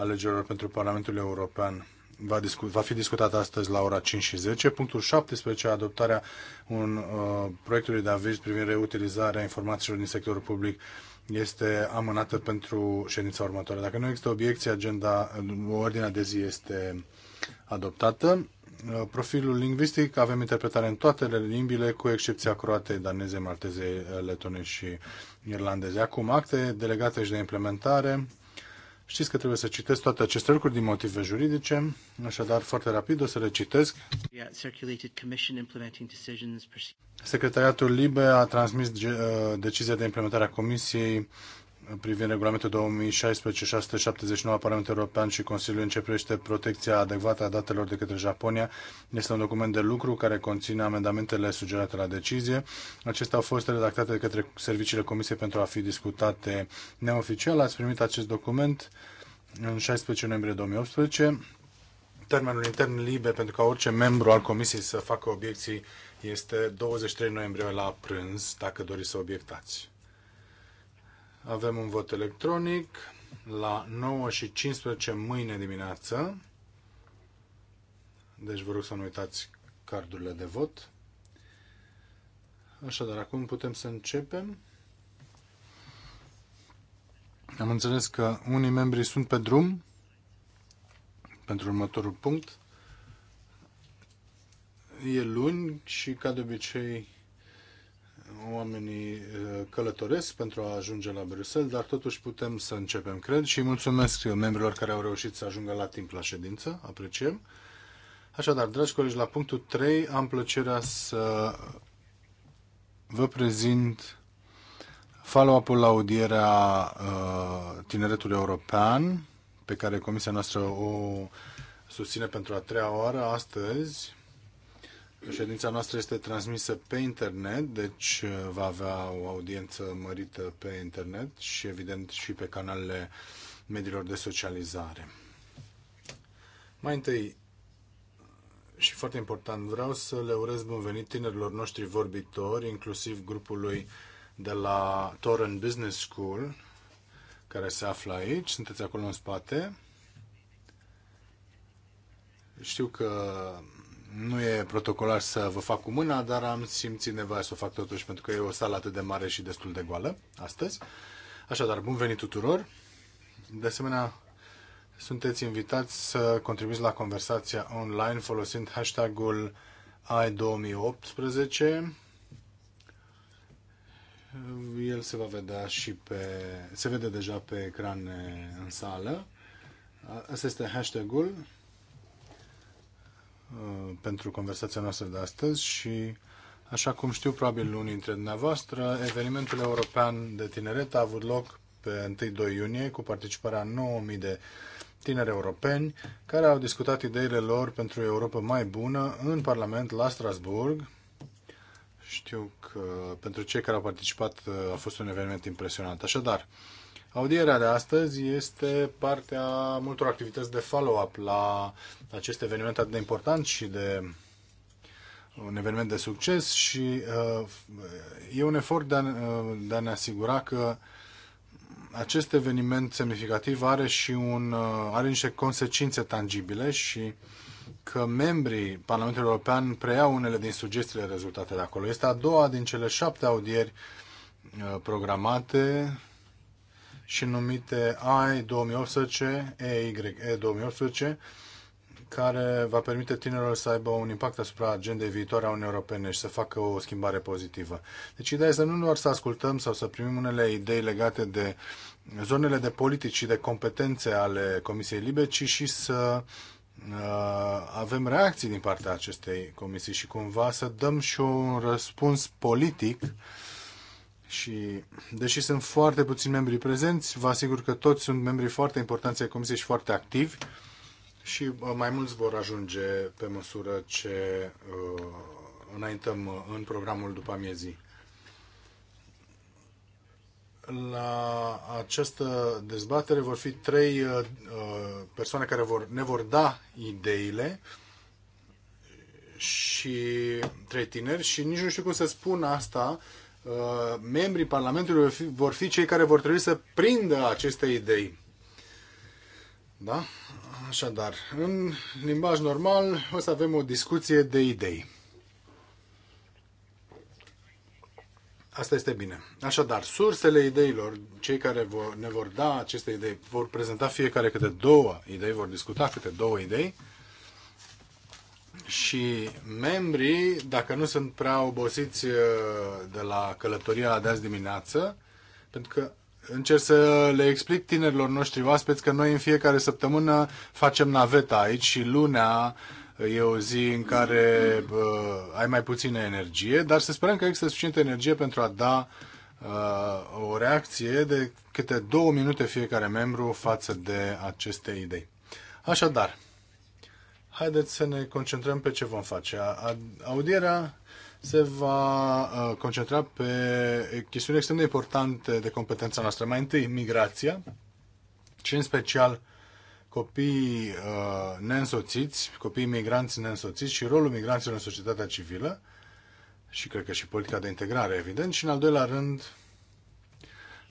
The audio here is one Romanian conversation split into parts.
alegerilor pentru Parlamentul European va, discu- va fi discutat astăzi la ora 5 și 10. Punctul 17, adoptarea un, uh, proiectului de aviz privind reutilizarea informațiilor din sectorul public este amânată pentru ședința următoare. Dacă nu există obiecții, agenda, ordinea de zi este adoptată. Uh, profilul lingvistic, avem interpretare în toate limbile, cu excepția croate, daneze, malteze, letone și irlandeze. Acum, acte delegate și de implementare. Știți că trebuie să citesc toate aceste lucruri din motive juridice, așadar foarte rapid o să le citesc. Secretariatul LIBE a transmis uh, decizia de implementare a Comisiei privind regulamentul 2016-679 a Parlamentului European și Consiliului în ce privește protecția adecvată a datelor de către Japonia este un document de lucru care conține amendamentele sugerate la decizie. Acestea au fost redactate de către serviciile Comisiei pentru a fi discutate neoficial. Ați primit acest document în 16 noiembrie 2018. Termenul intern liber pentru ca orice membru al Comisiei să facă obiecții este 23 noiembrie la prânz, dacă doriți să obiectați. Avem un vot electronic la 9 și 15 mâine dimineață. Deci vă rog să nu uitați cardurile de vot. Așadar, acum putem să începem. Am înțeles că unii membri sunt pe drum pentru următorul punct. E luni și, ca de obicei, oamenii eh, călătoresc pentru a ajunge la Bruxelles, dar totuși putem să începem, cred, și mulțumesc membrilor care au reușit să ajungă la timp la ședință, apreciem. Așadar, dragi colegi, la punctul 3 am plăcerea să vă prezint follow-up-ul la audierea eh, Tineretului European, pe care comisia noastră o susține pentru a treia oară astăzi, Ședința noastră este transmisă pe internet, deci uh, va avea o audiență mărită pe internet și evident și pe canalele mediilor de socializare. Mai întâi, și foarte important, vreau să le urez bun venit tinerilor noștri vorbitori, inclusiv grupului de la Torrent Business School, care se află aici. Sunteți acolo în spate. Știu că nu e protocolar să vă fac cu mâna, dar am simțit nevoia să o fac totuși pentru că e o sală atât de mare și destul de goală astăzi. Așadar, bun venit tuturor! De asemenea, sunteți invitați să contribuiți la conversația online folosind hashtagul AI2018. El se va vedea și pe... se vede deja pe ecran în sală. Asta este hashtagul Uh, pentru conversația noastră de astăzi și, așa cum știu probabil unii dintre dumneavoastră, evenimentul european de tineret a avut loc pe 1-2 iunie cu participarea 9.000 de tineri europeni care au discutat ideile lor pentru o Europa mai bună în Parlament la Strasburg. Știu că pentru cei care au participat uh, a fost un eveniment impresionant. Așadar, Audierea de astăzi este partea multor activități de follow-up la acest eveniment atât de important și de un eveniment de succes și uh, e un efort de a, uh, de a ne asigura că acest eveniment semnificativ are și un, uh, are niște consecințe tangibile și că membrii Parlamentului European preiau unele din sugestiile rezultate de acolo. Este a doua din cele șapte audieri uh, programate și numite AI 2018, EY 2018, care va permite tinerilor să aibă un impact asupra agendei viitoare a Uniunii Europene și să facă o schimbare pozitivă. Deci ideea este nu doar să ascultăm sau să primim unele idei legate de zonele de politici și de competențe ale Comisiei Libe, ci și să uh, avem reacții din partea acestei comisii și cumva să dăm și un răspuns politic uh, și, deși sunt foarte puțini membri prezenți, vă asigur că toți sunt membri foarte importanți ai Comisiei și foarte activi și mai mulți vor ajunge pe măsură ce uh, înaintăm uh, în programul după amiezii. La această dezbatere vor fi trei uh, uh, persoane care vor, ne vor da ideile și trei tineri și nici nu știu cum să spun asta, Uh, membrii Parlamentului vor fi cei care vor trebui să prindă aceste idei. Da? Așadar, în limbaj normal o să avem o discuție de idei. Asta este bine. Așadar, sursele ideilor, cei care vor, ne vor da aceste idei, vor prezenta fiecare câte două idei, vor discuta câte două idei și membrii, dacă nu sunt prea obosiți uh, de la călătoria de azi dimineață, pentru că încerc să le explic tinerilor noștri oaspeți că noi în fiecare săptămână facem naveta aici și lunea e o zi în care uh, ai mai puțină energie, dar să sperăm că există suficientă energie pentru a da uh, o reacție de câte două minute fiecare membru față de aceste idei. Așadar, haideți să ne concentrăm pe ce vom face. Audierea se va concentra pe chestiuni extrem de importante de competența noastră. Mai întâi, migrația și în special copiii neînsoțiți, copiii migranți neînsoțiți și rolul migranților în societatea civilă și cred că și politica de integrare, evident, și în al doilea rând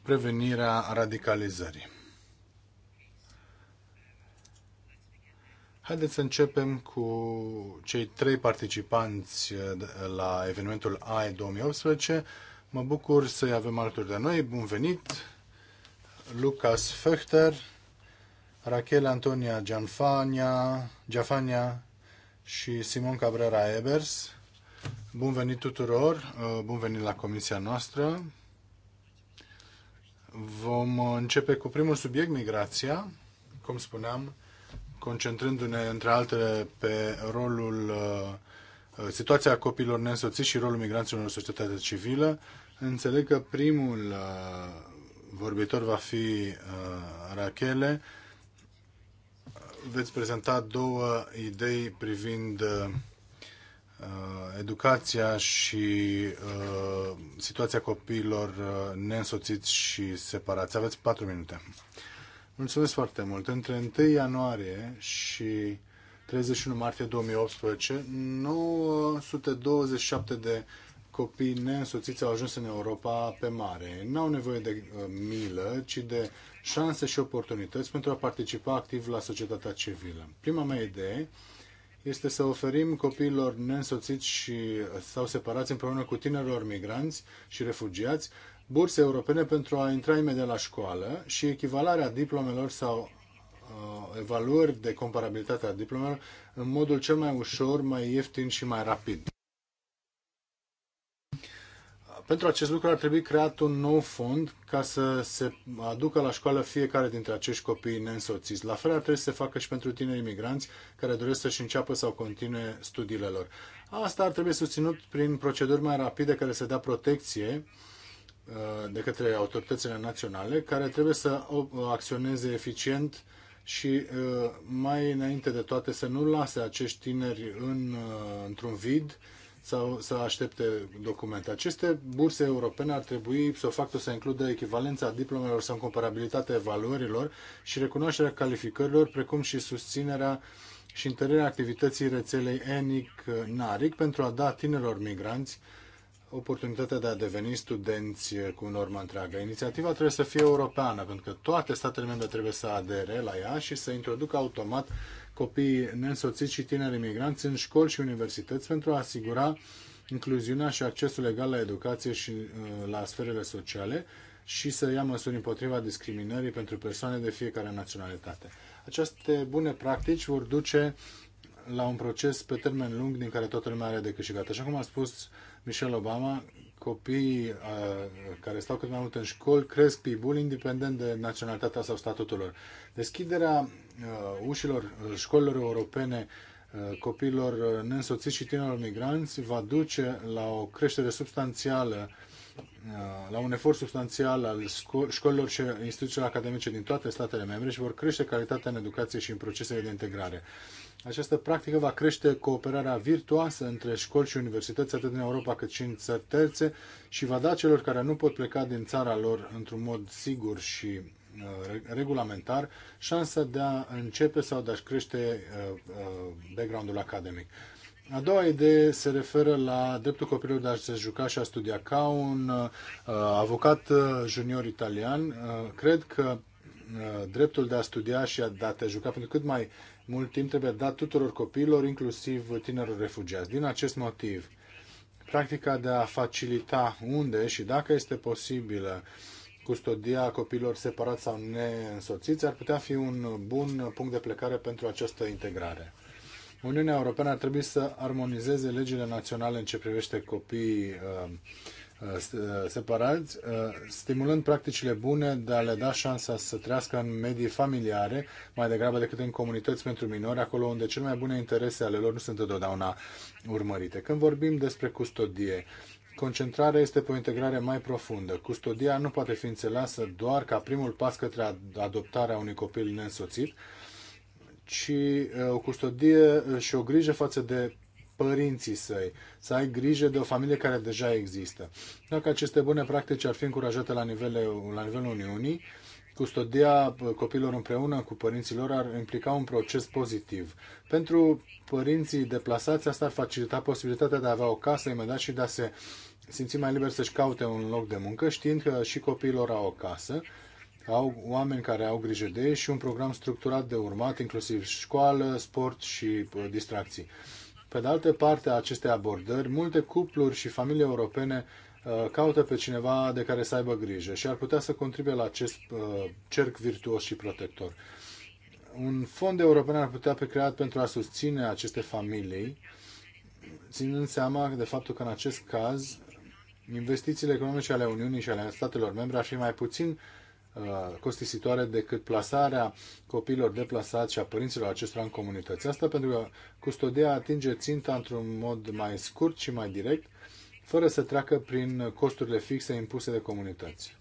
prevenirea radicalizării. Haideți să începem cu cei trei participanți eh, la evenimentul AI 2018. Mă bucur să-i avem alături de noi. Bun venit! Lucas Fechter, Rachel Antonia Gianfania, Giafania și Simon Cabrera Ebers. Bun venit tuturor, eh, bun venit la comisia noastră. Vom începe cu primul subiect, migrația. Cum spuneam, concentrându-ne, între altele, pe rolul, uh, uh, situația copiilor neînsoțiți și rolul migranților în societatea civilă. Înțeleg că primul uh, vorbitor va fi Rachele. Veți prezenta două idei privind educația și situația copiilor neînsoțiți și separați. Aveți patru minute. Mulțumesc foarte mult. Între 1 ianuarie și 31 martie 2018, 927 de copii neînsoțiți au ajuns în Europa pe mare. Nu au nevoie de uh, milă, ci de șanse și oportunități pentru a participa activ la societatea civilă. Prima mea idee este să oferim copiilor neînsoțiți și, uh, sau separați împreună cu tinerilor migranți și refugiați burse europene pentru a intra imediat la școală și echivalarea diplomelor sau uh, evaluări de comparabilitate a diplomelor în modul cel mai ușor, mai ieftin și mai rapid. Pentru acest lucru ar trebui creat un nou fond ca să se aducă la școală fiecare dintre acești copii neînsoțiți. La fel ar trebui să se facă și pentru tineri imigranți care doresc să-și înceapă sau continue studiile lor. Asta ar trebui susținut prin proceduri mai rapide care să dea protecție uh, Uh, de către autoritățile naționale, care trebuie să acționeze eficient și uh, mai înainte de toate să nu lase acești tineri în, uh, într-un vid sau să aștepte documente. Aceste burse europene ar trebui să o facă să includă echivalența diplomelor sau comparabilitatea evaluărilor și recunoașterea calificărilor, precum și susținerea și întărirea activității rețelei ENIC-NARIC pentru a da tinerilor migranți uh, oportunitatea de a deveni studenți cu normă întreagă. Inițiativa trebuie să fie europeană, pentru că toate statele membre trebuie să adere la ea și să introducă automat copiii neînsoțiți și tineri imigranți în școli și universități pentru a asigura incluziunea și accesul legal la educație și uh, la sferele sociale și să ia măsuri împotriva discriminării pentru persoane de fiecare naționalitate. Aceste bune practici vor duce la un proces pe termen lung din care toată lumea are de câștigat. Așa cum a spus Michelle Obama, copiii uh, care stau cât mai mult în școli cresc pibul independent de naționalitatea sau statutul lor. Deschiderea uh, ușilor uh, școlilor europene copiilor neînsoțiți și tinerilor migranți va duce la o creștere substanțială la un efort substanțial al școlilor și instituțiilor academice din toate statele membre și vor crește calitatea în educație și în procesele de integrare. Această practică va crește cooperarea virtuoasă între școli și universități, atât în Europa cât și în țări terțe, și va da celor care nu pot pleca din țara lor într-un mod sigur și uh, regulamentar șansa de a începe sau de a-și crește uh, uh, background-ul academic. A doua idee se referă la dreptul copilului de a se juca și a studia. Ca un uh, avocat junior italian, uh, cred că Uh, dreptul de a studia și de a te juca pentru cât mai mult timp trebuie dat tuturor copiilor, inclusiv tinerilor refugiați. Din acest motiv, practica de a facilita unde și dacă este posibilă custodia copiilor separat sau neînsoțiți ar putea fi un bun punct de plecare pentru această integrare. Uniunea Europeană ar trebui să armonizeze legile naționale în ce privește copiii uh, Uh, separați, uh, stimulând practicile bune de a le da șansa să trăiască în medii familiare, mai degrabă decât în comunități pentru minori, acolo unde cele mai bune interese ale lor nu sunt întotdeauna urmărite. Când vorbim despre custodie, Concentrarea este pe o integrare mai profundă. Custodia nu poate fi înțeleasă doar ca primul pas către adoptarea unui copil neînsoțit, ci uh, o custodie și o grijă față de părinții săi, să ai grijă de o familie care deja există. Dacă aceste bune practici ar fi încurajate la, nivele, la nivelul Uniunii, custodia copilor împreună cu părinților ar implica un proces pozitiv. Pentru părinții deplasați, asta ar facilita posibilitatea de a avea o casă imediat și de a se simți mai liber să-și caute un loc de muncă, știind că și copiilor au o casă, au oameni care au grijă de ei și un program structurat de urmat, inclusiv școală, sport și uh, distracții. Pe de altă parte a acestei abordări, multe cupluri și familii europene uh, caută pe cineva de care să aibă grijă și ar putea să contribuie la acest uh, cerc virtuos și protector. Un fond european ar putea fi creat pentru a susține aceste familii, ținând seama de faptul că în acest caz investițiile economice ale Uniunii și ale statelor membre ar fi mai puțin uh, Uh, costisitoare decât plasarea copiilor deplasați și a părinților acestora în comunități. Asta pentru că custodia atinge ținta într-un mod mai scurt și mai direct, fără să treacă prin costurile fixe impuse de comunități.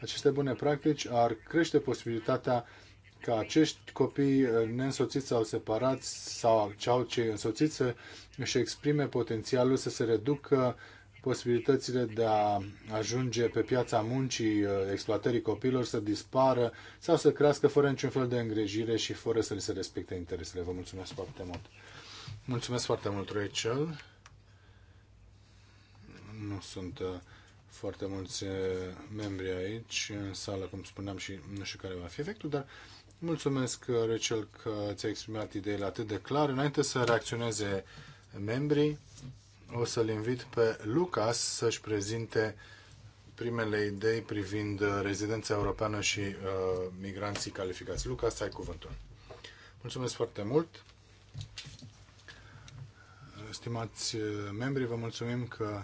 Aceste bune practici ar crește posibilitatea ca acești copii uh, neînsoțiți sau separați sau au cei însoțiți să își exprime potențialul să se reducă posibilitățile de a ajunge pe piața muncii uh, exploatării copiilor să dispară sau să crească fără niciun fel de îngrijire și fără să li se respecte interesele. Vă mulțumesc foarte mult. Mulțumesc foarte mult, Rachel. Nu sunt uh, foarte mulți uh, membri aici în sală, cum spuneam, și nu știu care va fi efectul, dar mulțumesc, Rachel, că ți-ai exprimat ideile atât de clar. Înainte să reacționeze membrii, o să-l invit pe Lucas să-și prezinte primele idei privind uh, rezidența europeană și uh, migranții calificați. Lucas, ai cuvântul. Mulțumesc foarte mult. Stimați uh, membri, vă mulțumim că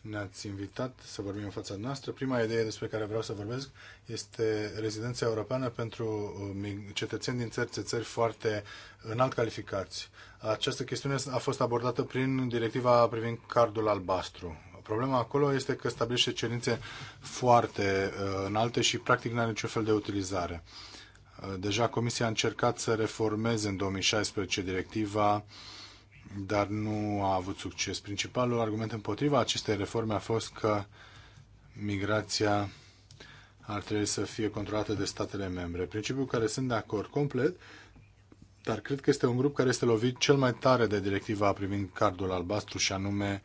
ne-ați invitat să vorbim în fața noastră. Prima idee despre care vreau să vorbesc este rezidența europeană pentru uh, cetățeni din țări, țări foarte înalt calificați. Această chestiune a fost abordată prin directiva privind cardul albastru. Problema acolo este că stabilește cerințe foarte uh, înalte și practic nu are niciun fel de utilizare. Uh, deja Comisia a încercat să reformeze în 2016 directiva dar nu a avut succes. Principalul argument împotriva acestei reforme a fost că migrația ar trebui să fie controlată de statele membre. Principiul care sunt de acord complet, dar cred că este un grup care este lovit cel mai tare de directiva privind cardul albastru și anume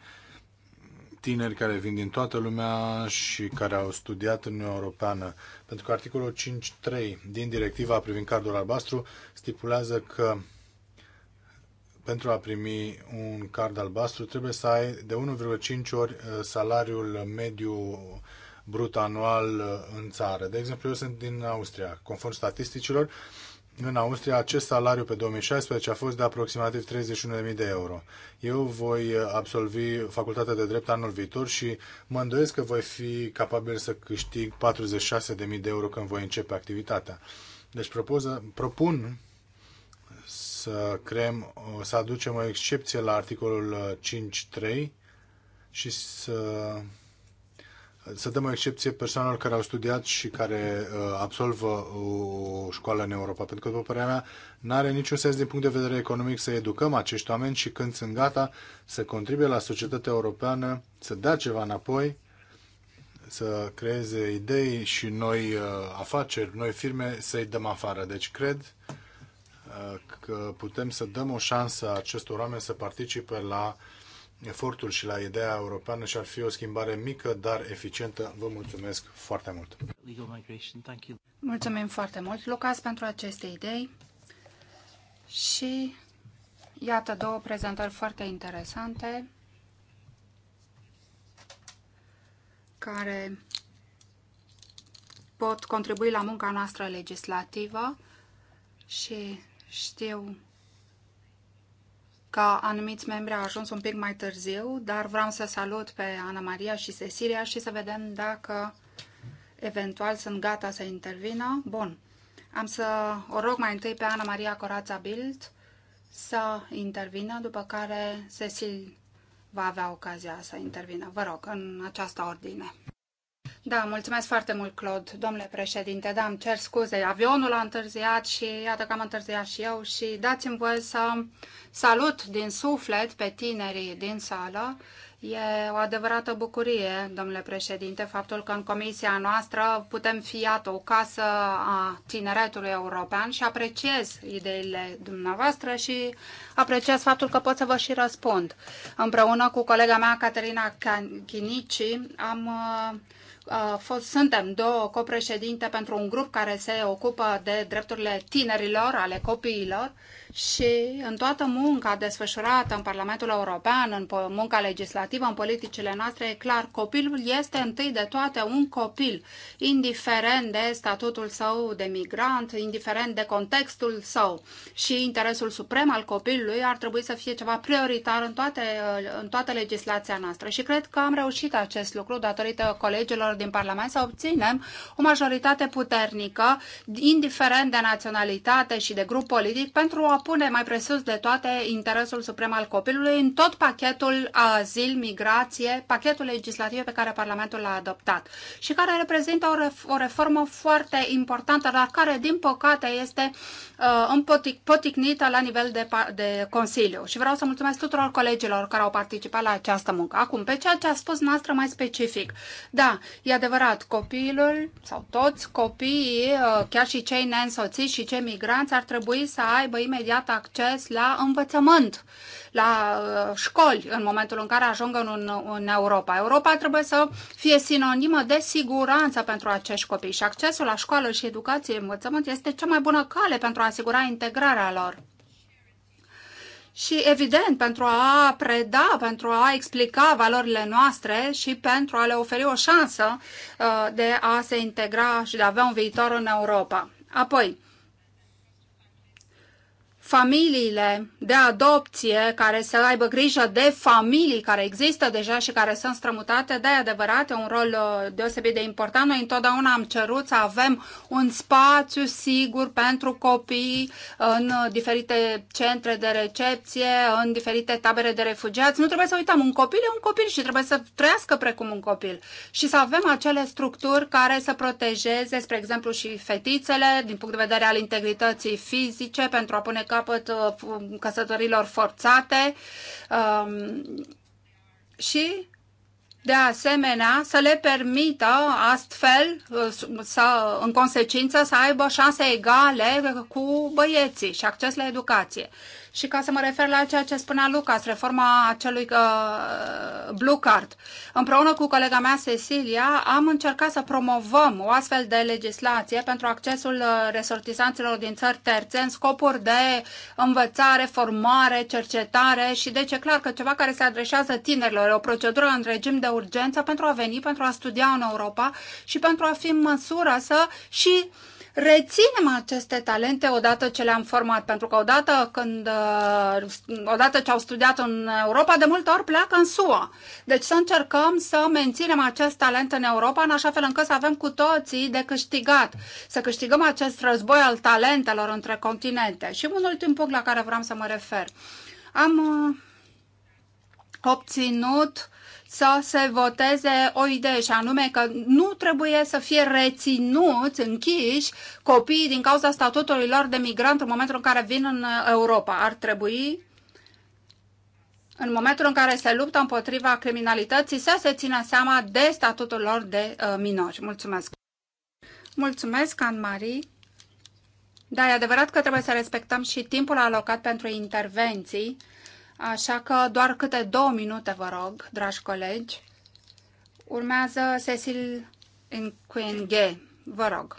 tineri care vin din toată lumea și care au studiat în Uniunea Europeană. Pentru că articolul 5.3 din directiva privind cardul albastru stipulează că pentru a primi un card albastru trebuie să ai de 1,5 ori uh, salariul mediu brut anual uh, în țară. De exemplu, eu sunt din Austria. Conform statisticilor, în Austria acest salariu pe 2016 a fost de aproximativ 31.000 de euro. Eu voi uh, absolvi facultatea de drept anul viitor și mă îndoiesc că voi fi capabil să câștig 46.000 de euro când voi începe activitatea. Deci propun să creăm, să aducem o excepție la articolul 5.3 uh, și să, să dăm o excepție persoanelor care au studiat și care uh, absolvă o școală în Europa. Pentru că, după părerea mea, nu are niciun sens din punct de vedere economic să educăm acești oameni și când sunt gata să contribuie la societatea europeană, să dea ceva înapoi, să creeze idei și noi uh, afaceri, noi firme, să-i dăm afară. Deci, cred că putem să dăm o șansă acestor oameni să participe la efortul și la ideea europeană și ar fi o schimbare mică, dar eficientă. Vă mulțumesc foarte mult! Mulțumim foarte mult, Lucas, pentru aceste idei și iată două prezentări foarte interesante care pot contribui la munca noastră legislativă și știu că anumiți membri au ajuns un pic mai târziu, dar vreau să salut pe Ana Maria și Cecilia și să vedem dacă eventual sunt gata să intervină. Bun, am să o rog mai întâi pe Ana Maria Corața Bild să intervină, după care Cecil va avea ocazia să intervină. Vă rog, în această ordine. Da, mulțumesc foarte mult, Claude, domnule președinte. Da, îmi cer scuze, avionul a întârziat și iată că am întârziat și eu și dați-mi voie să salut din suflet pe tinerii din sală. E o adevărată bucurie, domnule președinte, faptul că în comisia noastră putem fi, iată, o casă a tineretului european și apreciez ideile dumneavoastră și apreciez faptul că pot să vă și răspund. Împreună cu colega mea, Caterina Chinici, am uh, fost, suntem două copreședinte pentru un grup care se ocupă de drepturile tinerilor, ale copiilor și în toată munca desfășurată în Parlamentul European, în munca legislativă, în politicile noastre, e clar, copilul este întâi de toate un copil, indiferent de statutul său de migrant, indiferent de contextul său și interesul suprem al copilului ar trebui să fie ceva prioritar în, toate, în toată legislația noastră. Și cred că am reușit acest lucru datorită colegilor din Parlament să obținem o majoritate puternică, indiferent de naționalitate și de grup politic, pentru a pune mai presus de toate interesul suprem al copilului în tot pachetul azil, migrație, pachetul legislativ pe care Parlamentul l-a adoptat și care reprezintă o, ref o reformă foarte importantă, dar care, din păcate, este uh, împoticnită la nivel de, de Consiliu. Și vreau să mulțumesc tuturor colegilor care au participat la această muncă. Acum, pe ceea ce a spus noastră mai specific. Da, e adevărat, copilul sau toți copiii, uh, chiar și cei neînsoțiți și cei migranți, ar trebui să aibă imediat imediat acces la învățământ, la uh, școli în momentul în care ajung în, în Europa. Europa trebuie să fie sinonimă de siguranță pentru acești copii și accesul la școală și educație, învățământ este cea mai bună cale pentru a asigura integrarea lor. Și evident, pentru a preda, pentru a explica valorile noastre și pentru a le oferi o șansă uh, de a se integra și de a avea un viitor în Europa. Apoi, familiile de adopție care să aibă grijă de familii care există deja și care sunt strămutate, de da, adevărat, e un rol uh, deosebit de important. Noi întotdeauna am cerut să avem un spațiu sigur pentru copii în diferite centre de recepție, în diferite tabere de refugiați. Nu trebuie să uităm, un copil e un copil și trebuie să trăiască precum un copil. Și să avem acele structuri care să protejeze, spre exemplu, și fetițele din punct de vedere al integrității fizice pentru a pune cap capăt uh, căsătorilor forțate um, și de asemenea să le permită astfel uh, să, în consecință să aibă șanse egale cu băieții și acces la educație. Și ca să mă refer la ceea ce spunea Lucas, reforma acelui uh, Blue Card, împreună cu colega mea Cecilia am încercat să promovăm o astfel de legislație pentru accesul uh, resortizanților din țări terțe în scopuri de învățare, formare, cercetare și deci e clar că ceva care se adresează tinerilor, o procedură în regim de urgență pentru a veni, pentru a studia în Europa și pentru a fi în măsură să și uh, reținem aceste talente odată ce le-am format, pentru că odată, când, uh, odată ce au studiat în Europa, de multe ori pleacă în SUA. Deci să încercăm să menținem acest talent în Europa, în așa fel încât să avem cu toții de câștigat, să câștigăm acest război al talentelor între continente. Și un ultim punct la care vreau să mă refer. Am uh, obținut să se voteze o idee și anume că nu trebuie să fie reținuți, închiși copiii din cauza statutului lor de migrant în momentul în care vin în Europa. Ar trebui în momentul în care se luptă împotriva criminalității, să se țină seama de statutul lor de uh, minori. Mulțumesc! Mulțumesc, Anne-Marie! Da, e adevărat că trebuie să respectăm și timpul alocat pentru intervenții Așa că doar câte două minute, vă rog, dragi colegi. Urmează Cecil Nkwenge. Vă rog.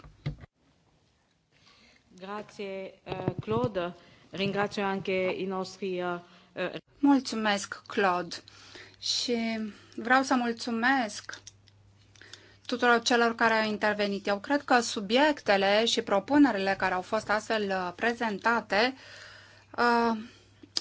Grazie, eh, Claude. Ringrazio anche i nostri... Eh, eh, mulțumesc, Claude. Și vreau să mulțumesc tuturor celor care au intervenit. Eu cred că subiectele și propunerile care au fost astfel prezentate uh,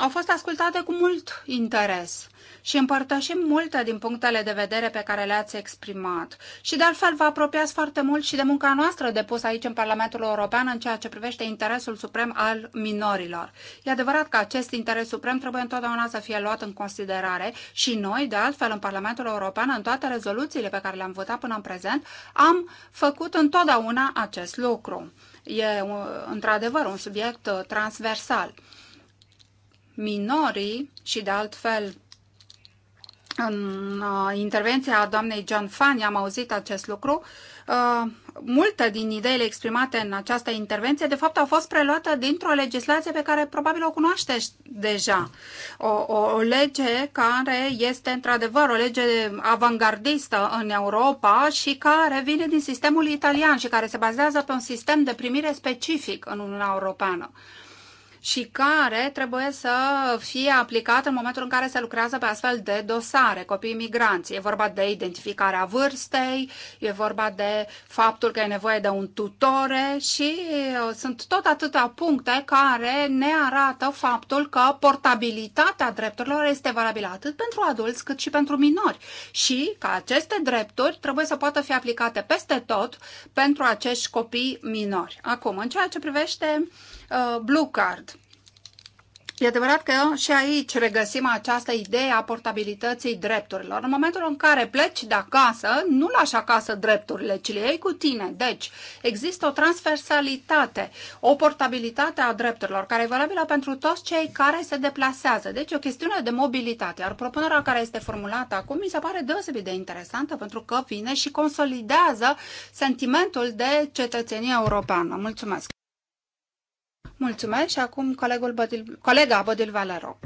au fost ascultate cu mult interes și împărtășim multe din punctele de vedere pe care le-ați exprimat. Și de altfel vă apropiați foarte mult și de munca noastră depusă aici în Parlamentul European în ceea ce privește interesul suprem al minorilor. E adevărat că acest interes suprem trebuie întotdeauna să fie luat în considerare și noi, de altfel, în Parlamentul European, în toate rezoluțiile pe care le-am votat până în prezent, am făcut întotdeauna acest lucru. E, într-adevăr, un subiect uh, transversal minorii și de altfel în uh, intervenția doamnei John Fanny am auzit acest lucru, uh, multe din ideile exprimate în această intervenție, de fapt, au fost preluate dintr-o legislație pe care probabil o cunoașteți deja. O, o, o lege care este, într-adevăr, o lege avangardistă în Europa și care vine din sistemul italian și care se bazează pe un sistem de primire specific în Uniunea Europeană. Uh, și care trebuie să fie aplicată în momentul în care se lucrează pe astfel de dosare, copii migranți. E vorba de identificarea vârstei, e vorba de faptul că e nevoie de un tutore și uh, sunt tot atâtea puncte care ne arată faptul că portabilitatea drepturilor este valabilă atât pentru adulți cât și pentru minori și că aceste drepturi trebuie să poată fi aplicate peste tot pentru acești copii minori. Acum, în ceea ce privește Uh, Blue Card. E adevărat că și aici regăsim această idee a portabilității drepturilor. În momentul în care pleci de acasă, nu lași acasă drepturile, ci le iei cu tine. Deci, există o transversalitate, o portabilitate a drepturilor, care e valabilă pentru toți cei care se deplasează. Deci, e o chestiune de mobilitate. Iar propunerea care este formulată acum mi se pare deosebit de interesantă, pentru că vine și consolidează sentimentul de cetățenie europeană. Mulțumesc! Mulțumesc și acum colegul Bădil, colega Bădil Valero.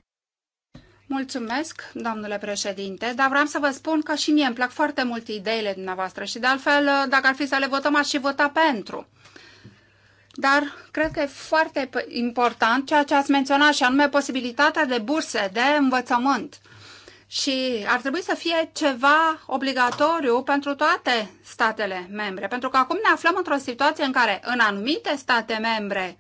Mulțumesc, domnule președinte, dar vreau să vă spun că și mie îmi plac foarte mult ideile dumneavoastră și de altfel, dacă ar fi să le votăm, aș și vota pentru. Dar cred că e foarte important ceea ce ați menționat și anume posibilitatea de burse, de învățământ. Și ar trebui să fie ceva obligatoriu pentru toate statele membre, pentru că acum ne aflăm într-o situație în care în anumite state membre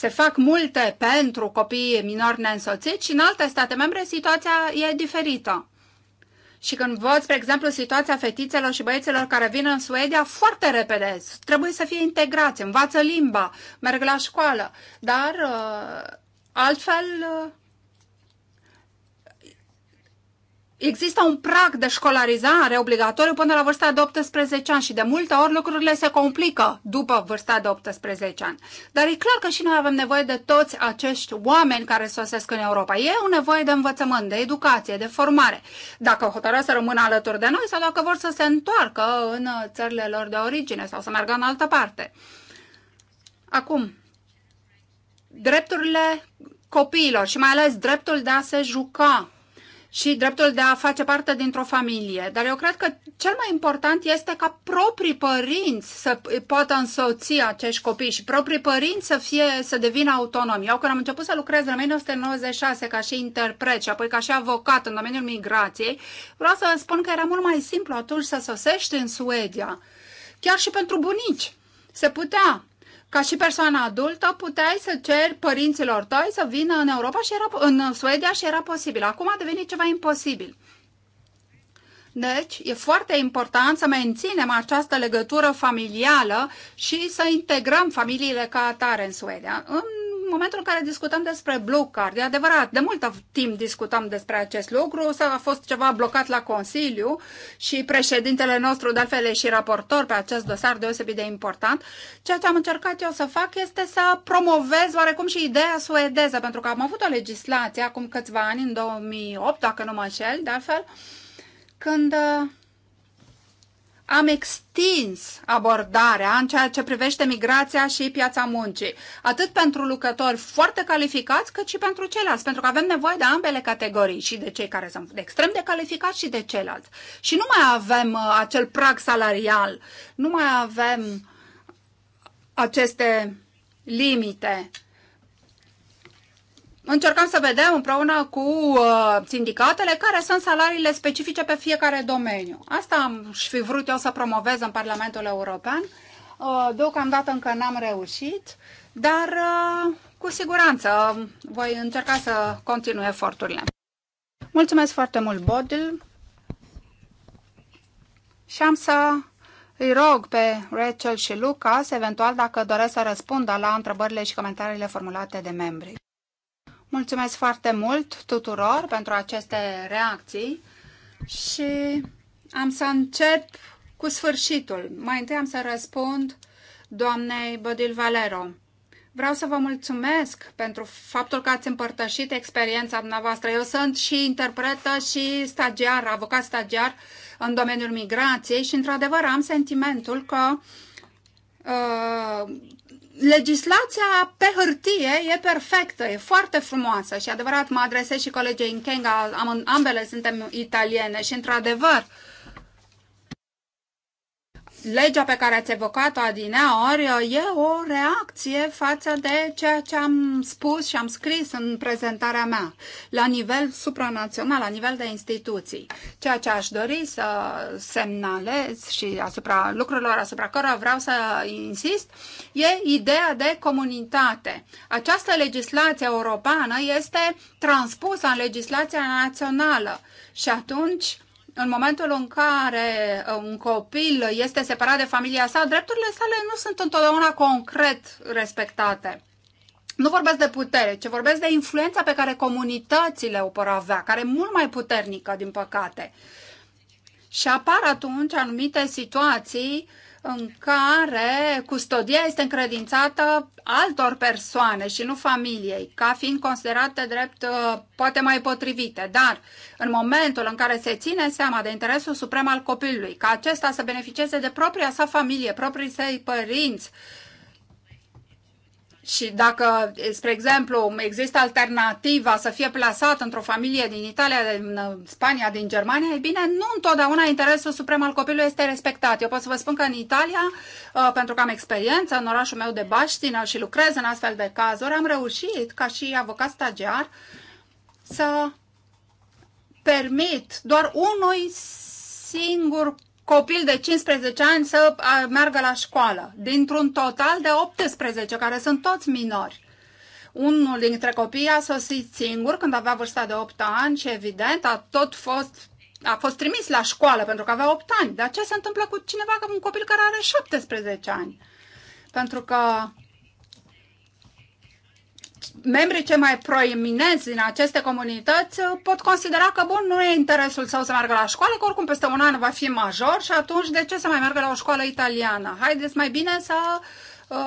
se fac multe pentru copiii minori neînsoțiți și în alte state membre situația e diferită. Și când văd, spre exemplu, situația fetițelor și băieților care vin în Suedia, foarte repede, trebuie să fie integrați, învață limba, merg la școală, dar uh, altfel uh, Există un prag de școlarizare obligatoriu până la vârsta de 18 ani și de multe ori lucrurile se complică după vârsta de 18 ani. Dar e clar că și noi avem nevoie de toți acești oameni care sosesc în Europa. Ei au nevoie de învățământ, de educație, de formare. Dacă hotărăsc să rămână alături de noi sau dacă vor să se întoarcă în țările lor de origine sau să meargă în altă parte. Acum, drepturile copiilor și mai ales dreptul de a se juca și dreptul de a face parte dintr-o familie. Dar eu cred că cel mai important este ca proprii părinți să poată însoți acești copii și proprii părinți să, fie, să devină autonomi. Eu când am început să lucrez în 1996 ca și interpret și apoi ca și avocat în domeniul migrației, vreau să spun că era mult mai simplu atunci să sosești în Suedia, chiar și pentru bunici. Se putea ca și persoană adultă, puteai să ceri părinților tăi să vină în Europa și era, în Suedia și era posibil. Acum a devenit ceva imposibil. Deci, e foarte important să menținem această legătură familială și să integrăm familiile ca atare în Suedia. În momentul în care discutăm despre Blue Card, e adevărat, de mult timp discutăm despre acest lucru, s-a fost ceva blocat la Consiliu și președintele nostru, de altfel, e și raportor pe acest dosar deosebit de important. Ceea ce am încercat eu să fac este să promovez oarecum și ideea suedeză, pentru că am avut o legislație acum câțiva ani, în 2008, dacă nu mă înșel, de altfel, când uh, am extins abordarea în ceea ce privește migrația și piața muncii, atât pentru lucrători foarte calificați, cât și pentru ceilalți, pentru că avem nevoie de ambele categorii, și de cei care sunt extrem de calificați și de ceilalți. Și nu mai avem uh, acel prag salarial, nu mai avem aceste limite încercăm să vedem împreună cu uh, sindicatele care sunt salariile specifice pe fiecare domeniu. Asta am și fi vrut eu să promovez în Parlamentul European. Uh, deocamdată încă n-am reușit, dar uh, cu siguranță voi încerca să continui eforturile. Mulțumesc foarte mult, Bodil. Și am să îi rog pe Rachel și Lucas, eventual dacă doresc să răspundă la întrebările și comentariile formulate de membri. Mulțumesc foarte mult tuturor pentru aceste reacții și am să încep cu sfârșitul. Mai întâi am să răspund doamnei Bodil Valero. Vreau să vă mulțumesc pentru faptul că ați împărtășit experiența dumneavoastră. Eu sunt și interpretă și stagiar, avocat stagiar în domeniul migrației și, într-adevăr, am sentimentul că uh, legislația pe hârtie e perfectă, e foarte frumoasă și adevărat mă adresez și colegei în Kenga, am, ambele suntem italiene și într-adevăr legea pe care ați evocat-o adineori e o reacție față de ceea ce am spus și am scris în prezentarea mea la nivel supranațional, la nivel de instituții. Ceea ce aș dori să semnalez și asupra lucrurilor asupra cărora vreau să insist e ideea de comunitate. Această legislație europeană este transpusă în legislația națională și atunci în momentul în care uh, un copil este separat de familia sa, drepturile sale nu sunt întotdeauna concret respectate. Nu vorbesc de putere, ci vorbesc de influența pe care comunitățile o pot avea, care e mult mai puternică, din păcate. Și apar atunci anumite situații uh, în care custodia este încredințată altor persoane și nu familiei, ca fiind considerate drept uh, poate mai potrivite. Dar în momentul în care se ține seama de interesul suprem al copilului, ca acesta să beneficieze de propria sa familie, proprii săi părinți, și dacă, eh, spre exemplu, există alternativa să fie plasat într-o familie din Italia, din eh, Spania, din Germania, e bine, nu întotdeauna interesul suprem al copilului este respectat. Eu pot să vă spun că în Italia, eh, pentru că am experiență în orașul meu de Baștină și lucrez în astfel de cazuri, am reușit, ca și avocat stagiar, să permit doar unui singur copil de 15 ani să meargă la școală, dintr-un total de 18, care sunt toți minori. Unul dintre copii a sosit singur când avea vârsta de 8 ani și, evident, a tot fost a fost trimis la școală pentru că avea 8 ani. Dar ce se întâmplă cu cineva, cu un copil care are 17 ani? Pentru că membrii cei mai proeminenți din aceste comunități uh, pot considera că, bun, nu e interesul său să meargă la școală, că oricum peste un an va fi major și atunci de ce să mai meargă la o școală italiană? Haideți mai bine să uh,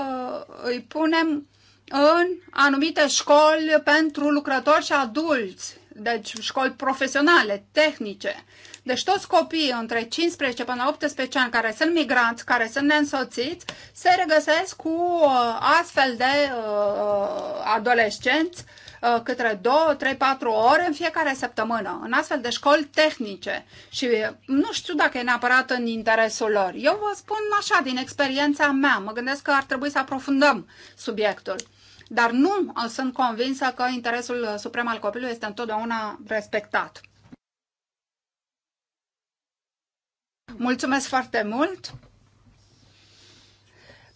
îi punem în anumite școli pentru lucrători și adulți, deci școli profesionale, tehnice. Uh, deci toți copiii între 15 până 18 ani care sunt migranți, care sunt neînsoțiți, se regăsesc cu uh, astfel de uh, uh, adolescenți către 2, 3, 4 ore în fiecare săptămână, în astfel de școli tehnice. Și nu știu dacă e neapărat în interesul lor. Eu vă spun așa, din experiența mea, mă gândesc că ar trebui să aprofundăm subiectul. Dar nu sunt convinsă că interesul suprem al copilului este întotdeauna respectat. Mulțumesc foarte mult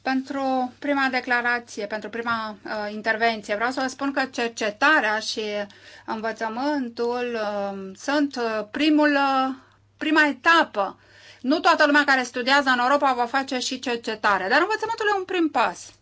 pentru prima declarație, pentru prima uh, intervenție. Vreau să vă spun că cercetarea și învățământul um, uh, sunt primul, uh, prima etapă. Nu toată lumea care studiază în Europa va face și cercetare, dar învățământul e un prim pas.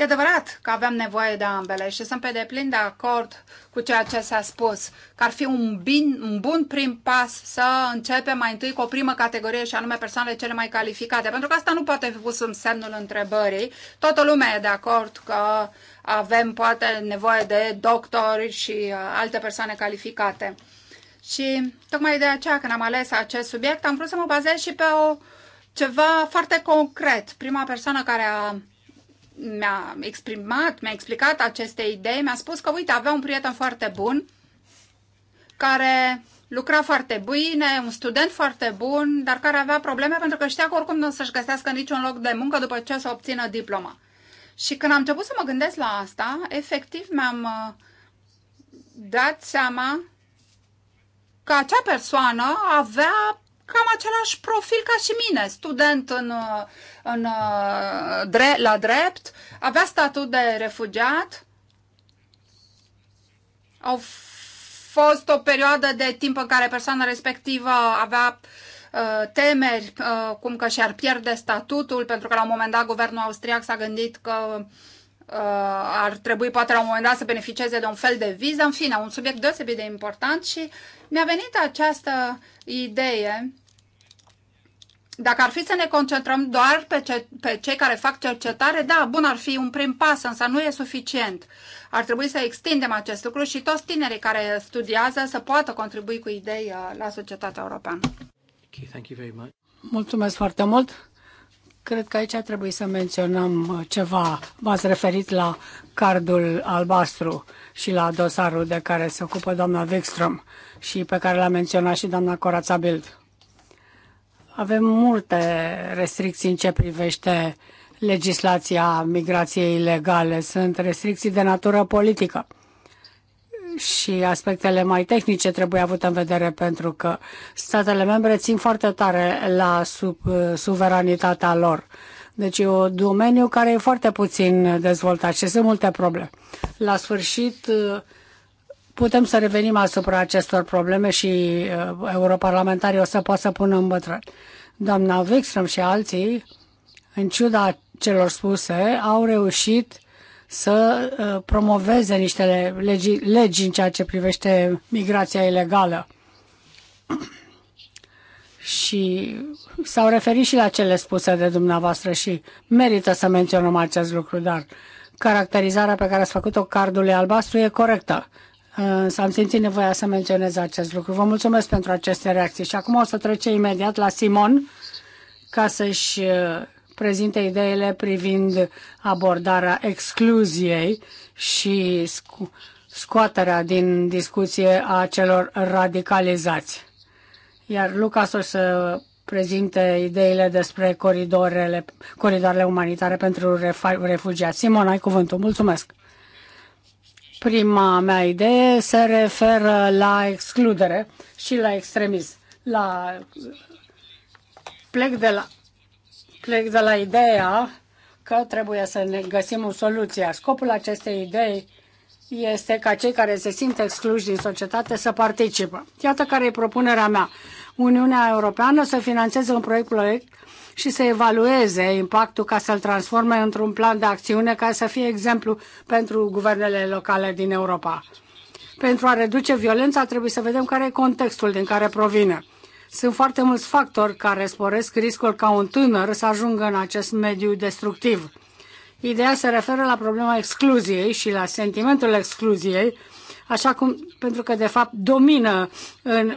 E adevărat că avem nevoie de ambele și sunt pe deplin de acord cu ceea ce s-a spus, că ar fi un, bin, un bun prim pas să începem mai întâi cu o primă categorie și anume persoanele cele mai calificate, pentru că asta nu poate fi pus în semnul întrebării. Toată lumea e de acord că avem poate nevoie de doctori și uh, alte persoane calificate. Și tocmai de aceea când am ales acest subiect am vrut să mă bazez și pe o, ceva foarte concret. Prima persoană care a mi-a exprimat, mi-a explicat aceste idei, mi-a spus că, uite, avea un prieten foarte bun care lucra foarte bine, un student foarte bun, dar care avea probleme pentru că știa că oricum nu o să-și găsească niciun loc de muncă după ce o să obțină diploma. Și când am început să mă gândesc la asta, efectiv mi-am uh, dat seama că acea persoană avea cam același profil ca și mine, student în, în, dre, la drept, avea statut de refugiat, au fost o perioadă de timp în care persoana respectivă avea uh, temeri uh, cum că și-ar pierde statutul, pentru că la un moment dat guvernul austriac s-a gândit că uh, ar trebui poate la un moment dat să beneficieze de un fel de viză, în fine, un subiect deosebit de important și mi-a venit această idee dacă ar fi să ne concentrăm doar pe, ce, pe cei care fac cercetare, da, bun, ar fi un prim pas, însă nu e suficient. Ar trebui să extindem acest lucru și toți tinerii care studiază să poată contribui cu idei uh, la societatea europeană. Okay, thank you very much. Mulțumesc foarte mult. Cred că aici trebuie să menționăm uh, ceva. V-ați referit la cardul albastru și la dosarul de care se ocupă doamna Wikström și pe care l-a menționat și doamna Corața Bild avem multe restricții în ce privește legislația migrației ilegale. Sunt restricții de natură politică și aspectele mai tehnice trebuie avute în vedere pentru că statele membre țin foarte tare la sub, suveranitatea lor. Deci e un domeniu care e foarte puțin dezvoltat și sunt multe probleme. La sfârșit, Putem să revenim asupra acestor probleme și uh, europarlamentarii o să poată să pună bătrân. Doamna Wikström și alții, în ciuda celor spuse, au reușit să uh, promoveze niște legi, legi în ceea ce privește migrația ilegală. și s-au referit și la cele spuse de dumneavoastră și merită să menționăm acest lucru, dar caracterizarea pe care ați făcut-o cardului albastru e corectă însă am simțit nevoia să menționez acest lucru. Vă mulțumesc pentru aceste reacții și acum o să trece imediat la Simon ca să-și uh, prezinte ideile privind abordarea excluziei și scoaterea din discuție a celor radicalizați. Iar Lucas o să prezinte ideile despre coridoarele, coridoarele umanitare pentru refugiați. Simon, ai cuvântul. Mulțumesc! Prima mea idee se referă la excludere și la extremism. La... Plec, de la... Plec de la ideea că trebuie să ne găsim o soluție. Scopul acestei idei este ca cei care se simt excluși din societate să participă. Iată care e propunerea mea. Uniunea Europeană să financeze un proiect, proiect și să evalueze impactul ca să-l transforme într-un plan de acțiune care să fie exemplu pentru guvernele locale din Europa. Pentru a reduce violența trebuie să vedem care e contextul din care provine. Sunt foarte mulți factori care sporesc riscul ca un tânăr să ajungă în acest mediu destructiv. Ideea se referă la problema excluziei și la sentimentul excluziei, așa cum, pentru că de fapt domină în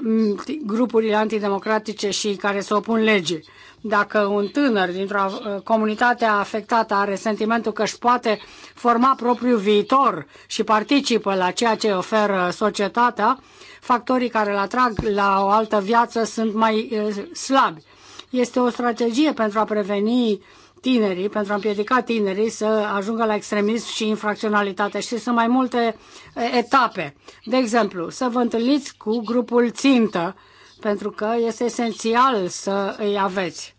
grupurile antidemocratice și care se opun legii. Dacă un tânăr dintr-o uh, comunitate afectată are sentimentul că își poate forma propriul viitor și participă la ceea ce oferă societatea, factorii care îl atrag la o altă viață sunt mai uh, slabi. Este o strategie pentru a preveni tinerii, pentru a împiedica tinerii să ajungă la extremism și infracționalitate. Și sunt mai multe uh, etape. De exemplu, să vă întâlniți cu grupul țintă, pentru că este esențial să îi aveți.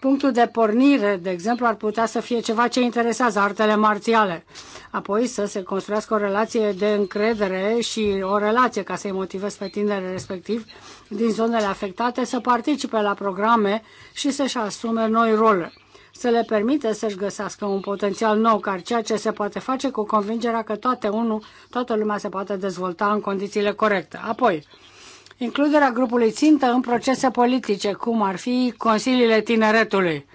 Punctul de pornire, de exemplu, ar putea să fie ceva ce interesează artele marțiale. Apoi să se construiască o relație de încredere și o relație ca să-i motivezi pe tineri respectiv din zonele afectate să participe la programe și să-și asume noi roluri să le permite să-și găsească un potențial nou, car ceea ce se poate face cu convingerea că toate unu, toată lumea se poate dezvolta în condițiile corecte. Apoi, includerea grupului țintă în procese politice, cum ar fi Consiliile Tineretului.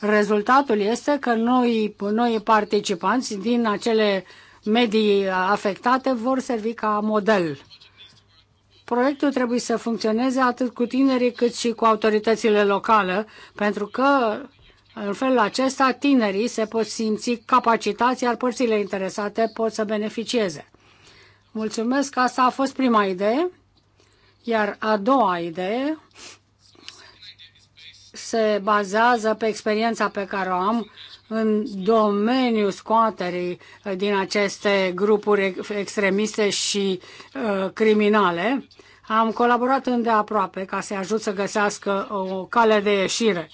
Rezultatul este că noi, noi participanți din acele medii afectate vor servi ca model. Proiectul trebuie să funcționeze atât cu tinerii cât și cu autoritățile locale, pentru că în felul acesta tinerii se pot simți capacitați, iar părțile interesate pot să beneficieze. Mulțumesc, asta a fost prima idee. Iar a doua idee se bazează pe experiența pe care o am în domeniul scoaterii uh, din aceste grupuri extremiste și uh, criminale. Am colaborat îndeaproape ca să-i ajut să găsească o cale de ieșire.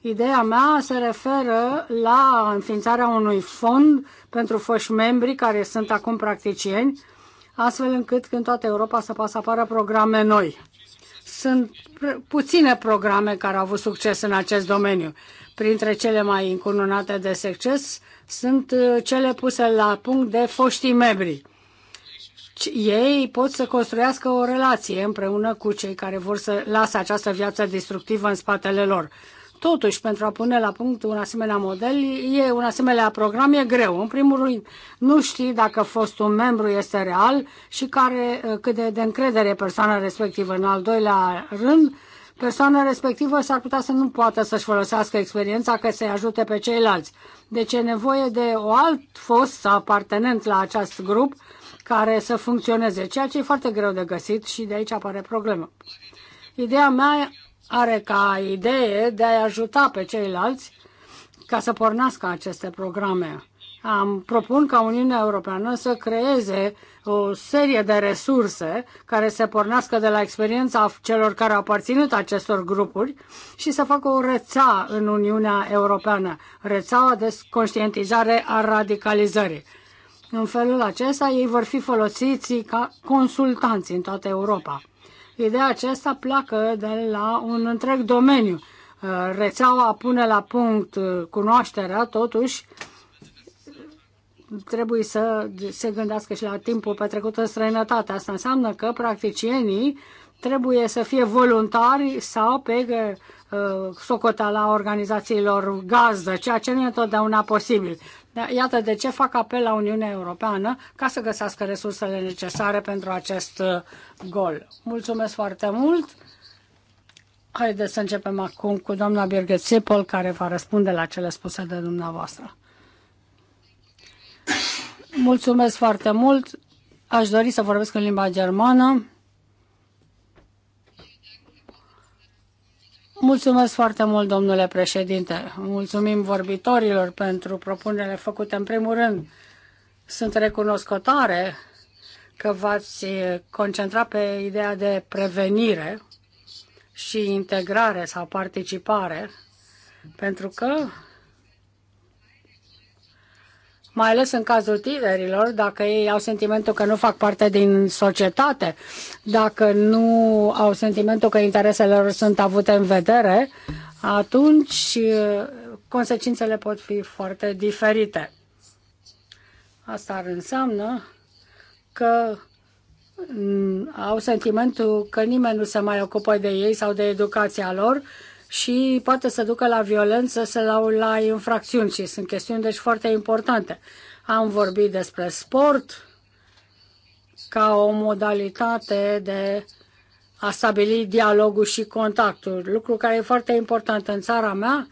Ideea mea se referă la înființarea unui fond pentru foști membri care sunt acum practicieni astfel încât când toată Europa să poată să apară programe noi. Sunt puține programe care au avut succes în acest domeniu. Printre cele mai încununate de succes sunt uh, cele puse la punct de foștii membri. Ei pot să construiască o relație împreună cu cei care vor să lasă această viață destructivă în spatele lor. Totuși, pentru a pune la punct un asemenea model, e un asemenea program e greu. În primul rând, nu știi dacă fost un membru este real și care, cât de, de încredere persoana respectivă. În al doilea rând, persoana respectivă s-ar putea să nu poată să-și folosească experiența că să-i ajute pe ceilalți. Deci e nevoie de o alt fost apartenent la acest grup care să funcționeze, ceea ce e foarte greu de găsit și de aici apare problema. Ideea mea are ca idee de a ajuta pe ceilalți ca să pornească aceste programe. Am propun ca Uniunea Europeană să creeze o serie de resurse care se pornească de la experiența celor care au aparținut acestor grupuri și să facă o rețea în Uniunea Europeană, rețeaua de conștientizare a radicalizării. În felul acesta ei vor fi folosiți ca consultanți în toată Europa. Ideea aceasta pleacă de la un întreg domeniu. Uh, rețeaua pune la punct uh, cunoașterea, totuși trebuie să se gândească și la timpul petrecut în străinătate. Asta înseamnă că practicienii trebuie să fie voluntari sau pe uh, socoteala organizațiilor gazdă, ceea ce nu e întotdeauna posibil. Da, iată de ce fac apel la Uniunea Europeană ca să găsească resursele necesare pentru acest uh, gol. Mulțumesc foarte mult! Haideți să începem acum cu doamna Birgit Sipol, care va răspunde la cele spuse de dumneavoastră. Mulțumesc foarte mult! Aș dori să vorbesc în limba germană. Mulțumesc foarte mult, domnule președinte. Mulțumim vorbitorilor pentru propunerile făcute. În primul rând, sunt recunoscătoare că v-ați concentrat pe ideea de prevenire și integrare sau participare, pentru că mai ales în cazul tinerilor, dacă ei au sentimentul că nu fac parte din societate, dacă nu au sentimentul că interesele lor sunt avute în vedere, atunci consecințele pot fi foarte diferite. Asta ar înseamnă că mm, au sentimentul că nimeni nu se mai ocupă de ei sau de educația lor și poate să ducă la violență să la infracțiuni și sunt chestiuni deci foarte importante. Am vorbit despre sport ca o modalitate de a stabili dialogul și contactul, lucru care e foarte important în țara mea.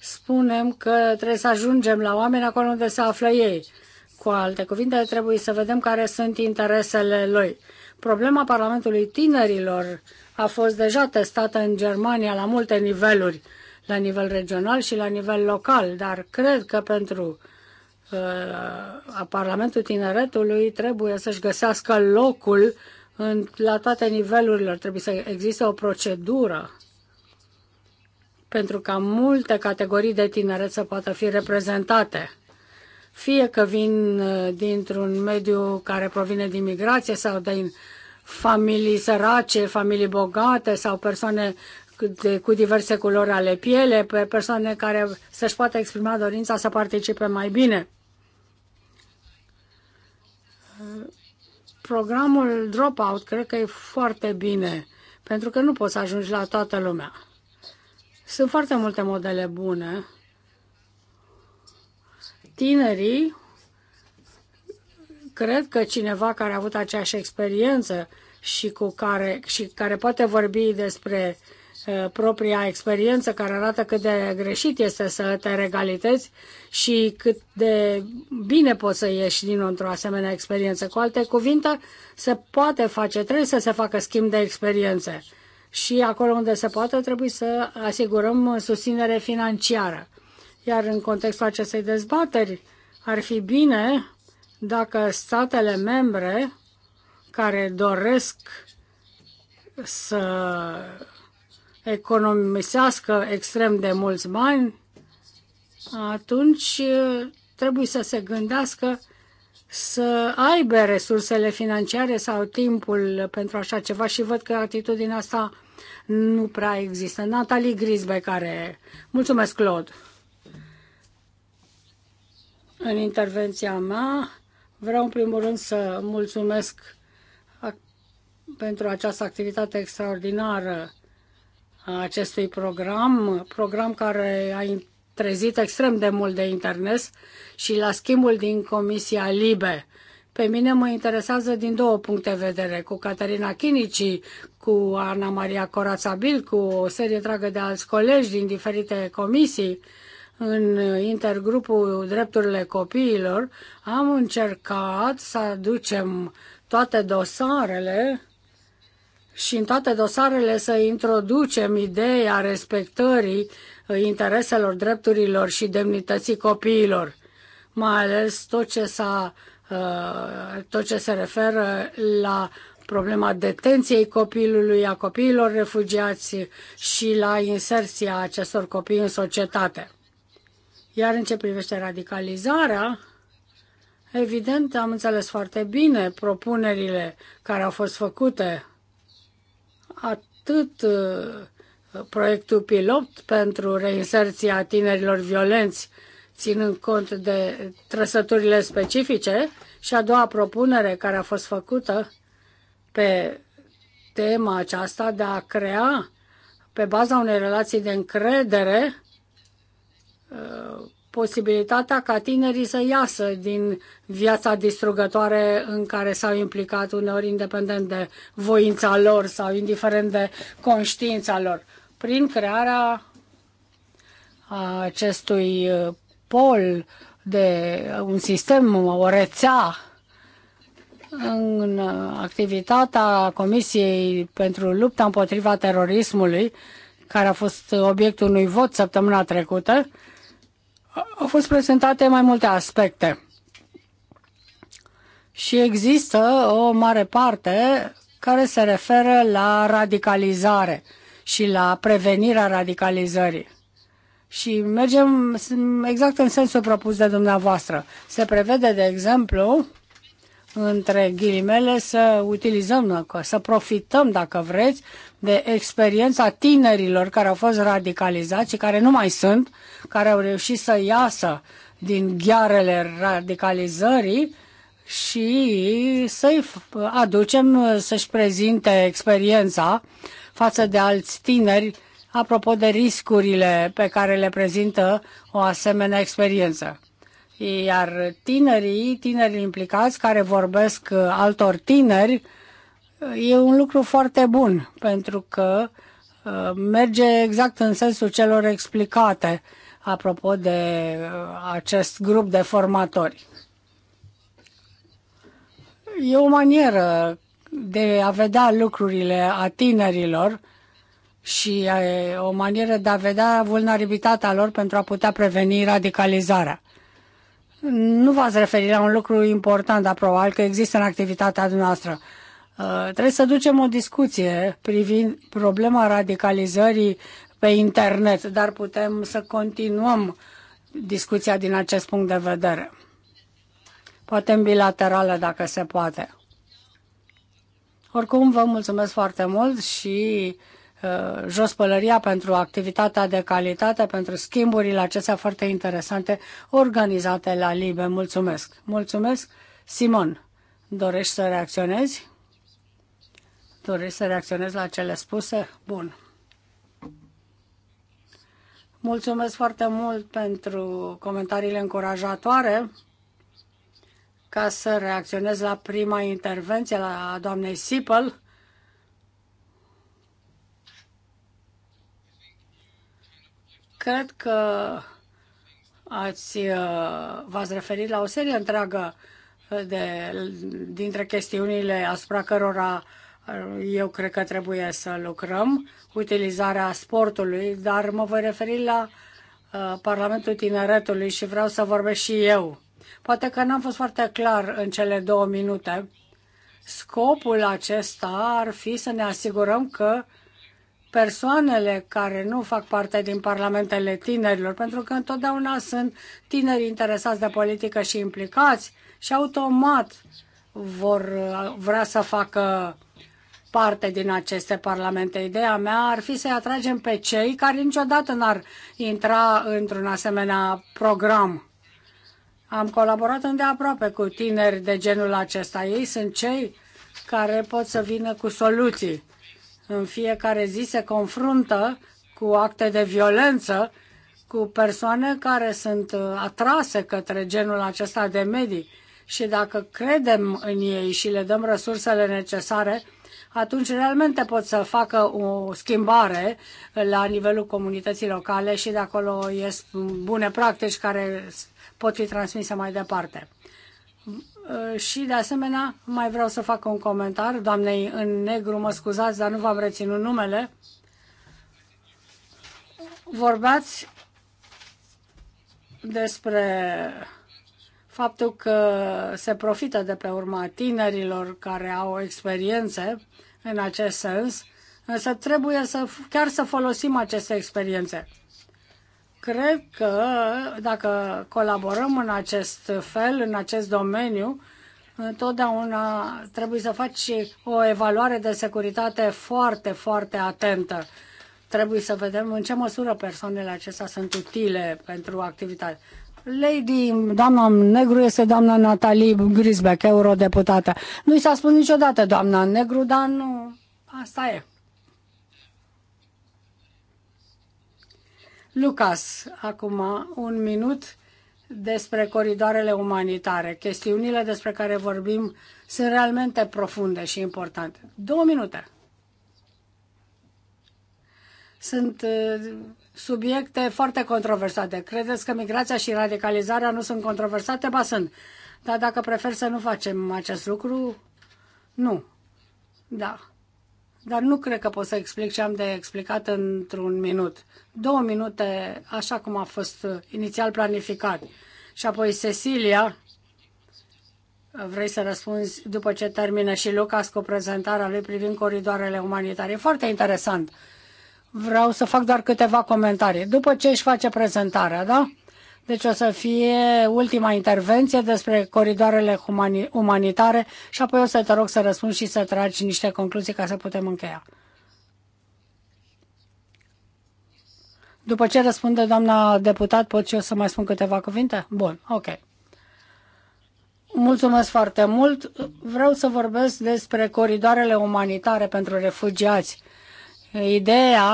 Spunem că trebuie să ajungem la oameni acolo unde se află ei. Cu alte cuvinte, trebuie să vedem care sunt interesele lor. Problema Parlamentului Tinerilor a fost deja testată în Germania la multe niveluri, la nivel regional și la nivel local, dar cred că pentru uh, Parlamentul Tineretului trebuie să-și găsească locul în, la toate nivelurile. Trebuie să existe o procedură pentru ca multe categorii de tineret să poată fi reprezentate. Fie că vin uh, dintr-un mediu care provine din migrație sau din familii sărace, familii bogate sau persoane de, cu diverse culori ale piele, pe persoane care să-și poată exprima dorința să participe mai bine. Programul Dropout cred că e foarte bine, pentru că nu poți să ajungi la toată lumea. Sunt foarte multe modele bune. Tinerii cred că cineva care a avut aceeași experiență și, cu care, și care poate vorbi despre uh, propria experiență care arată cât de greșit este să te regalități și cât de bine poți să ieși din într-o asemenea experiență. Cu alte cuvinte, se poate face, trebuie să se facă schimb de experiențe și acolo unde se poate trebuie să asigurăm susținere financiară. Iar în contextul acestei dezbateri ar fi bine dacă statele membre care doresc să economisească extrem de mulți bani, atunci trebuie să se gândească să aibă resursele financiare sau timpul pentru așa ceva și văd că atitudinea asta nu prea există. Natalie Grisbe care... Mulțumesc, Claude! În intervenția mea Vreau în primul rând să mulțumesc pentru această activitate extraordinară a acestui program, program care a trezit extrem de mult de internet și la schimbul din Comisia Libe. Pe mine mă interesează din două puncte de vedere, cu Caterina Chinici, cu Ana Maria Corațabil, cu o serie dragă de alți colegi din diferite comisii, în intergrupul drepturile copiilor, am încercat să aducem toate dosarele și în toate dosarele să introducem ideea respectării intereselor, drepturilor și demnității copiilor, mai ales tot ce, s-a, uh, tot ce se referă la problema detenției copilului, a copiilor refugiați și la inserția acestor copii în societate. Iar în ce privește radicalizarea, evident am înțeles foarte bine propunerile care au fost făcute atât uh, proiectul pilot pentru reinserția tinerilor violenți, ținând cont de trăsăturile specifice, și a doua propunere care a fost făcută pe tema aceasta de a crea, pe baza unei relații de încredere, posibilitatea ca tinerii să iasă din viața distrugătoare în care s-au implicat uneori independent de voința lor sau indiferent de conștiința lor. Prin crearea acestui pol de un sistem, o rețea în activitatea Comisiei pentru lupta împotriva terorismului, care a fost obiectul unui vot săptămâna trecută, au fost prezentate mai multe aspecte și există o mare parte care se referă la radicalizare și la prevenirea radicalizării. Și mergem exact în sensul propus de dumneavoastră. Se prevede, de exemplu, între ghilimele, să utilizăm, să profităm, dacă vreți, de experiența tinerilor care au fost radicalizați și care nu mai sunt, care au reușit să iasă din ghearele radicalizării și să-i aducem să-și prezinte experiența față de alți tineri apropo de riscurile pe care le prezintă o asemenea experiență. Iar tinerii, tinerii implicați care vorbesc uh, altor tineri, uh, e un lucru foarte bun, pentru că uh, merge exact în sensul celor explicate apropo de acest grup de formatori. E o manieră de a vedea lucrurile a tinerilor și o manieră de a vedea vulnerabilitatea lor pentru a putea preveni radicalizarea. Nu v-ați referit la un lucru important, dar probabil că există în activitatea noastră. Uh, trebuie să ducem o discuție privind problema radicalizării pe internet, dar putem să continuăm discuția din acest punct de vedere. Poate bilaterală, dacă se poate. Oricum, vă mulțumesc foarte mult și Uh, jos pălăria pentru activitatea de calitate, pentru schimburile acestea foarte interesante organizate la LIBE. Mulțumesc! Mulțumesc! Simon, dorești să reacționezi? Dorești să reacționezi la cele spuse? Bun. Mulțumesc foarte mult pentru comentariile încurajatoare. Ca să reacționez la prima intervenție la doamnei Sipel, Cred că ați, uh, v-ați referit la o serie întreagă uh, de, dintre chestiunile asupra cărora uh, eu cred că trebuie să lucrăm, utilizarea sportului, dar mă voi referi la Parlamentul Tineretului și vreau să vorbesc și eu. Poate că n-am fost foarte clar în cele două minute. Scopul acesta ar fi să ne asigurăm că uh, persoanele care nu fac parte din parlamentele tinerilor, pentru că întotdeauna sunt tineri interesați de politică și implicați și automat vor uh, vrea să facă parte din aceste parlamente. Ideea mea ar fi să-i atragem pe cei care niciodată n-ar intra într-un asemenea program. Am colaborat îndeaproape cu tineri de genul acesta. Ei sunt cei care pot să vină cu soluții în fiecare zi se confruntă cu acte de violență, cu persoane care sunt uh, atrase către genul acesta de medii. Și dacă credem în ei și le dăm resursele necesare, atunci realmente pot să facă o schimbare la nivelul comunității locale și de acolo ies bune practici care pot fi transmise mai departe. Uh, și, de asemenea, mai vreau să fac un comentar doamnei în negru, mă scuzați, dar nu v-am reținut numele. Vorbeați despre faptul că se profită de pe urma tinerilor care au experiențe în acest sens, însă trebuie să, chiar să folosim aceste experiențe. Cred că dacă colaborăm în acest fel, în acest domeniu, întotdeauna trebuie să faci o evaluare de securitate foarte, foarte atentă. Trebuie să vedem în ce măsură persoanele acestea sunt utile pentru activitate. Lady, doamna negru este doamna Natalie Grisbeck, eurodeputată. Nu i s-a spus niciodată doamna negru, dar nu, asta e. Lucas, acum un minut despre coridoarele umanitare. Chestiunile despre care vorbim sunt realmente profunde și importante. Două minute. Sunt uh, subiecte foarte controversate. Credeți că migrația și radicalizarea nu sunt controversate? Ba sunt. Dar dacă prefer să nu facem acest lucru, nu. Da dar nu cred că pot să explic ce am de explicat într-un minut. Două minute, așa cum a fost uh, inițial planificat. Și apoi Cecilia, uh, vrei să răspunzi după ce termină și Lucas cu prezentarea lui privind coridoarele umanitare. E foarte interesant. Vreau să fac doar câteva comentarii. După ce își face prezentarea, da? Deci o să fie ultima intervenție despre coridoarele umanitare și apoi o să te rog să răspunzi și să tragi niște concluzii ca să putem încheia. După ce răspunde doamna deputat, pot și eu să mai spun câteva cuvinte? Bun, ok. Mulțumesc foarte mult. Vreau să vorbesc despre coridoarele umanitare pentru refugiați ideea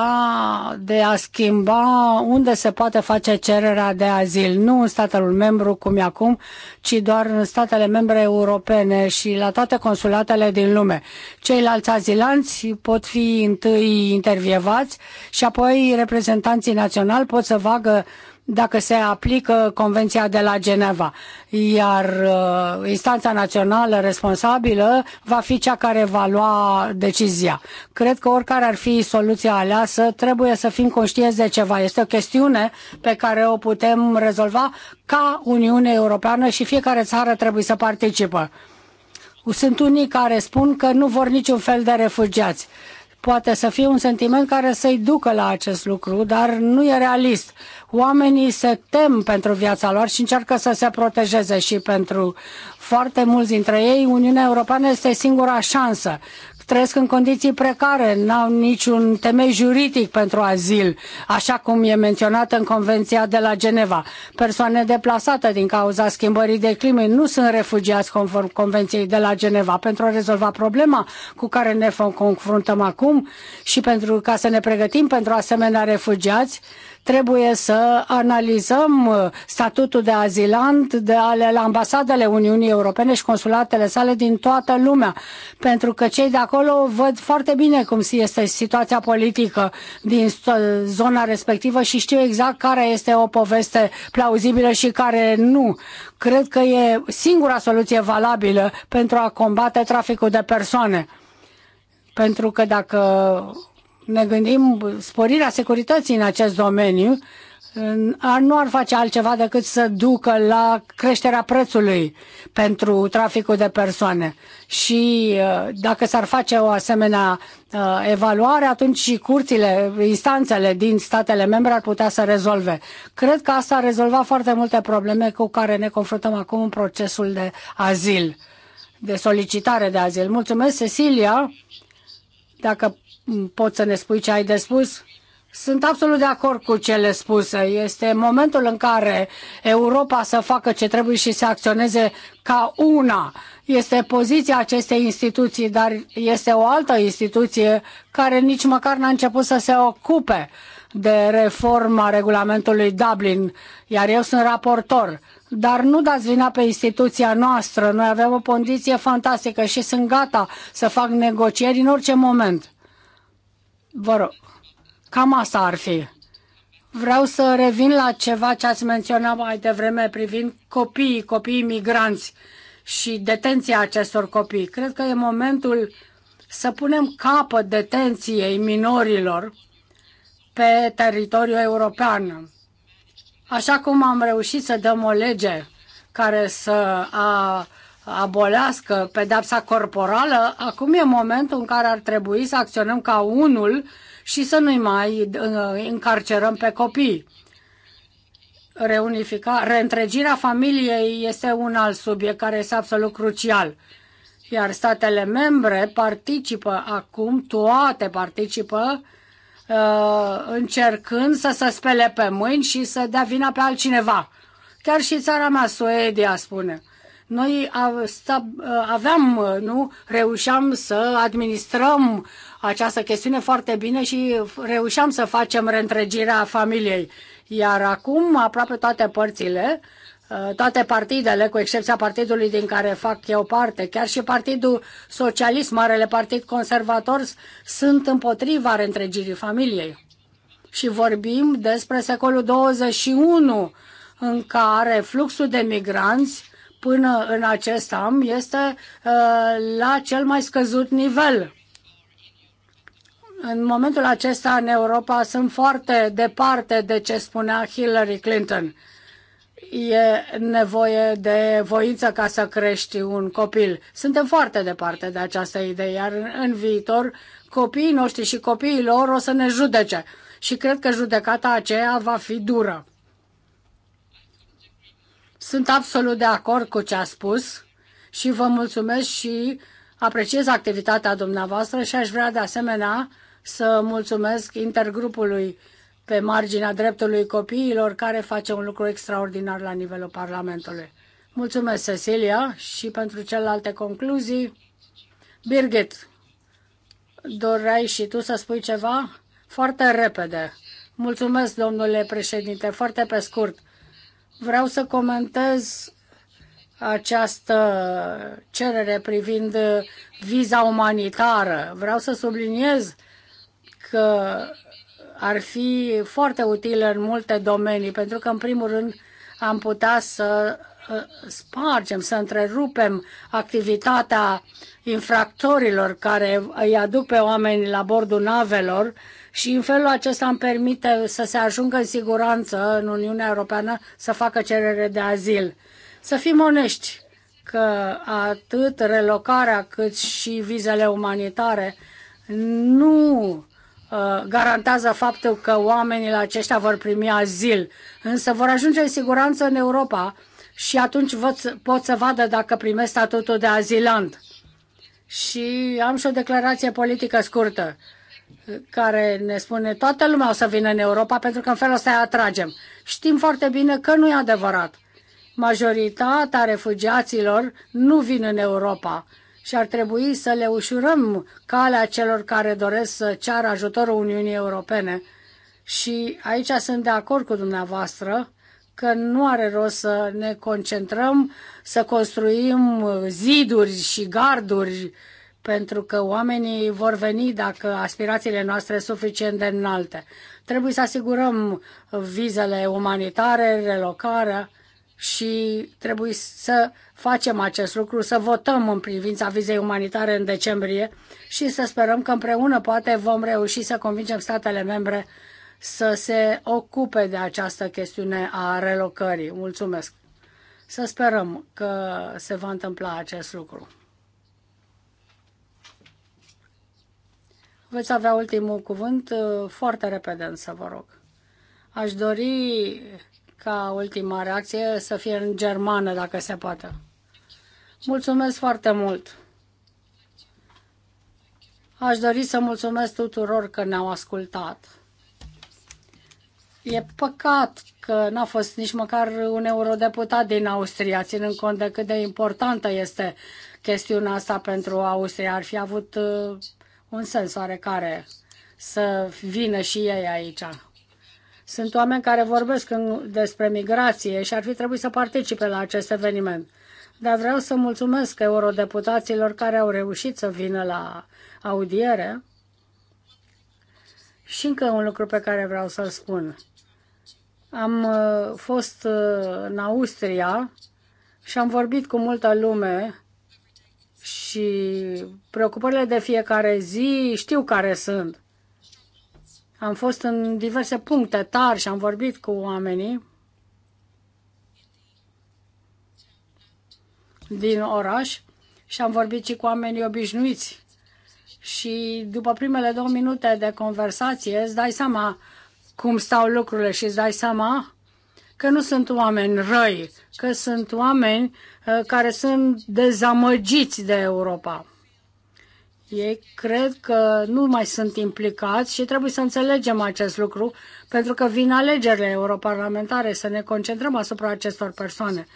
de a schimba unde se poate face cererea de azil, nu în statul membru cum e acum, ci doar în statele membre europene și la toate consulatele din lume. Ceilalți azilanți pot fi întâi intervievați și apoi reprezentanții naționali pot să vagă dacă se aplică Convenția de la Geneva. Iar uh, instanța națională responsabilă va fi cea care va lua decizia. Cred că oricare ar fi soluția aleasă, trebuie să fim conștienți de ceva. Este o chestiune pe care o putem rezolva ca Uniune Europeană și fiecare țară trebuie să participă. Sunt unii care spun că nu vor niciun fel de refugiați. Uh, Poate să fie un sentiment care să-i ducă la acest lucru, dar nu e realist. Oamenii se tem pentru viața lor și încearcă să se protejeze și pentru foarte mulți dintre ei, Uniunea Europeană este singura șansă trăiesc în condiții precare, n-au niciun temei juridic pentru azil, așa cum e menționat în Convenția de la Geneva. Persoane deplasate din cauza schimbării de climă nu sunt refugiați conform Convenției de la Geneva. Pentru a rezolva problema cu care ne confruntăm acum și pentru ca să ne pregătim pentru asemenea refugiați, Trebuie să analizăm uh, statutul de azilant de ale ambasadele Uniunii Europene și consulatele sale din toată lumea, pentru că cei de acolo văd foarte bine cum este situația politică din zona respectivă și știu exact care este o poveste plauzibilă și care nu. Cred că e singura soluție valabilă pentru a combate traficul de persoane pentru că dacă ne gândim sporirea securității în acest domeniu, nu ar face altceva decât să ducă la creșterea prețului pentru traficul de persoane. Și uh, dacă s-ar face o asemenea uh, evaluare, atunci și curțile, instanțele din statele membre ar putea să rezolve. Cred că asta ar rezolva foarte multe probleme cu care ne confruntăm acum în procesul de azil, de solicitare de azil. Mulțumesc, Cecilia. Dacă Poți să ne spui ce ai de spus? Sunt absolut de acord cu cele spuse. Este momentul în care Europa să facă ce trebuie și să acționeze ca una. Este poziția acestei instituții, dar este o altă instituție care nici măcar n-a început să se ocupe de reforma regulamentului Dublin, iar eu sunt raportor. Dar nu dați vina pe instituția noastră. Noi avem o condiție fantastică și sunt gata să fac negocieri în orice moment Vă rog, cam asta ar fi. Vreau să revin la ceva ce ați menționat mai devreme privind copiii, copiii migranți și detenția acestor copii. Cred că e momentul să punem capăt detenției minorilor pe teritoriul european. Așa cum am reușit să dăm o lege care să a abolească pedepsa corporală, acum e momentul în care ar trebui să acționăm ca unul și să nu-i mai uh, încarcerăm pe copii. Reunifica, reîntregirea familiei este un alt subiect care este absolut crucial. Iar statele membre participă acum, toate participă, uh, încercând să se spele pe mâini și să dea vina pe altcineva. Chiar și țara mea, Suedia, spune noi aveam, nu, reușeam să administrăm această chestiune foarte bine și reușeam să facem reîntregirea familiei. Iar acum, aproape toate părțile, uh, toate partidele, cu excepția partidului din care fac eu parte, chiar și Partidul Socialist, Marele Partid Conservator, sunt împotriva reîntregirii familiei. Și vorbim despre secolul 21, în care fluxul de migranți până în acest an este uh, la cel mai scăzut nivel. În momentul acesta în Europa sunt foarte departe de ce spunea Hillary Clinton. E nevoie de voință ca să crești un copil. Suntem foarte departe de această idee, iar în viitor copiii noștri și copiii lor o să ne judece. Și cred că judecata aceea va fi dură. Sunt absolut de acord cu ce a spus și vă mulțumesc și apreciez activitatea dumneavoastră și aș vrea de asemenea să mulțumesc intergrupului pe marginea dreptului copiilor care face un lucru extraordinar la nivelul Parlamentului. Mulțumesc, Cecilia, și pentru celelalte concluzii. Birgit, doreai și tu să spui ceva? Foarte repede. Mulțumesc, domnule președinte, foarte pe scurt. Vreau să comentez această cerere privind viza umanitară. Vreau să subliniez că ar fi foarte utilă în multe domenii, pentru că, în primul rând, am putea să uh, spargem, să întrerupem activitatea infractorilor care îi aduc pe oamenii la bordul navelor și în felul acesta îmi permite să se ajungă în siguranță în Uniunea Europeană să facă cerere de azil. Să fim onești că atât relocarea cât și vizele umanitare nu uh, garantează faptul că oamenii aceștia vor primi azil, însă vor ajunge în siguranță în Europa și atunci pot să vadă dacă primesc statutul de azilant. Și am și o declarație politică scurtă care ne spune toată lumea o să vină în Europa pentru că în felul ăsta atragem. Știm foarte bine că nu e adevărat. Majoritatea refugiaților nu vin în Europa și ar trebui să le ușurăm calea celor care doresc să ceară ajutorul Uniunii Europene. Și aici sunt de acord cu dumneavoastră că nu are rost să ne concentrăm, să construim ziduri și garduri pentru că oamenii vor veni dacă aspirațiile noastre sunt suficient de înalte. Trebuie să asigurăm vizele umanitare, relocarea și trebuie să facem acest lucru, să votăm în privința vizei umanitare în decembrie și să sperăm că împreună poate vom reuși să convingem statele membre să se ocupe de această chestiune a relocării. Mulțumesc! Să sperăm că se va întâmpla acest lucru. Veți avea ultimul cuvânt uh, foarte repede, însă vă rog. Aș dori ca ultima reacție să fie în germană, dacă se poate. Mulțumesc foarte mult! Aș dori să mulțumesc tuturor că ne-au ascultat. E păcat că n-a fost nici măcar un eurodeputat din Austria, ținând cont de cât de importantă este chestiunea asta pentru Austria. Ar fi avut uh, un sens oarecare să vină și ei aici. Sunt oameni care vorbesc în, despre migrație și ar fi trebuit să participe la acest eveniment. Dar vreau să mulțumesc eurodeputaților care au reușit să vină la audiere. Și încă un lucru pe care vreau să-l spun. Am uh, fost uh, în Austria și am vorbit cu multă lume și preocupările de fiecare zi știu care sunt. Am fost în diverse puncte tari și am vorbit cu oamenii din oraș și am vorbit și cu oamenii obișnuiți. Și după primele două minute de conversație îți dai seama cum stau lucrurile și îți dai seama că nu sunt oameni răi, că sunt oameni uh, care sunt dezamăgiți de Europa. Ei cred că nu mai sunt implicați și trebuie să înțelegem acest lucru, pentru că vin alegerile europarlamentare, să ne concentrăm asupra acestor persoane.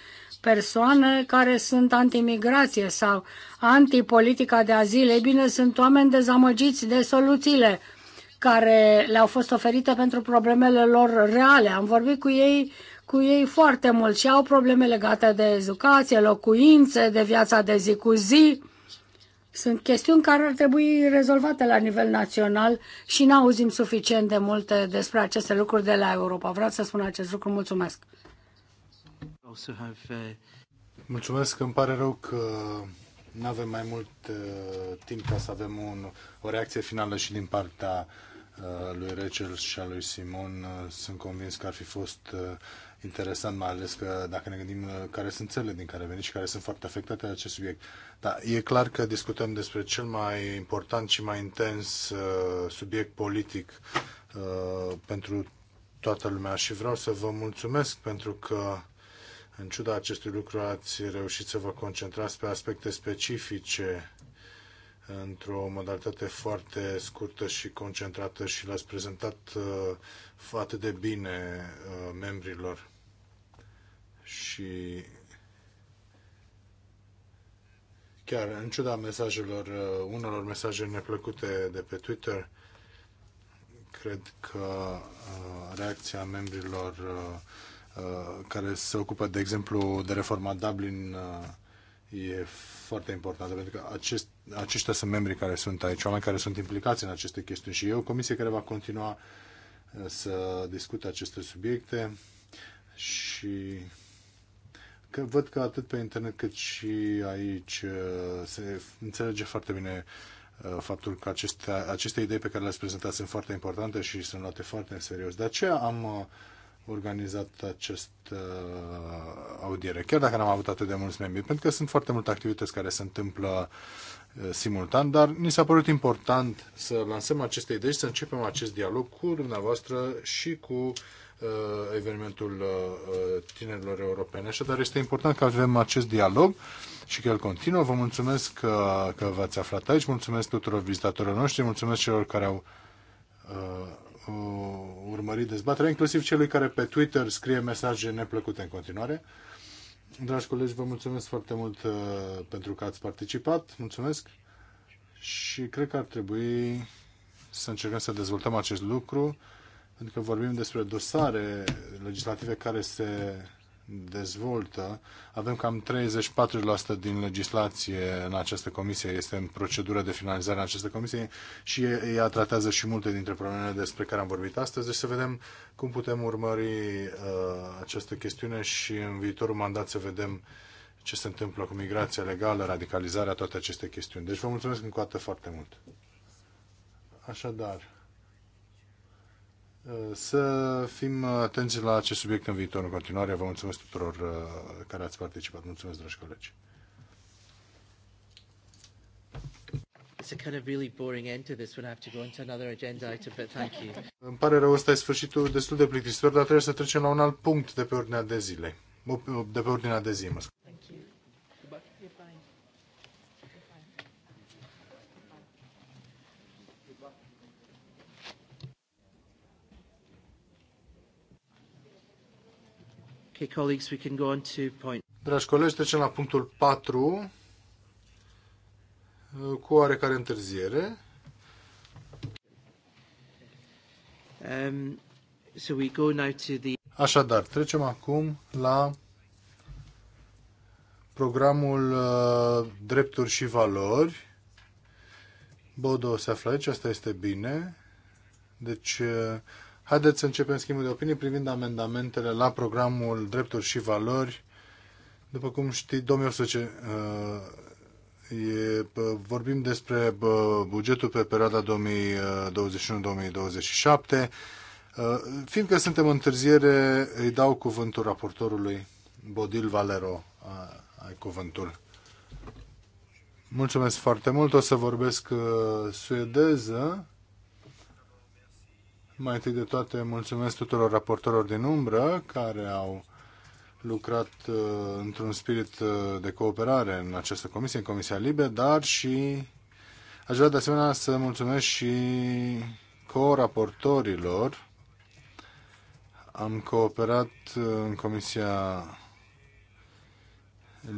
Persoane care sunt antimigrație sau antipolitica de azil, ei bine, sunt oameni dezamăgiți de soluțiile care le-au fost oferite pentru problemele lor reale. Am vorbit cu ei cu ei foarte mult și au probleme legate de educație, locuințe, de viața de zi cu zi. Sunt chestiuni care ar trebui rezolvate la nivel național și nu auzim suficient de multe despre aceste lucruri de la Europa. Vreau să spun acest lucru. Mulțumesc! Uh, Mulțumesc, îmi pare rău că nu avem mai mult uh, timp ca să avem un, o reacție finală și din partea uh, lui Rachel și a lui Simon. Uh, sunt convins că ar fi fost uh, interesant, mai ales că dacă ne gândim uh, care sunt țările din care veniți și care sunt foarte afectate de acest subiect. Dar e clar că discutăm despre cel mai important și mai intens uh, subiect politic uh, pentru toată lumea și vreau să vă mulțumesc pentru că în ciuda acestui lucru ați reușit să vă concentrați pe aspecte specifice într-o modalitate foarte scurtă și concentrată și l-ați prezentat uh, foarte de bine uh, membrilor și chiar în ciuda mesajelor, uh, unor mesaje neplăcute de pe Twitter, cred că uh, reacția membrilor uh, care se ocupă, de exemplu, de reforma Dublin e foarte importantă, pentru că acest, aceștia sunt membrii care sunt aici, oameni care sunt implicați în aceste chestiuni și eu, comisie care va continua să discute aceste subiecte și că văd că atât pe internet cât și aici uh, se înțelege foarte bine uh, faptul că aceste, aceste idei pe care le-ați prezentat sunt foarte importante și sunt luate foarte în serios. De aceea am uh, organizat acest uh, audiere, chiar dacă n-am avut atât de mulți membri, pentru că sunt foarte multe activități care se întâmplă uh, simultan, dar ni s-a părut important să lansăm aceste idei și să începem acest dialog cu dumneavoastră și cu uh, Uh, evenimentul uh, uh, tinerilor europene. Așadar, este important că avem acest dialog și că el continuă. Vă mulțumesc că, că v-ați aflat aici, mulțumesc tuturor vizitatorilor noștri, mulțumesc celor care au uh, urmărit dezbaterea, inclusiv celui care pe Twitter scrie mesaje neplăcute în continuare. Dragi colegi, vă mulțumesc foarte mult uh, pentru că ați participat, mulțumesc și cred că ar trebui să încercăm să dezvoltăm acest lucru pentru că adică vorbim despre dosare legislative care se dezvoltă. Avem cam 34% din legislație în această comisie, este în procedură de finalizare în această comisie și ea tratează și multe dintre problemele despre care am vorbit astăzi. Deci să vedem cum putem urmări uh, această chestiune și în viitorul mandat să vedem ce se întâmplă cu migrația legală, radicalizarea, toate aceste chestiuni. Deci vă mulțumesc încă o dată foarte mult. Așadar să fim atenți la acest subiect în viitor. În continuare, vă mulțumesc tuturor uh, care ați participat. Mulțumesc, dragi colegi. Îmi pare rău, ăsta e sfârșitul destul de plictisitor, dar trebuie să trecem la un alt punct de pe ordinea de zile. De pe ordinea de zi, mă Okay, colleagues, we can go on to point. Dragi colegi, trecem la punctul 4 cu oarecare întârziere. Um, so we go now to the... Așadar, trecem acum la programul uh, Drepturi și Valori. Bodo se află aici, asta este bine. Deci, uh, Haideți să începem schimbul de opinii privind amendamentele la programul Drepturi și Valori. După cum știi, 2018 uh, e, vorbim despre bugetul pe perioada 2021-2027. Uh, uh, fiindcă suntem în întârziere, îi dau cuvântul raportorului Bodil Valero. Ai cuvântul. Mulțumesc foarte mult. O să vorbesc suedeză mai întâi de toate, mulțumesc tuturor raportorilor din umbră care au lucrat uh, într-un spirit uh, de cooperare în această comisie, în Comisia Libe, dar și aș vrea de asemenea să mulțumesc și co-raportorilor. Am cooperat uh, în Comisia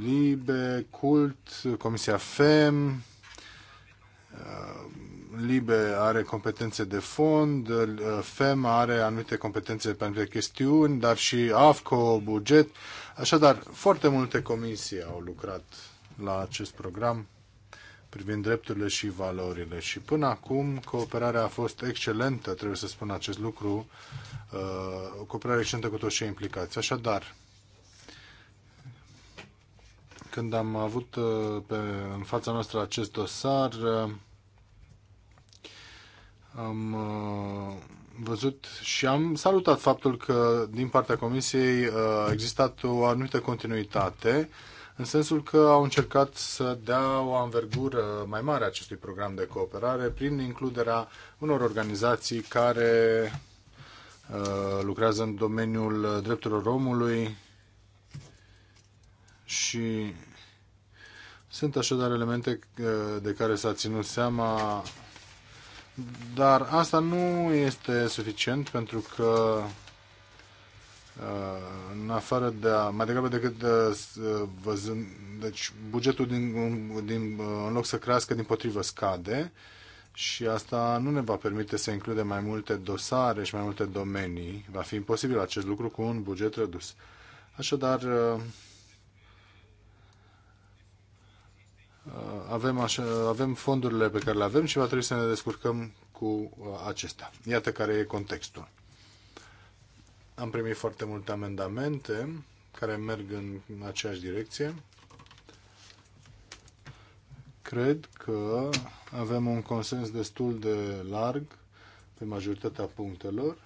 Libe, Cult, Comisia FEM, uh, Libe are competențe de fond, uh, FEM are anumite competențe pe anumite chestiuni, dar și AFCO, buget. Așadar, foarte multe comisii au lucrat la acest program privind drepturile și valorile. Și până acum cooperarea a fost excelentă, trebuie să spun acest lucru, o uh, cooperare excelentă cu toți cei implicați. Așadar, când am avut uh, pe, în fața noastră acest dosar, am uh, văzut și am salutat faptul că din partea Comisiei uh, a existat o anumită continuitate, în sensul că au încercat să dea o anvergură mai mare acestui program de cooperare prin includerea unor organizații care uh, lucrează în domeniul drepturilor omului și sunt așadar elemente de care s-a ținut seama dar asta nu este suficient pentru că uh, în afară de a, mai degrabă decât de, uh, văzând, deci bugetul din, din, uh, în loc să crească, din potrivă scade și asta nu ne va permite să includem mai multe dosare și mai multe domenii. Va fi imposibil acest lucru cu un buget redus. Așadar, Uh, avem, așa, avem fondurile pe care le avem și va trebui să ne descurcăm cu uh, acestea. Iată care e contextul. Am primit foarte multe amendamente care merg în aceeași direcție. Cred că avem un consens destul de larg pe majoritatea punctelor.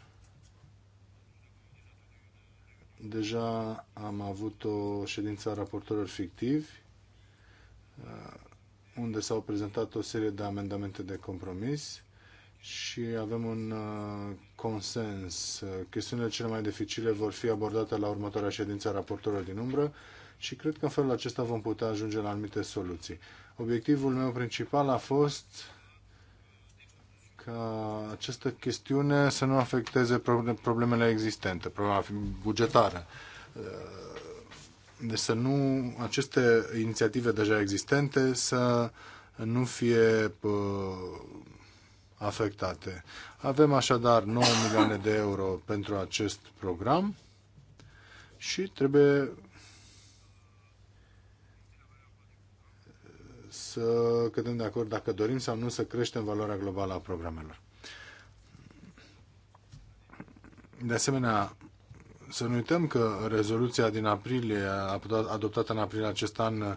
Deja am avut o ședință a raportorilor fictivi unde s-au prezentat o serie de amendamente de compromis și avem un uh, consens. Chestiunile cele mai dificile vor fi abordate la următoarea ședință a raportorilor din umbră și cred că în felul acesta vom putea ajunge la anumite soluții. Obiectivul meu principal a fost ca această chestiune să nu afecteze problemele existente, problema bugetară uh, deci să nu, aceste inițiative deja existente să nu fie afectate. Avem așadar 9 milioane de euro pentru acest program și trebuie să cădem de acord dacă dorim sau nu să creștem valoarea globală a programelor. De asemenea, să nu uităm că rezoluția din aprilie, adoptată în aprilie acest an, uh,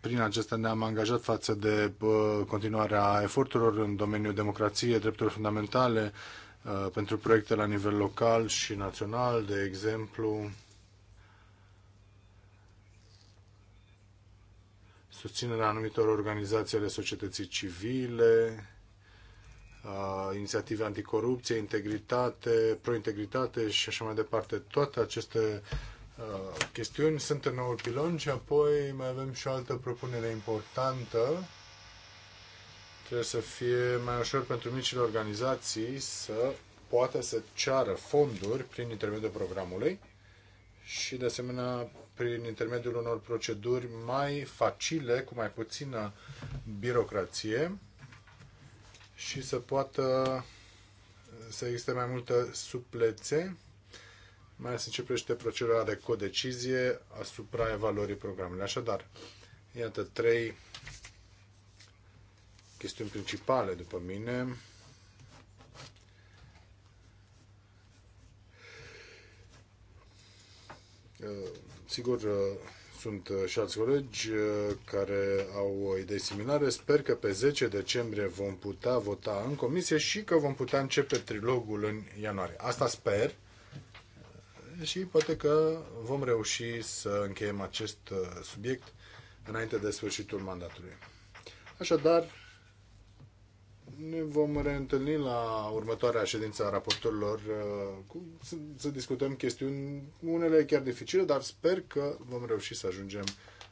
prin acesta ne-am angajat față de uh, continuarea eforturilor în domeniul democrației, drepturilor fundamentale, uh, pentru proiecte la nivel local și național, de exemplu, susținerea anumitor organizații ale societății civile, inițiative anticorupție, integritate, pro-integritate și așa mai departe. Toate aceste uh, chestiuni sunt în noul pilon și apoi mai avem și o altă propunere importantă. Trebuie să fie mai ușor pentru micile organizații să poată să ceară fonduri prin intermediul programului și, de asemenea, prin intermediul unor proceduri mai facile, cu mai puțină birocrație și să poată să existe mai multă suplețe, mai ales începește procedura de codecizie asupra evaluării programului. Așadar, iată trei chestiuni principale după mine. Sigur, sunt uh, și alți colegi uh, care au idei similare. Sper că pe 10 decembrie vom putea vota în comisie și că vom putea începe trilogul în ianuarie. Asta sper și poate că vom reuși să încheiem acest uh, subiect înainte de sfârșitul mandatului. Așadar, ne vom reîntâlni la următoarea ședință a raportorilor uh, cu, să, să discutăm chestiuni, unele chiar dificile, dar sper că vom reuși să ajungem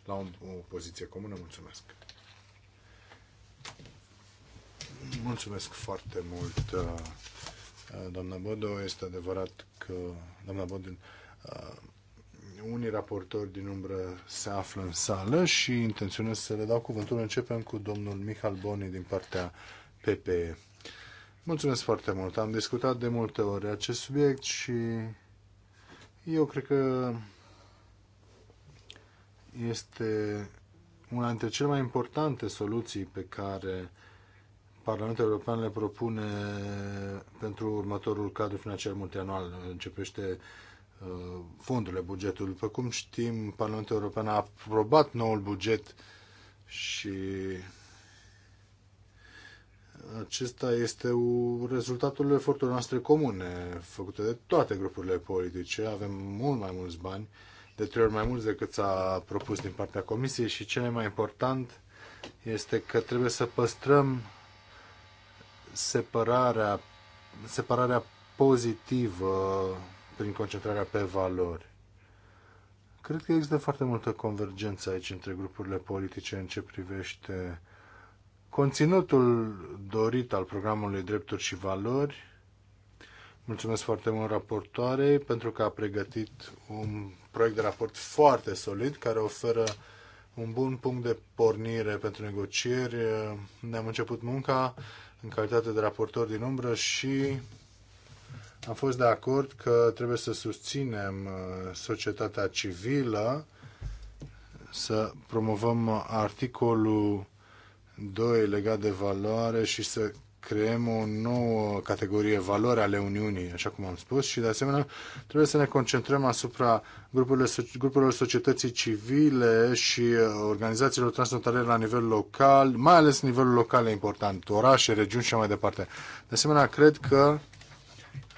la o, o poziție comună. Mulțumesc! Mulțumesc foarte mult, uh, uh, doamna Bodo. Este adevărat că, doamna Bodo, unii raportori din umbră se află în sală și intenționez să le dau cuvântul. Începem cu domnul Mihal Boni din partea PPE. Mulțumesc foarte mult. Am discutat de multe ori acest subiect și eu cred că este una dintre cele mai importante soluții pe care Parlamentul European le propune pentru următorul cadru financiar multianual. Începește uh, fondurile, bugetul. După cum știm, Parlamentul European a aprobat noul buget și acesta este rezultatul eforturilor noastre comune, făcute de toate grupurile politice. Avem mult mai mulți bani, de trei ori mai mulți decât s-a propus din partea Comisiei și cel mai important este că trebuie să păstrăm separarea, separarea pozitivă prin concentrarea pe valori. Cred că există foarte multă convergență aici între grupurile politice în ce privește Conținutul dorit al programului Drepturi și Valori. Mulțumesc foarte mult raportoare pentru că a pregătit un proiect de raport foarte solid care oferă un bun punct de pornire pentru negocieri. Ne-am început munca în calitate de raportor din umbră și am fost de acord că trebuie să susținem uh, societatea civilă, să promovăm articolul doi legat de valoare și să creăm o nouă categorie valoare ale Uniunii, așa cum am spus, și de asemenea trebuie să ne concentrăm asupra grupurilor, grupurilor societății civile și organizațiilor transnaționale la nivel local, mai ales nivelul local e important, orașe, regiuni și mai departe. De asemenea, cred că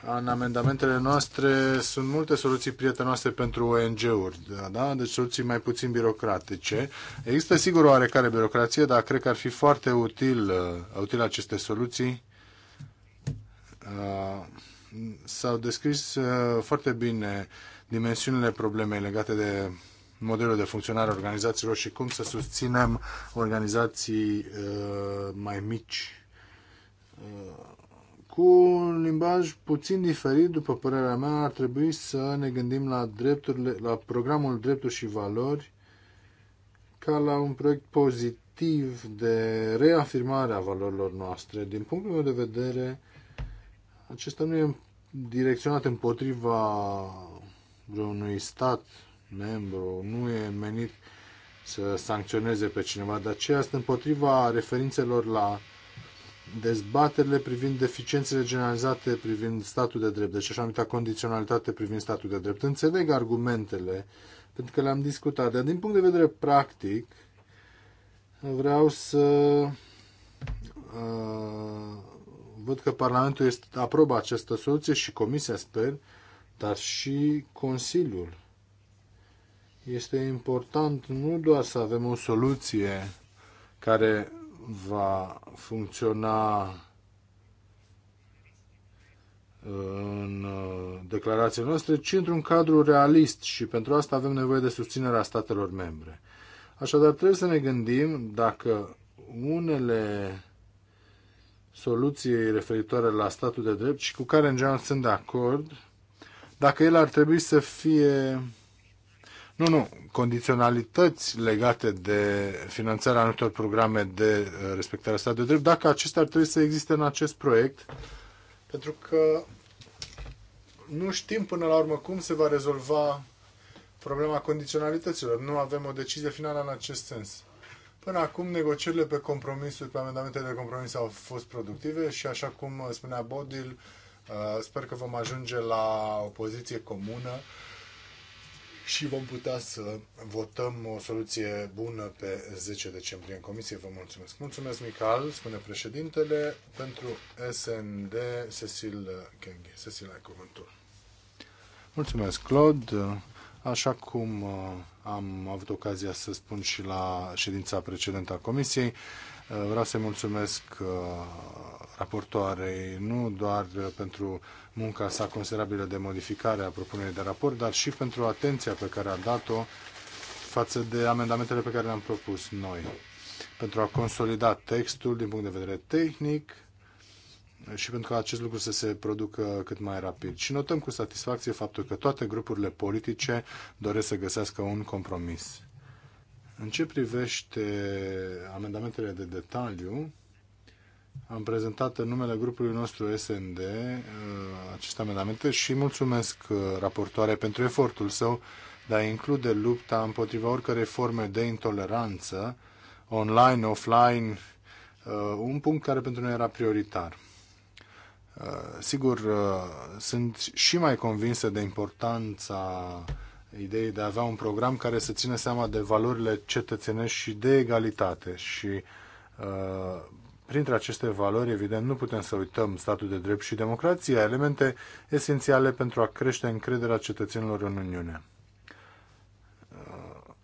în amendamentele noastre sunt multe soluții prietenoase pentru ONG-uri, da, da? deci soluții mai puțin birocratice. Există sigur o oarecare birocrație, dar cred că ar fi foarte util, uh, util aceste soluții. Uh, s-au descris uh, foarte bine dimensiunile problemei legate de modelul de funcționare a organizațiilor și cum să susținem organizații uh, mai mici. Uh, cu un limbaj puțin diferit, după părerea mea, ar trebui să ne gândim la, drepturile, la programul Drepturi și Valori ca la un proiect pozitiv de reafirmare a valorilor noastre. Din punctul meu de vedere, acesta nu e direcționat împotriva vreunui stat membru, nu e menit să sancționeze pe cineva, de aceea sunt împotriva referințelor la dezbaterile privind deficiențele generalizate privind statul de drept, deci așa numită condiționalitate privind statul de drept. Înțeleg argumentele, pentru că le-am discutat, dar din punct de vedere practic, vreau să uh, văd că Parlamentul este, aprobă această soluție și Comisia, sper, dar și Consiliul. Este important nu doar să avem o soluție care va funcționa în uh, declarațiile noastre, ci într-un cadru realist și pentru asta avem nevoie de susținerea statelor membre. Așadar, trebuie să ne gândim dacă unele soluții referitoare la statul de drept și cu care în general sunt de acord, dacă ele ar trebui să fie nu, nu, condiționalități legate de finanțarea anumitor programe de uh, respectarea statului de drept, dacă acestea ar trebui să existe în acest proiect, pentru că nu știm până la urmă cum se va rezolva problema condiționalităților. Nu avem o decizie finală în acest sens. Până acum, negocierile pe compromisuri, pe amendamentele de compromis au fost productive și, așa cum spunea Bodil, uh, sper că vom ajunge la o poziție comună și vom putea să votăm o soluție bună pe 10 decembrie în comisie. Vă mulțumesc. Mulțumesc, Mical, spune președintele, pentru SND Cecil Genghi. Cecil, ai cuvântul. Mulțumesc, Claude. Așa cum uh, am avut ocazia să spun și la ședința precedentă a comisiei, uh, vreau să-i mulțumesc uh, raportoare, nu doar pentru munca sa considerabilă de modificare a propunerii de raport, dar și pentru atenția pe care a dat-o față de amendamentele pe care le-am propus noi. Pentru a consolida textul din punct de vedere tehnic și pentru ca acest lucru să se producă cât mai rapid. Și notăm cu satisfacție faptul că toate grupurile politice doresc să găsească un compromis. În ce privește amendamentele de detaliu, am prezentat în numele grupului nostru SND uh, aceste amendamente și mulțumesc uh, raportoare pentru efortul său de a include lupta împotriva oricărei forme de intoleranță, online, offline, uh, un punct care pentru noi era prioritar. Sigur, sunt și mai convinsă de importanța ideii de a avea un program care să țină seama de valorile cetățenești și de egalitate și Printre aceste valori, evident, nu putem să uităm statul de drept și democrația, elemente esențiale pentru a crește încrederea cetățenilor în Uniune. Uh,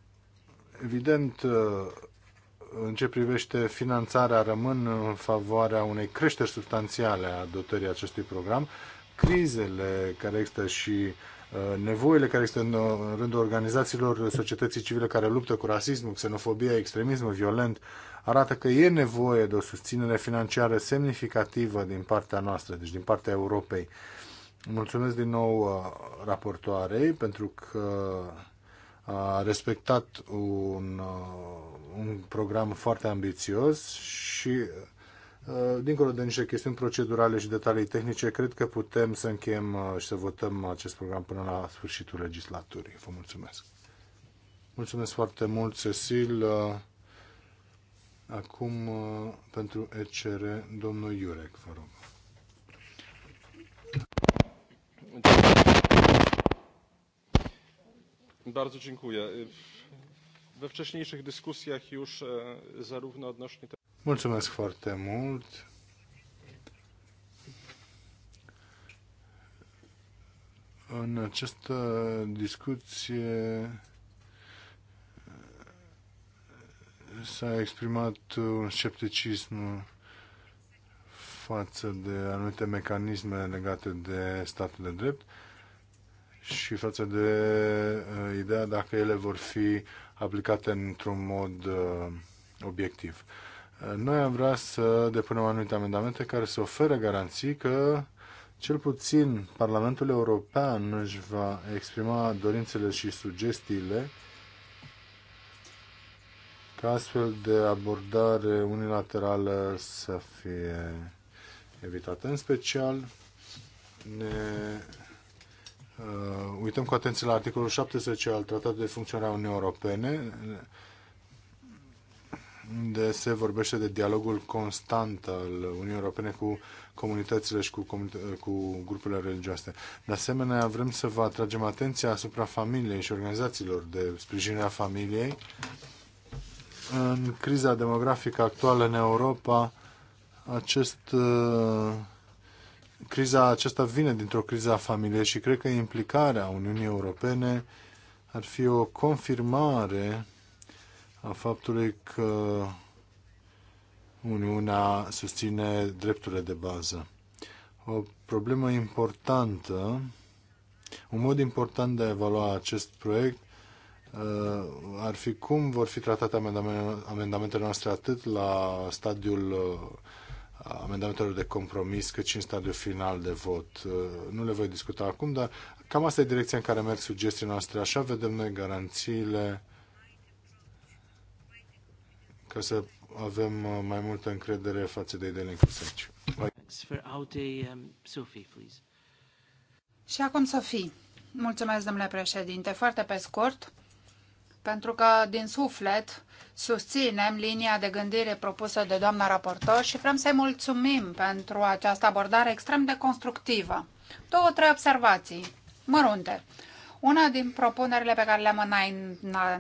evident, uh, în ce privește finanțarea, rămân în favoarea unei creșteri substanțiale a dotării acestui program. Crizele care există și uh, Uh, nevoile care există uh, în rândul organizațiilor societății civile care luptă cu rasismul, xenofobia, extremismul violent, arată că e nevoie de o susținere financiară semnificativă din partea noastră, deci din partea Europei. Mulțumesc din nou uh, raportoarei pentru că a respectat un, un program foarte ambițios și Uh, dincolo de niște chestiuni procedurale și detalii tehnice, cred că putem să încheiem uh, și să votăm acest program până la sfârșitul legislaturii. Vă mulțumesc. Mulțumesc foarte mult, Cecil. Uh, acum, pentru ECR, domnul Iurec, vă rog. Bardzo dziękuję. We wcześniejszych dyskusjach już zarówno odnośnie tego... Mulțumesc foarte mult. În această discuție s-a exprimat un scepticism față de anumite mecanisme legate de statul de drept și față de uh, ideea dacă ele vor fi aplicate într-un mod uh, obiectiv. Noi am vrea să depunem anumite amendamente care să ofere garanții că cel puțin Parlamentul European își va exprima dorințele și sugestiile ca astfel de abordare unilaterală să fie evitată. În special ne uh, uităm cu atenție la articolul 17 al Tratatului de Funcționare a Uniunii Europene unde se vorbește de dialogul constant al Uniunii Europene cu comunitățile și cu, comunit- cu grupurile religioase. De asemenea, vrem să vă atragem atenția asupra familiei și organizațiilor de sprijinire a familiei. În criza demografică actuală în Europa, acest, uh, criza aceasta vine dintr-o criză a familiei și cred că implicarea Uniunii Europene ar fi o confirmare a faptului că Uniunea susține drepturile de bază. O problemă importantă, un mod important de a evalua acest proiect uh, ar fi cum vor fi tratate amendamentele noastre atât la stadiul uh, amendamentelor de compromis, cât și în stadiul final de vot. Uh, nu le voi discuta acum, dar cam asta e direcția în care merg sugestiile noastre. Așa vedem noi garanțiile ca să avem uh, mai multă încredere față de ideile incluse um, Și acum, Sofie. Mulțumesc, domnule președinte. Foarte pe scurt, pentru că din suflet susținem linia de gândire propusă de doamna raportor și vrem să-i mulțumim pentru această abordare extrem de constructivă. Două, trei observații mărunte. Una din propunerile pe care le-am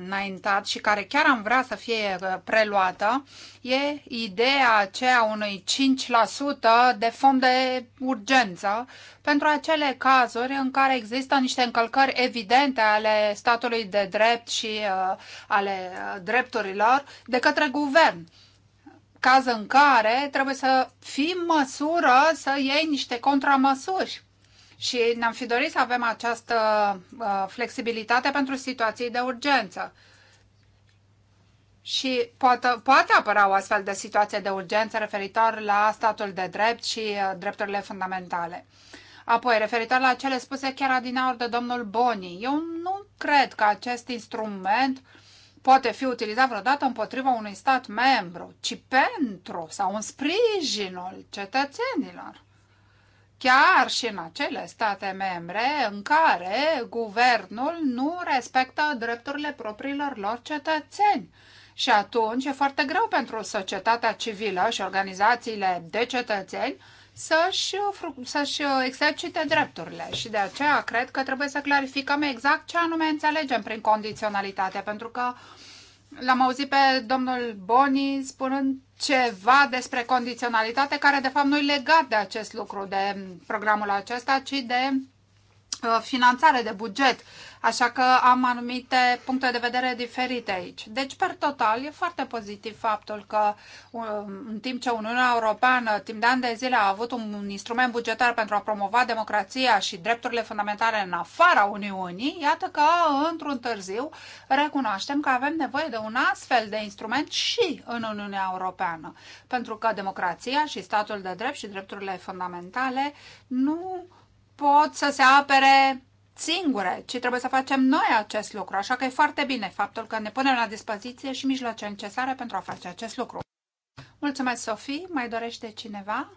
înaintat și care chiar am vrea să fie uh, preluată e ideea aceea unui 5% de fond de urgență pentru acele cazuri în care există niște încălcări evidente ale statului de drept și uh, ale uh, drepturilor de către guvern caz în care trebuie să fim măsură să iei niște contramăsuri și ne-am fi dorit să avem această uh, flexibilitate pentru situații de urgență. Și poate, poate apăra o astfel de situație de urgență referitor la statul de drept și uh, drepturile fundamentale. Apoi, referitor la cele spuse chiar adinaur de domnul Boni, eu nu cred că acest instrument poate fi utilizat vreodată împotriva unui stat membru, ci pentru sau în sprijinul cetățenilor chiar și în acele state membre în care guvernul nu respectă drepturile propriilor lor cetățeni. Și atunci e foarte greu pentru societatea civilă și organizațiile de cetățeni să-și, să-și exercite drepturile. Și de aceea cred că trebuie să clarificăm exact ce anume înțelegem prin condiționalitate, pentru că uh, L-am auzit pe domnul Boni spunând ceva despre condiționalitate care de fapt nu e legat de acest lucru, de programul acesta, ci de uh, finanțare, de buget. Așa că am anumite puncte de vedere diferite aici. Deci, per total, e foarte pozitiv faptul că uh, în timp ce Uniunea Europeană timp de ani de zile a avut un instrument bugetar pentru a promova democrația și drepturile fundamentale în afara Uniunii, iată că într-un târziu recunoaștem că avem nevoie de un astfel de instrument și în Uniunea Europeană. Pentru că democrația și statul de drept și drepturile fundamentale nu pot să se apere singure, ci trebuie să facem noi acest lucru. Așa că e foarte bine faptul că ne punem la dispoziție și mijloace necesare pentru a face acest lucru. Mulțumesc, Sofie. Mai dorește cineva?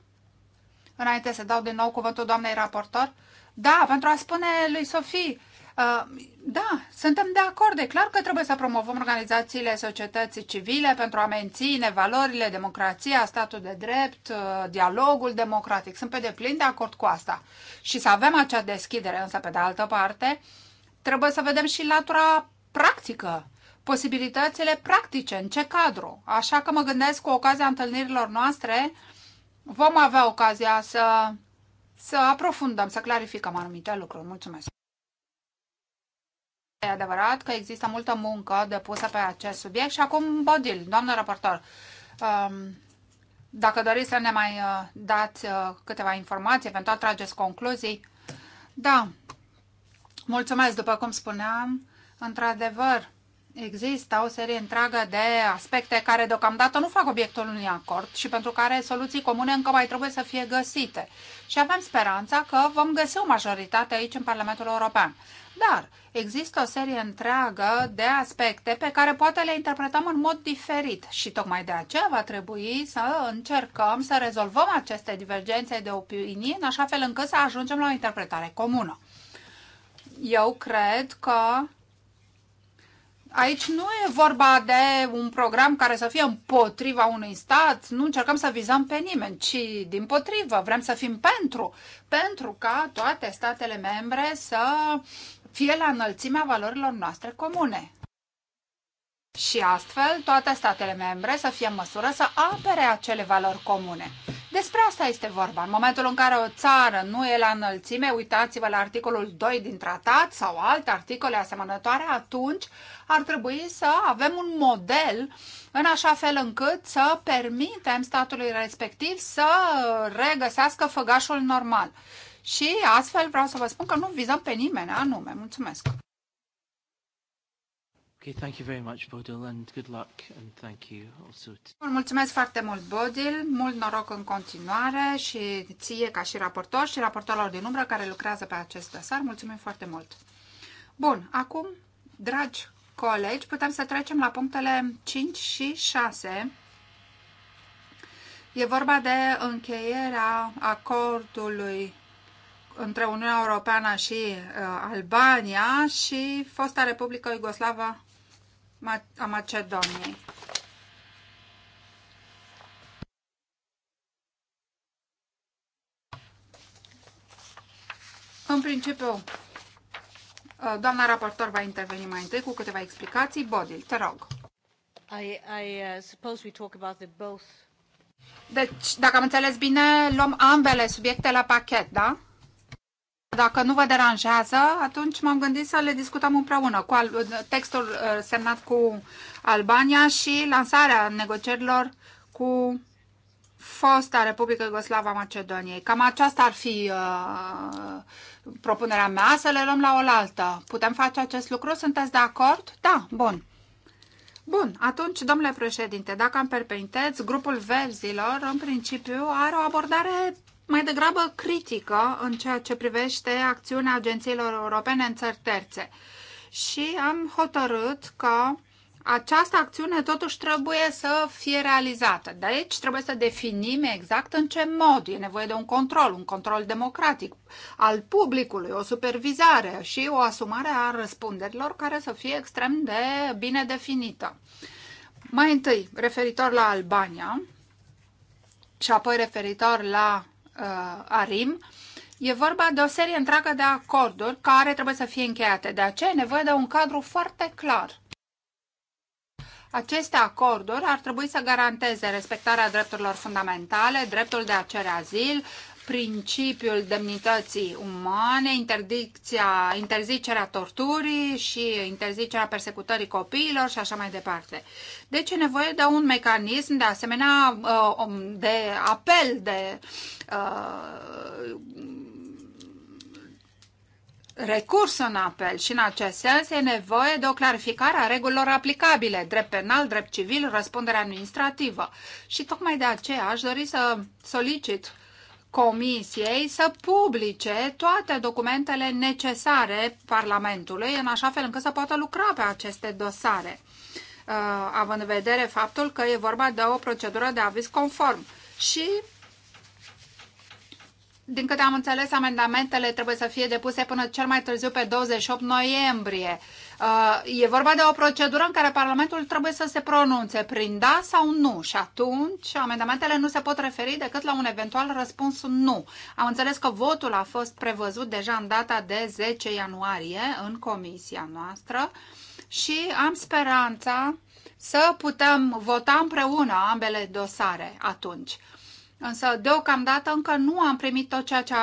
Înainte să dau din nou cuvântul doamnei raportor. Da, pentru a spune lui Sofie Uh, da, suntem de acord. E clar că trebuie să promovăm organizațiile societății civile pentru a menține valorile, democrația, statul de drept, uh, dialogul democratic. Sunt pe deplin de acord cu asta. Și să avem acea deschidere, însă, pe de altă parte, trebuie să vedem și latura practică, posibilitățile practice, în ce cadru. Așa că mă gândesc cu ocazia întâlnirilor noastre, vom avea ocazia să, să aprofundăm, să clarificăm anumite lucruri. Mulțumesc! E adevărat că există multă muncă depusă pe acest subiect și acum Bodil, doamnă raportor, um, dacă doriți să ne mai uh, dați uh, câteva informații, eventual trageți concluzii. Da, mulțumesc, după cum spuneam, într-adevăr, Există o serie întreagă de aspecte care deocamdată nu fac obiectul unui acord și pentru care soluții comune încă mai trebuie să fie găsite. Și avem speranța că vom găsi o majoritate aici în Parlamentul European. Dar există o serie întreagă de aspecte pe care poate le interpretăm în mod diferit și tocmai de aceea va trebui să încercăm să rezolvăm aceste divergențe de opinie în așa fel încât să ajungem la o interpretare comună. Eu cred că aici nu e vorba de un program care să fie împotriva unui stat, nu încercăm să vizăm pe nimeni, ci din potrivă, vrem să fim pentru, pentru ca toate statele membre să fie la înălțimea valorilor noastre comune. Și astfel, toate statele membre să fie în măsură să apere acele valori comune. Despre asta este vorba. În momentul în care o țară nu e la înălțime, uitați-vă la articolul 2 din tratat sau alte articole asemănătoare, atunci ar trebui să avem un model în așa fel încât să permitem statului respectiv să regăsească făgașul normal și astfel vreau să vă spun că nu vizăm pe nimeni anume. Mulțumesc! Okay, thank you very much, Bodil, and good luck, and thank you also to... Mulțumesc foarte mult, Bodil, mult noroc în continuare și ție ca și raportor și raportorilor din umbră care lucrează pe acest dosar. Mulțumim foarte mult! Bun, acum, dragi colegi, putem să trecem la punctele 5 și 6. E vorba de încheierea acordului între Uniunea Europeană și uh, Albania și fosta Republică Iugoslavă a Macedoniei. În principiu, uh, doamna raportor va interveni mai întâi cu câteva explicații. Bodil, te rog. I, I uh, suppose we talk about the both. Deci, dacă am înțeles bine, luăm ambele subiecte la pachet, da? Dacă nu vă deranjează, atunci m-am gândit să le discutăm împreună cu textul uh, semnat cu Albania și lansarea negocierilor cu fosta Republică Iugoslava Macedoniei. Cam aceasta ar fi uh, propunerea mea, să le luăm la oaltă. Putem face acest lucru? Sunteți de acord? Da, bun. Bun, atunci, domnule președinte, dacă am perpeinteți, grupul verzilor, în principiu, are o abordare mai degrabă critică în ceea ce privește acțiunea agențiilor europene în țări terțe. Și am hotărât că această acțiune totuși trebuie să fie realizată. Deci trebuie să definim exact în ce mod e nevoie de un control, un control democratic al publicului, o supervizare și o asumare a răspunderilor care să fie extrem de bine definită. Mai întâi, referitor la Albania și apoi referitor la uh, ARIM, e vorba de o serie întreagă de acorduri care trebuie să fie încheiate. De aceea e nevoie de un cadru foarte clar. Aceste acorduri ar trebui să garanteze respectarea drepturilor fundamentale, dreptul de a cere azil, principiul demnității umane, interdicția, interzicerea torturii și interzicerea persecutării copiilor și așa mai departe. Deci e nevoie de un mecanism de asemenea uh, de apel, de uh, recurs în apel și în acest sens e nevoie de o clarificare a regulilor aplicabile, drept penal, drept civil, răspunderea administrativă. Și tocmai de aceea aș dori să solicit Comisiei să publice toate documentele necesare Parlamentului, în așa fel încât să poată lucra pe aceste dosare, uh, având în vedere faptul că e vorba de o procedură de aviz conform. Și din câte am înțeles, amendamentele trebuie să fie depuse până cel mai târziu pe 28 noiembrie Uh, e vorba de o procedură în care Parlamentul trebuie să se pronunțe prin da sau nu și atunci amendamentele nu se pot referi decât la un eventual răspuns nu. Am înțeles că votul a fost prevăzut deja în data de 10 ianuarie în comisia noastră și am speranța să putem vota împreună ambele dosare atunci. Însă, deocamdată, încă nu am primit tot ceea ce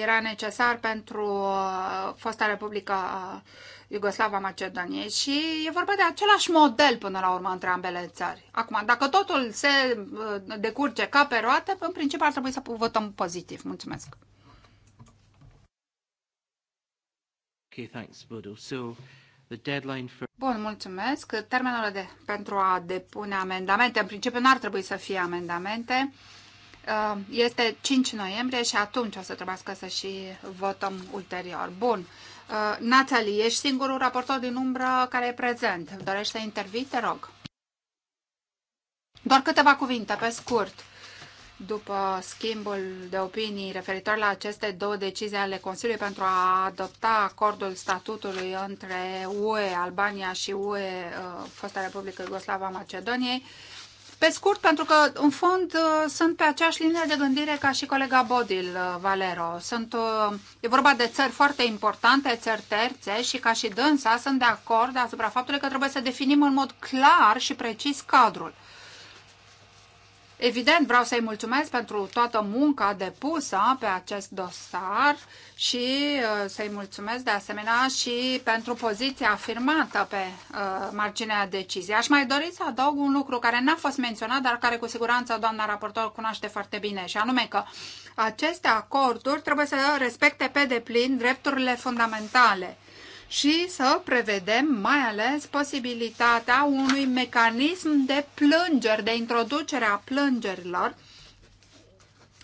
era necesar pentru uh, fosta Republică uh, Iugoslava Macedoniei și e vorba de același model până la urmă între ambele țări. Acum, dacă totul se uh, decurge ca pe roate, în principiu ar trebui să votăm pozitiv. Mulțumesc! Okay, thanks, Bodo. So, the deadline for... Bun, mulțumesc. Termenul de, pentru a depune amendamente, în principiu n-ar trebui să fie amendamente, uh, este 5 noiembrie și atunci o să trebuiască să și votăm ulterior. Bun. Uh, Natalie, ești singurul raportor din umbră care e prezent. Dorește să intervii? Te rog. Doar câteva cuvinte, pe scurt după schimbul de opinii referitor la aceste două decizii ale Consiliului pentru a adopta acordul statutului între UE, Albania și UE, uh, fosta Republică Iugoslava Macedoniei, pe scurt, pentru că, în fond, uh, sunt pe aceeași linie de gândire ca și colega Bodil, uh, Valero. Sunt, uh, e vorba de țări foarte importante, țări terțe și ca și dânsa sunt de acord asupra faptului că trebuie să definim în mod clar și precis cadrul. Evident, vreau să-i mulțumesc pentru toată munca depusă pe acest dosar și uh, să-i mulțumesc de asemenea și pentru poziția afirmată pe uh, marginea deciziei. Aș mai dori să adaug un lucru care n-a fost menționat, dar care cu siguranță doamna raportor cunoaște foarte bine, și anume că aceste acorduri trebuie să respecte pe deplin drepturile fundamentale și să prevedem mai ales posibilitatea unui mecanism de plângeri, de introducere a plângerilor,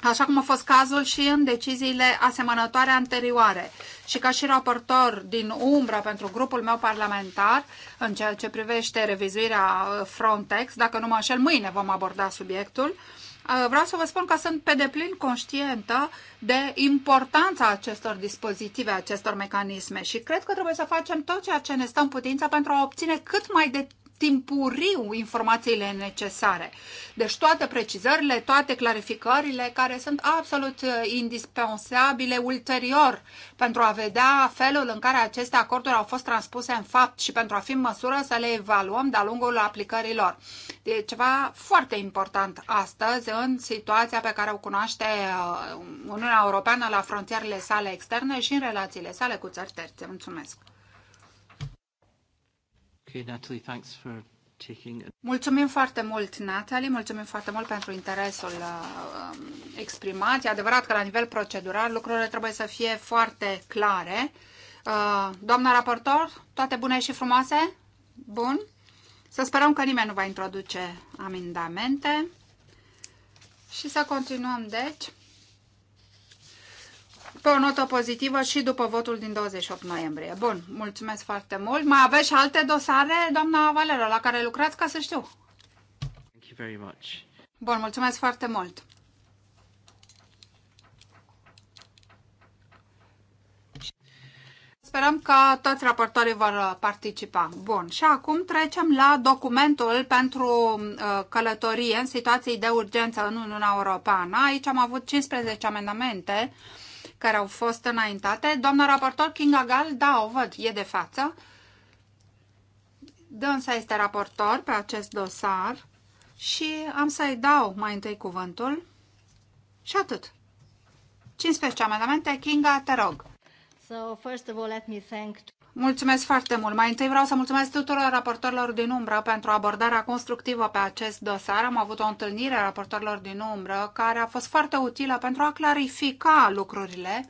așa cum a fost cazul și în deciziile asemănătoare anterioare. Și ca și raportor din umbra pentru grupul meu parlamentar, în ceea ce privește revizuirea uh, Frontex, dacă nu mă așel, mâine vom aborda subiectul, uh, Uh, vreau să vă spun că sunt pe deplin conștientă de importanța acestor dispozitive, acestor mecanisme și cred că trebuie să facem tot ceea ce ne stă în putință pentru a obține cât mai de timpuriu informațiile necesare. Deci toate precizările, toate clarificările care sunt absolut uh, indispensabile ulterior pentru a vedea felul în care aceste acorduri au fost transpuse în fapt și pentru a fi în măsură să le evaluăm de-a lungul aplicărilor. E ceva foarte important astăzi în situația pe care o cunoaște uh, Uniunea Europeană la frontierele sale externe și în relațiile sale cu țări terțe. Mulțumesc! Okay, Natalie, thanks for taking... Mulțumim foarte mult, Natalie, mulțumim foarte mult pentru interesul uh, um, exprimat. E adevărat că la nivel procedural lucrurile trebuie să fie foarte clare. Uh, doamna raportor, toate bune și frumoase? Bun. Să sperăm că nimeni nu va introduce amendamente. Și să continuăm, deci, pe o notă pozitivă și după votul din 28 noiembrie. Bun, mulțumesc foarte mult. Mai aveți și alte dosare, doamna Valero, la care lucrați, ca să știu. Thank you very much. Bun, mulțumesc foarte mult. Sperăm că toți raportorii vor participa. Bun, și acum trecem la documentul pentru uh, călătorie în situații de urgență în Uniunea Europeană. Aici am avut 15 amendamente care au fost înaintate. Doamna raportor Kinga Gal, da, o văd, e de față. Dânsa este raportor pe acest dosar și am să-i dau mai întâi cuvântul și atât. 15 amendamente, Kinga, te rog. So, first of all, let me thank Mulțumesc foarte mult. Mai întâi vreau să mulțumesc tuturor raportorilor din umbră pentru abordarea constructivă pe acest dosar. Am avut o întâlnire a raportorilor din umbră care a fost foarte utilă pentru a clarifica lucrurile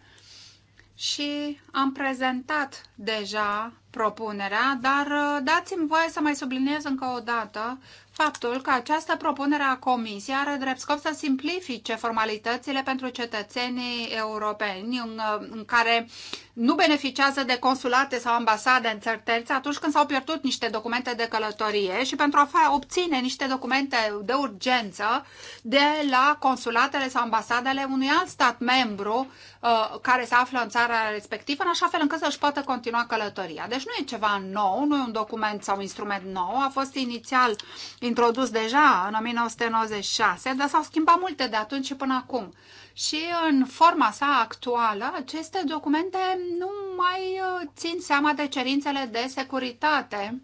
și am prezentat deja propunerea, dar uh, dați-mi voie să mai subliniez încă o dată faptul că această propunere a Comisiei are drept scop să simplifice formalitățile pentru cetățenii europeni în, în care nu beneficiază de consulate sau ambasade în țări terțe atunci când s-au pierdut niște documente de călătorie și pentru a obține niște documente de urgență de la consulatele sau ambasadele unui alt stat membru uh, care se află în țara respectivă, în așa fel încât să-și poată continua călătoria. Deci nu e ceva nou, nu e un document sau un instrument nou, a fost inițial introdus deja în 1996, dar s-au schimbat multe de atunci și până acum. Și în forma sa actuală, aceste documente nu mai uh, țin seama de cerințele de securitate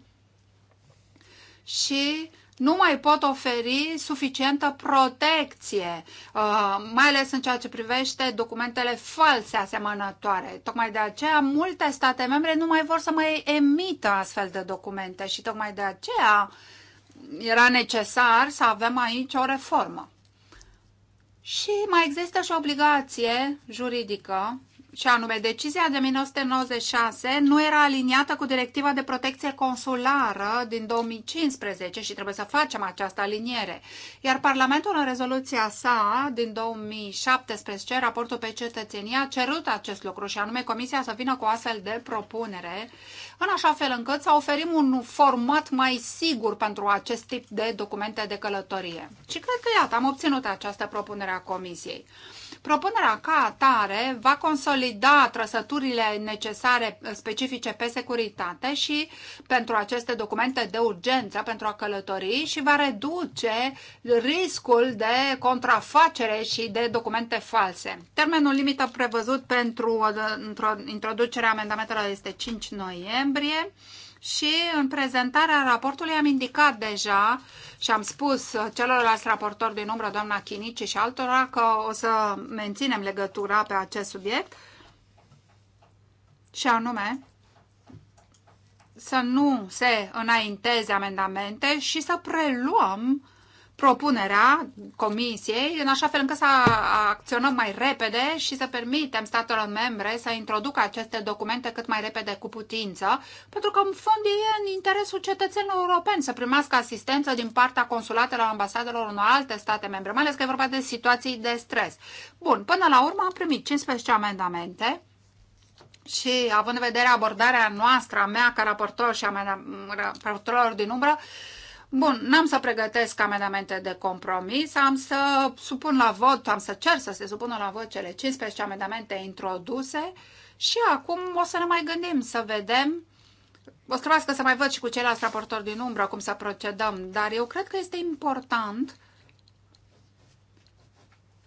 și nu mai pot oferi suficientă protecție, uh, mai ales în ceea ce privește documentele false asemănătoare. Tocmai de aceea multe state membre nu mai vor să mai emită astfel de documente și tocmai de aceea era necesar să avem aici o reformă. Și mai există și obligație juridică și anume decizia de 1996 nu era aliniată cu directiva de protecție consulară din 2015 și trebuie să facem această aliniere. Iar Parlamentul în rezoluția sa din 2017, raportul pe cetățenie, a cerut acest lucru și anume Comisia să vină cu astfel de propunere în așa fel încât să oferim un format mai sigur pentru acest tip de documente de călătorie. Și cred că iată, am obținut această propunere a Comisiei. Propunerea ca atare va consolida trăsăturile necesare eh, specifice pe securitate și pentru aceste documente de urgență pentru a călători și va reduce riscul de contrafacere și de documente false. Termenul limită prevăzut pentru eh, introducerea amendamentelor este 5 noiembrie și în prezentarea raportului am indicat deja și am spus celorlalți raportori din umbră, doamna Chinici și altora, că o să menținem legătura pe acest subiect și anume să nu se înainteze amendamente și să preluăm propunerea Comisiei, în așa fel încât să acționăm mai repede și să permitem statelor membre să introducă aceste documente cât mai repede cu putință, pentru că, în fond, e în interesul cetățenilor europeni să primească asistență din partea consulatelor, ambasadelor în alte state membre, mai ales că e vorba de situații de stres. Bun, până la urmă am primit 15 amendamente, și având în vedere abordarea noastră, a mea ca raportor și a mea, raportorilor din umbră, Bun, n-am să pregătesc amendamente de compromis, am să supun la vot, am să cer să se supună la vot cele 15 amendamente introduse și acum o să ne mai gândim să vedem o să trebuiască să mai văd și cu ceilalți raportori din umbră cum să procedăm, dar eu cred că este important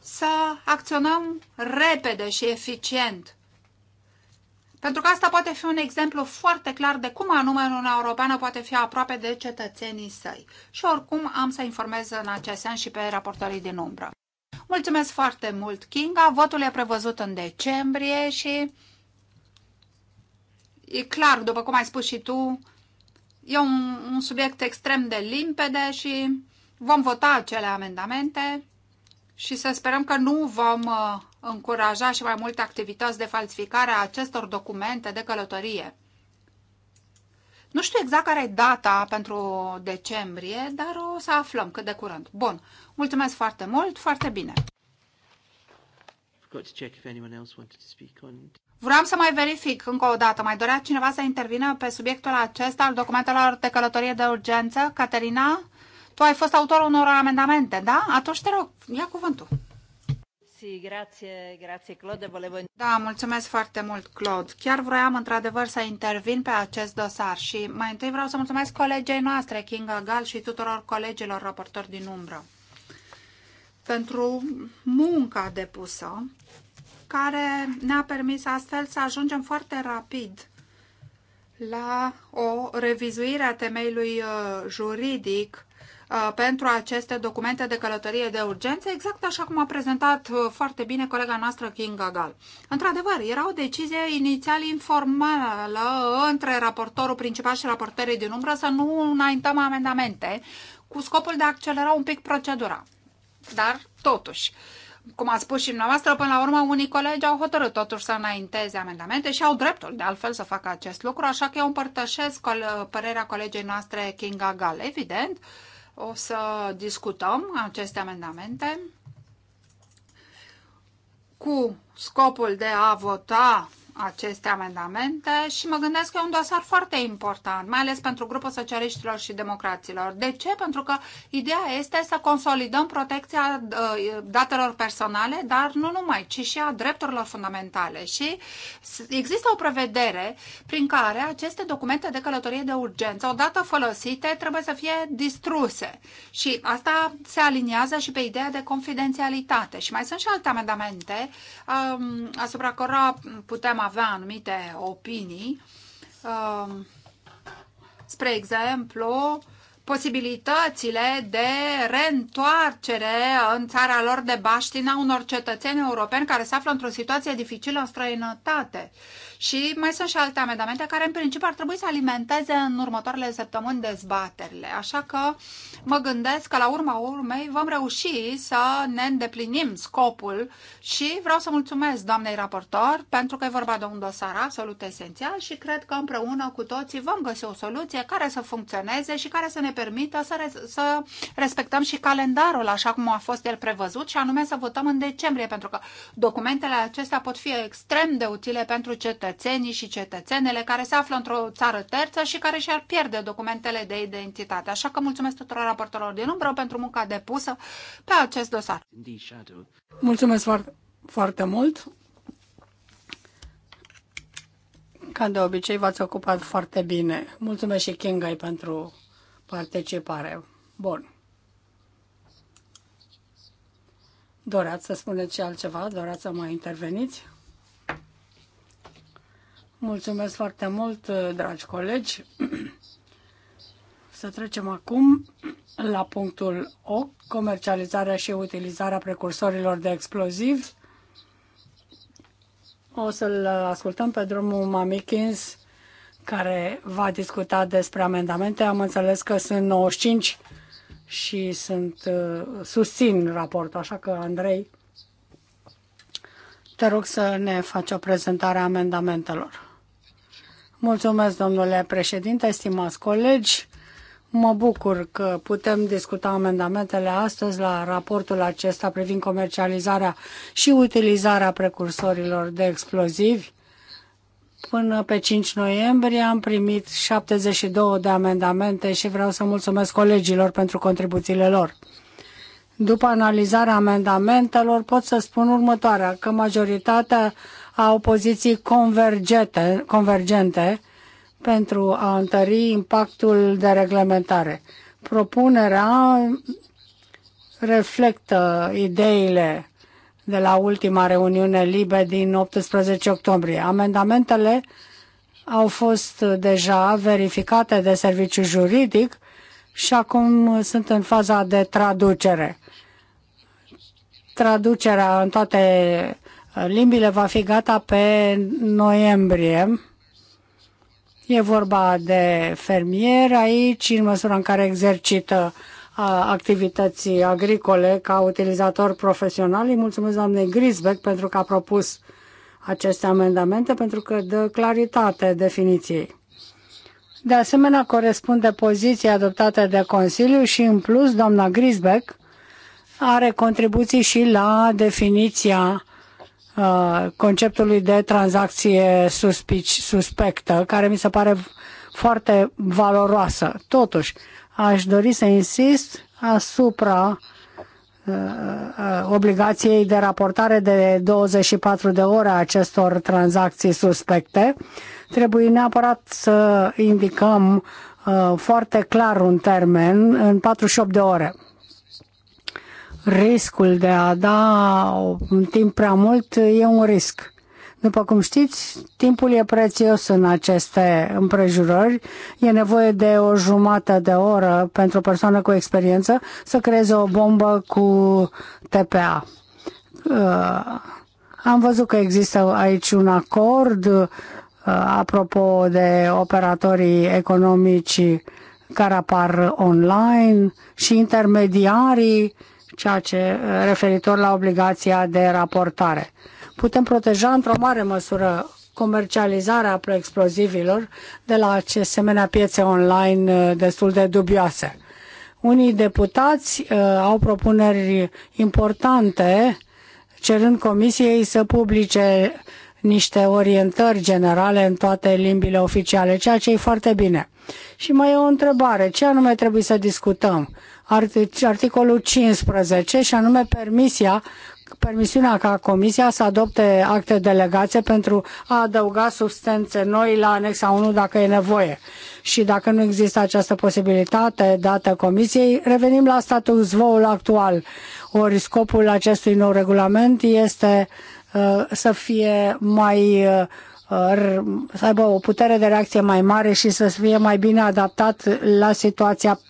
să acționăm repede și eficient pentru că asta poate fi un exemplu foarte clar de cum anume Uniunea Europeană poate fi aproape de cetățenii săi. Și oricum am să informez în acest sens și pe raportorii din umbră. Mulțumesc foarte mult, Kinga. Votul e prevăzut în decembrie și e clar, după cum ai spus și tu, e un, un subiect extrem de limpede și vom vota acele amendamente și să sperăm că nu vom uh, încuraja și mai multe activități de falsificare a acestor documente de călătorie. Nu știu exact care e data pentru decembrie, dar o să aflăm cât de curând. Bun, mulțumesc foarte mult, foarte bine. Vreau să mai verific încă o dată. Mai dorea cineva să intervină pe subiectul acesta al documentelor de călătorie de urgență? Caterina, tu ai fost autorul unor amendamente, da? Atunci te rog, ia cuvântul. Da, mulțumesc foarte mult, Claude. Chiar vroiam într-adevăr să intervin pe acest dosar și mai întâi vreau să mulțumesc colegei noastre, Kinga Gal, și tuturor colegilor raportori din umbră pentru munca depusă, care ne-a permis astfel să ajungem foarte rapid la o revizuire a temeiului uh, juridic Uh, pentru aceste documente de călătorie de urgență, exact așa cum a prezentat uh, foarte bine colega noastră Kinga Gal. Într-adevăr, era o decizie inițial informală între raportorul principal și raportorii din umbră să nu înaintăm amendamente cu scopul de a accelera un pic procedura. Dar, totuși, cum a spus și dumneavoastră, până la urmă unii colegi au hotărât totuși să înainteze amendamente și au dreptul de altfel să facă acest lucru, așa că eu împărtășesc părerea colegii noastre Kinga Gal. Evident, uh, o să discutăm aceste amendamente cu scopul de a vota aceste amendamente și mă gândesc că e un dosar foarte important, mai ales pentru grupul socialiștilor și democraților. De ce? Pentru că ideea este să consolidăm protecția uh, datelor personale, dar nu numai, ci și a drepturilor fundamentale. Și există o prevedere prin care aceste documente de călătorie de urgență, odată folosite, trebuie să fie distruse. Și asta se aliniază și pe ideea de confidențialitate. Și mai sunt și alte amendamente um, asupra cărora putem avea anumite opinii. Um, spre exemplu, posibilitățile de reîntoarcere în țara lor de baștina unor cetățeni europeni care se află într-o situație dificilă în străinătate și mai sunt și alte amendamente care în principiu ar trebui să alimenteze în următoarele săptămâni dezbaterile. Așa că mă gândesc că la urma urmei vom reuși să ne îndeplinim scopul și vreau să mulțumesc doamnei raportor pentru că e vorba de un dosar absolut esențial și cred că împreună cu toții vom găsi o soluție care să funcționeze și care să ne permită să, re- să respectăm și calendarul așa cum a fost el prevăzut și anume să votăm în decembrie pentru că documentele acestea pot fi extrem de utile pentru cetățenii cetățenii și cetățenele care se află într-o țară terță și care și-ar pierde documentele de identitate. Așa că mulțumesc tuturor raportorilor din umbră pentru munca depusă pe acest dosar. Mulțumesc foarte, foarte mult! Ca de obicei, v-ați ocupat foarte bine. Mulțumesc și Kingai pentru participare. Bun. Doreați să spuneți și altceva? Doreați să mai interveniți? Mulțumesc foarte mult, uh, dragi colegi. Să trecem acum la punctul 8, comercializarea și utilizarea precursorilor de exploziv. O să-l ascultăm pe drumul Mamikins, care va discuta despre amendamente. Am înțeles că sunt 95 și sunt, uh, susțin raportul, așa că, Andrei, te rog să ne faci o prezentare a amendamentelor. Mulțumesc, domnule președinte, stimați colegi. Mă bucur că putem discuta amendamentele astăzi la raportul acesta privind comercializarea și utilizarea precursorilor de explozivi. Până pe 5 noiembrie am primit 72 de amendamente și vreau să mulțumesc colegilor pentru contribuțiile lor. După analizarea amendamentelor pot să spun următoarea, că majoritatea a opoziții convergente, convergente pentru a întări impactul de reglementare. Propunerea reflectă ideile de la ultima reuniune libe din 18 octombrie. Amendamentele au fost deja verificate de serviciu juridic și acum sunt în faza de traducere. Traducerea în toate Limbile va fi gata pe noiembrie. E vorba de fermieri aici, în măsura în care exercită activității agricole ca utilizator profesional. Îi mulțumesc doamnei Grisbeck pentru că a propus aceste amendamente, pentru că dă claritate definiției. De asemenea, corespunde poziția adoptată de Consiliu și, în plus, doamna Grisbeck are contribuții și la definiția Uh, conceptului de tranzacție suspici, suspectă, care mi se pare foarte valoroasă. Totuși, aș dori să insist asupra uh, uh, obligației de raportare de 24 de ore a acestor tranzacții suspecte, trebuie neapărat să indicăm foarte clar un termen în 48 de ore riscul de a da un timp prea mult e un risc. După cum știți, timpul e prețios în aceste împrejurări. E nevoie de o jumătate de oră pentru o persoană cu experiență să creeze o bombă cu TPA. Uh, am văzut că există aici un acord uh, apropo de operatorii economici care apar online și intermediarii ceea ce eh, referitor la obligația de raportare. Putem proteja într-o mare măsură comercializarea proexplozivilor de la asemenea piețe online eh, destul de dubioase. Unii deputați uh, au propuneri importante cerând comisiei să publice niște orientări generale în toate limbile oficiale, ceea ce e foarte bine. Și mai e o întrebare, ce anume trebuie să discutăm? articolul 15 și anume permisia permisiunea ca Comisia să adopte acte delegație pentru a adăuga substanțe noi la anexa 1 dacă e nevoie. Și dacă nu există această posibilitate dată Comisiei, revenim la status quo actual. Ori scopul acestui nou regulament este uh, să fie mai uh, să aibă o putere de reacție mai mare și să fie mai bine adaptat la situația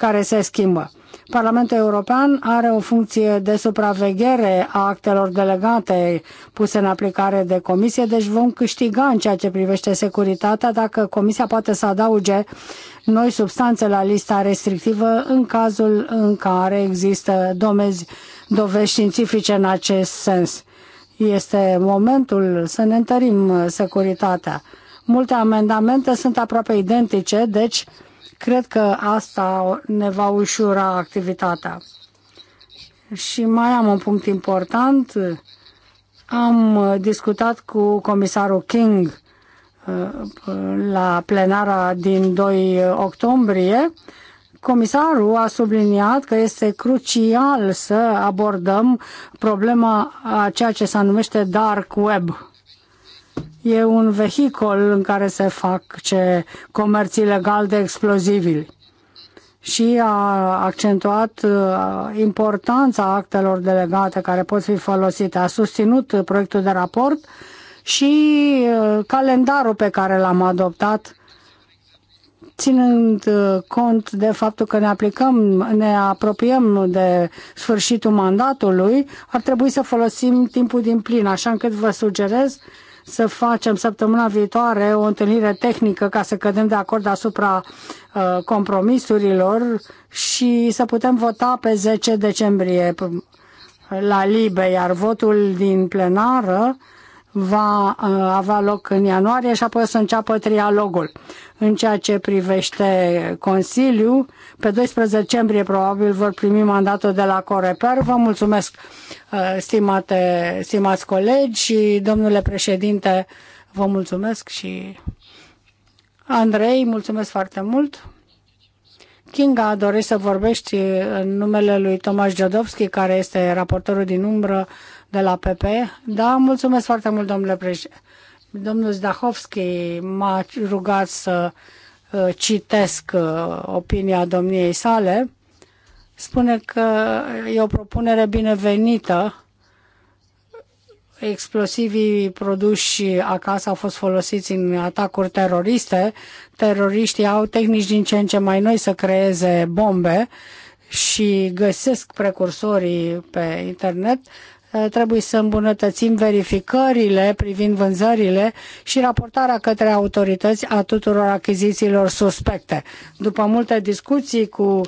care se schimbă. Parlamentul European are o funcție de supraveghere a actelor delegate puse în aplicare de comisie, deci vom câștiga în ceea ce privește securitatea dacă comisia poate să adauge noi substanțe la lista restrictivă în cazul în care există domezi, dovezi științifice în acest sens. Este momentul să ne întărim securitatea. Multe amendamente sunt aproape identice, deci Cred că asta ne va ușura activitatea. Și mai am un punct important. Am uh, discutat cu comisarul King uh, la plenara din 2 octombrie. Comisarul a subliniat că este crucial să abordăm problema a ceea ce se numește dark web e un vehicol în care se fac ce comerț ilegal de explozibili și a accentuat uh, importanța actelor delegate care pot fi folosite. A susținut proiectul de raport și uh, calendarul pe care l-am adoptat ținând uh, cont de faptul că ne aplicăm, ne apropiem de sfârșitul mandatului, ar trebui să folosim timpul din plin, așa încât vă sugerez să facem săptămâna viitoare o întâlnire tehnică ca să cădem de acord asupra uh, compromisurilor și să putem vota pe 10 decembrie la Libe, iar votul din plenară va uh, avea loc în ianuarie și apoi o să înceapă trialogul. În ceea ce privește Consiliu, pe 12 decembrie probabil vor primi mandatul de la Coreper. Vă mulțumesc, uh, stimate, stimați colegi și domnule președinte, vă mulțumesc și Andrei, mulțumesc foarte mult. Kinga a dorit să vorbești în numele lui Tomaș Jodovski, care este raportorul din umbră de la PP. Da, mulțumesc foarte mult, domnule președinte. Domnul Zdahovski m-a rugat să uh, citesc uh, opinia domniei sale. Spune că e o propunere binevenită. Explosivii produși acasă au fost folosiți în atacuri teroriste. Teroriștii au tehnici din ce în ce mai noi să creeze bombe și găsesc precursorii pe internet Eh, trebuie să îmbunătățim verificările privind vânzările și raportarea către autorități a tuturor achizițiilor suspecte. După multe discuții cu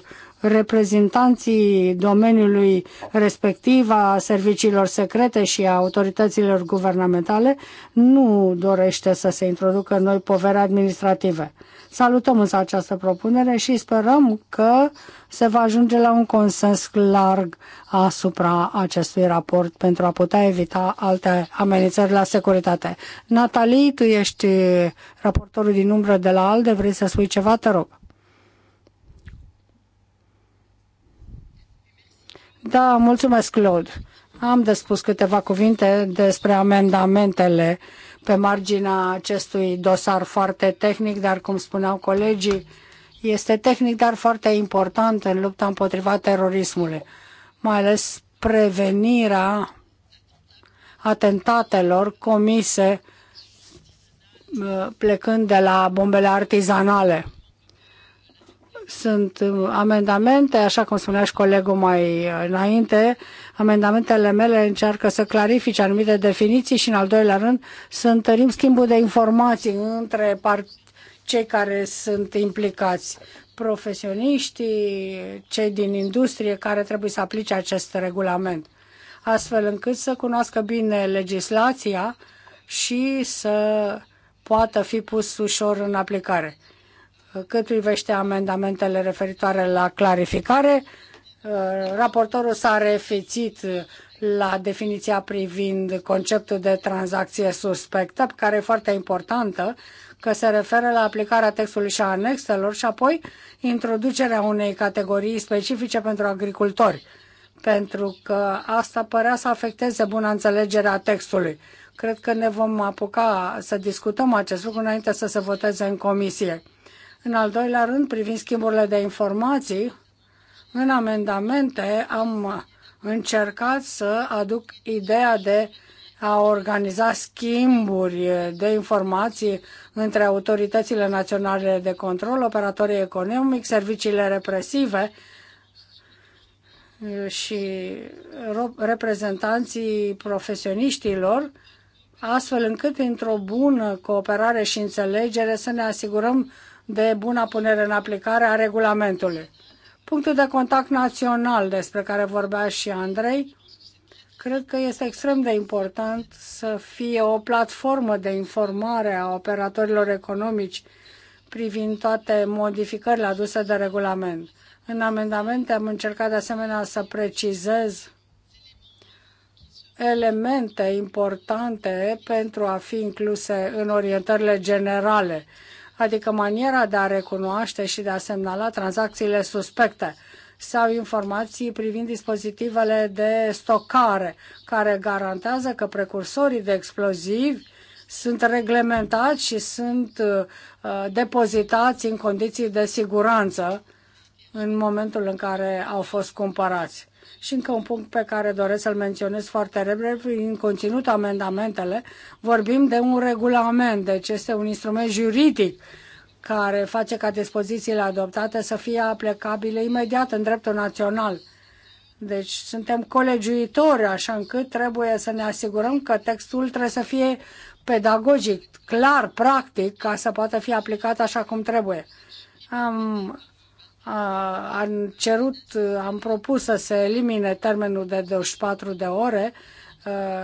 reprezentanții domeniului respectiv a serviciilor secrete și a autorităților guvernamentale nu dorește să se introducă noi povere administrative. Salutăm însă această propunere și sperăm că se va ajunge la un consens larg asupra acestui raport pentru a putea evita alte amenințări la securitate. Natalie, tu ești raportorul din umbră de la ALDE, vrei să spui ceva? Te rog. Da, mulțumesc, Claude. Am de spus câteva cuvinte despre amendamentele pe marginea acestui dosar foarte tehnic, dar cum spuneau colegii, este tehnic, dar foarte important în lupta împotriva terorismului, mai ales prevenirea atentatelor comise uh, plecând de la bombele artizanale. Sunt uh, amendamente, așa cum spunea și colegul mai uh, înainte, amendamentele mele încearcă să clarifice anumite definiții și, în al doilea rând, să întărim schimbul de informații între cei care sunt implicați, profesioniștii, cei din industrie care trebuie să aplice acest regulament, astfel încât să cunoască bine legislația și să poată fi pus ușor în aplicare. Cât privește amendamentele referitoare la clarificare, uh, raportorul s-a referit la definiția privind conceptul de tranzacție suspectă, care e foarte importantă, că se referă la aplicarea textului și a anexelor și apoi introducerea unei categorii specifice pentru agricultori, pentru că asta părea să afecteze buna înțelegerea textului. Cred că ne vom apuca să discutăm acest lucru înainte să se voteze în comisie. În al doilea rând, privind schimburile de informații, în amendamente am încercat să aduc ideea de a organiza schimburi de informații între autoritățile naționale de control, operatorii economici, serviciile represive și reprezentanții profesioniștilor, astfel încât într-o bună cooperare și înțelegere să ne asigurăm de buna punere în aplicare a regulamentului. Punctul de contact național despre care vorbea și Andrei, cred că este extrem de important să fie o platformă de informare a operatorilor economici privind toate modificările aduse de regulament. În amendamente am încercat de asemenea să precizez elemente importante pentru a fi incluse în orientările generale adică maniera de a recunoaște și de a semnala tranzacțiile suspecte sau informații privind dispozitivele de stocare, care garantează că precursorii de explozivi sunt reglementați și sunt uh, depozitați în condiții de siguranță în momentul în care au fost cumpărați. Și încă un punct pe care doresc să-l menționez foarte repede, prin conținut amendamentele, vorbim de un regulament, deci este un instrument juridic care face ca dispozițiile adoptate să fie aplicabile imediat în dreptul național. Deci suntem colegiuitori, așa încât trebuie să ne asigurăm că textul trebuie să fie pedagogic, clar, practic, ca să poată fi aplicat așa cum trebuie. Am am cerut, am propus să se elimine termenul de 24 de ore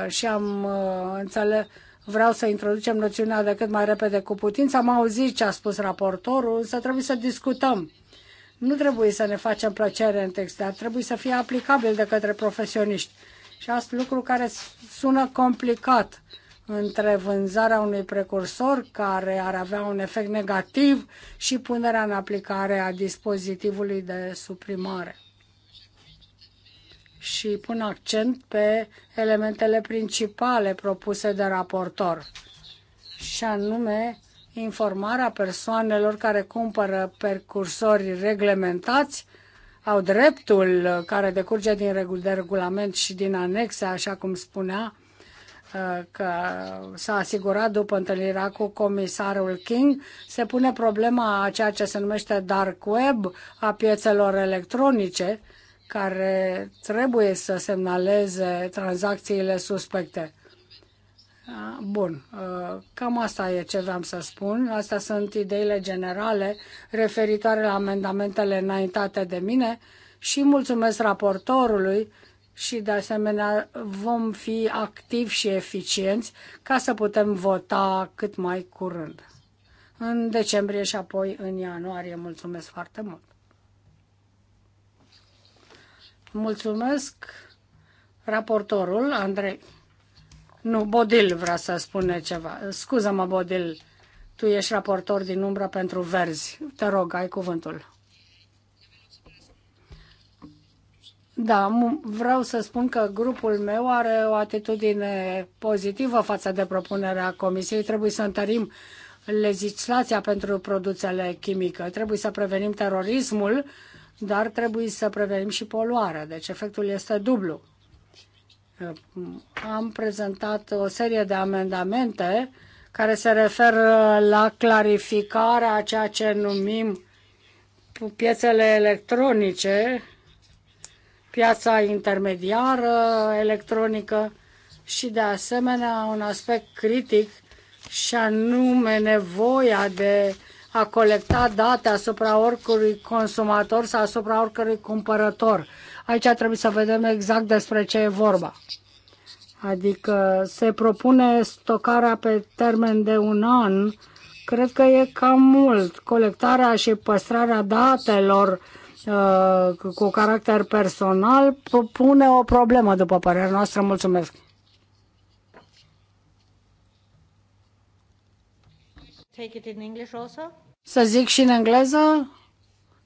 și am înțeles, vreau să introducem noțiunea de cât mai repede cu putință. Am auzit ce a spus raportorul, să trebuie să discutăm. Nu trebuie să ne facem plăcere în text, dar trebuie să fie aplicabil de către profesioniști. Și asta lucru care sună complicat între vânzarea unui precursor care ar avea un efect negativ și punerea în aplicare a dispozitivului de suprimare și pun accent pe elementele principale propuse de raportor, și anume informarea persoanelor care cumpără precursori reglementați au dreptul care decurge din regulament și din anexe, așa cum spunea, că s-a asigurat după întâlnirea cu comisarul King, se pune problema a ceea ce se numește dark web, a piețelor electronice, care trebuie să semnaleze tranzacțiile suspecte. Bun, cam asta e ce vreau să spun. Astea sunt ideile generale referitoare la amendamentele înaintate de mine și mulțumesc raportorului și de asemenea vom fi activi și eficienți ca să putem vota cât mai curând. În decembrie și apoi în ianuarie. Mulțumesc foarte mult! Mulțumesc raportorul Andrei. Nu, Bodil vrea să spune ceva. Scuză-mă, Bodil, tu ești raportor din umbră pentru verzi. Te rog, ai cuvântul. Da, vreau să spun că grupul meu are o atitudine pozitivă față de propunerea Comisiei. Trebuie să întărim legislația pentru produsele chimică. Trebuie să prevenim terorismul, dar trebuie să prevenim și poluarea. Deci efectul este dublu. Am prezentat o serie de amendamente care se referă la clarificarea a ceea ce numim piețele electronice, piața intermediară electronică și de asemenea un aspect critic și anume nevoia de a colecta date asupra oricărui consumator sau asupra oricărui cumpărător. Aici trebuie să vedem exact despre ce e vorba. Adică se propune stocarea pe termen de un an. Cred că e cam mult. Colectarea și păstrarea datelor Uh, cu caracter personal pune o problemă, după părerea noastră. Mulțumesc! Take it in English also? Să zic și în engleză,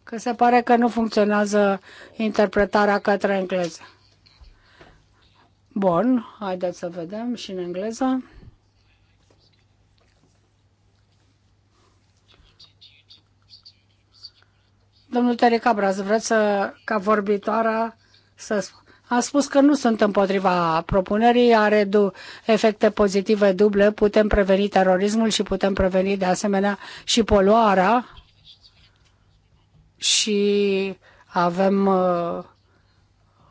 că se pare că nu funcționează interpretarea către engleză. Bun, haideți să vedem și în engleză. Domnul Tere Cabras, vreți să, ca vorbitoarea să a spus că nu sunt împotriva propunerii, are du- efecte pozitive duble, putem preveni terorismul și putem preveni de asemenea și poluarea și avem uh,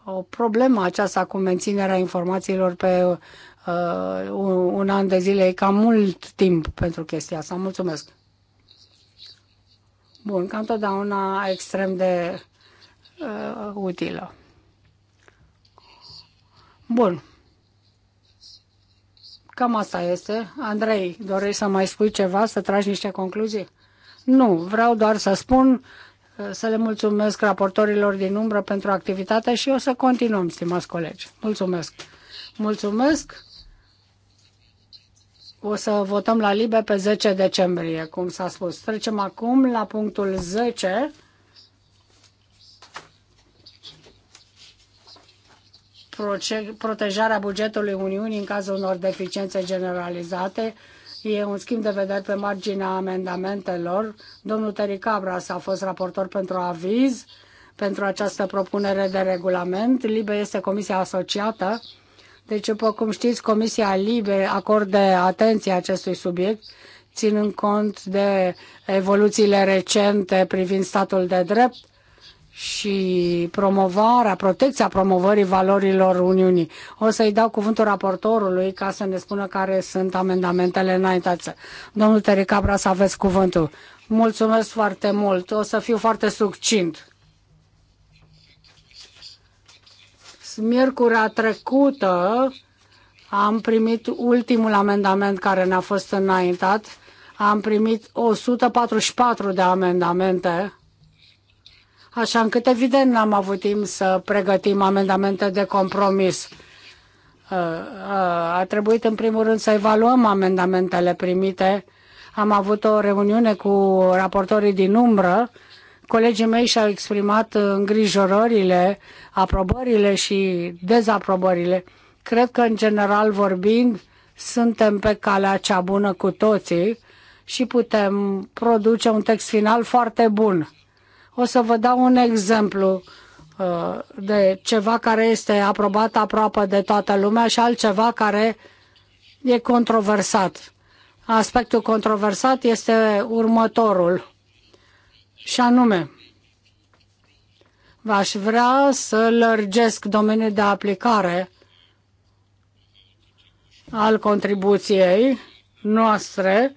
o problemă aceasta cu menținerea informațiilor pe uh, un, un an de zile, e cam mult timp pentru chestia asta. Mulțumesc! bun, ca întotdeauna extrem de uh, utilă. Bun. Cam asta este. Andrei, dorești să mai spui ceva, să tragi niște concluzii? Nu, vreau doar să spun uh, să le mulțumesc raportorilor din umbră pentru activitate și o să continuăm, stimați colegi. Mulțumesc! Mulțumesc! O să votăm la Libe pe 10 decembrie, cum s-a spus. Trecem acum la punctul 10. protejarea bugetului Uniunii în cazul unor deficiențe generalizate. E un schimb de vedere pe marginea amendamentelor. Domnul Teri Cabras a fost raportor pentru aviz pentru această propunere de regulament. Libe este comisia asociată deci, după cum știți, Comisia Libe acordă atenție acestui subiect, ținând cont de evoluțiile recente privind statul de drept și promovarea, protecția promovării valorilor Uniunii. O să-i dau cuvântul raportorului ca să ne spună care sunt amendamentele înaintate. Domnul Tericabra, să aveți cuvântul. Mulțumesc foarte mult. O să fiu foarte succint. miercurea trecută am primit ultimul amendament care ne-a fost înaintat. Am primit 144 de amendamente, așa încât evident n-am avut timp să pregătim amendamente de compromis. Uh, uh, a trebuit în primul rând să evaluăm amendamentele primite. Am avut o reuniune cu raportorii din umbră Colegii mei și-au exprimat uh, îngrijorările, aprobările și dezaprobările. Cred că, în general vorbind, suntem pe calea cea bună cu toții și putem produce un text final foarte bun. O să vă dau un exemplu uh, de ceva care este aprobat aproape de toată lumea și altceva care e controversat. Aspectul controversat este următorul. Și anume, v-aș vrea să lărgesc domeniul de aplicare al contribuției noastre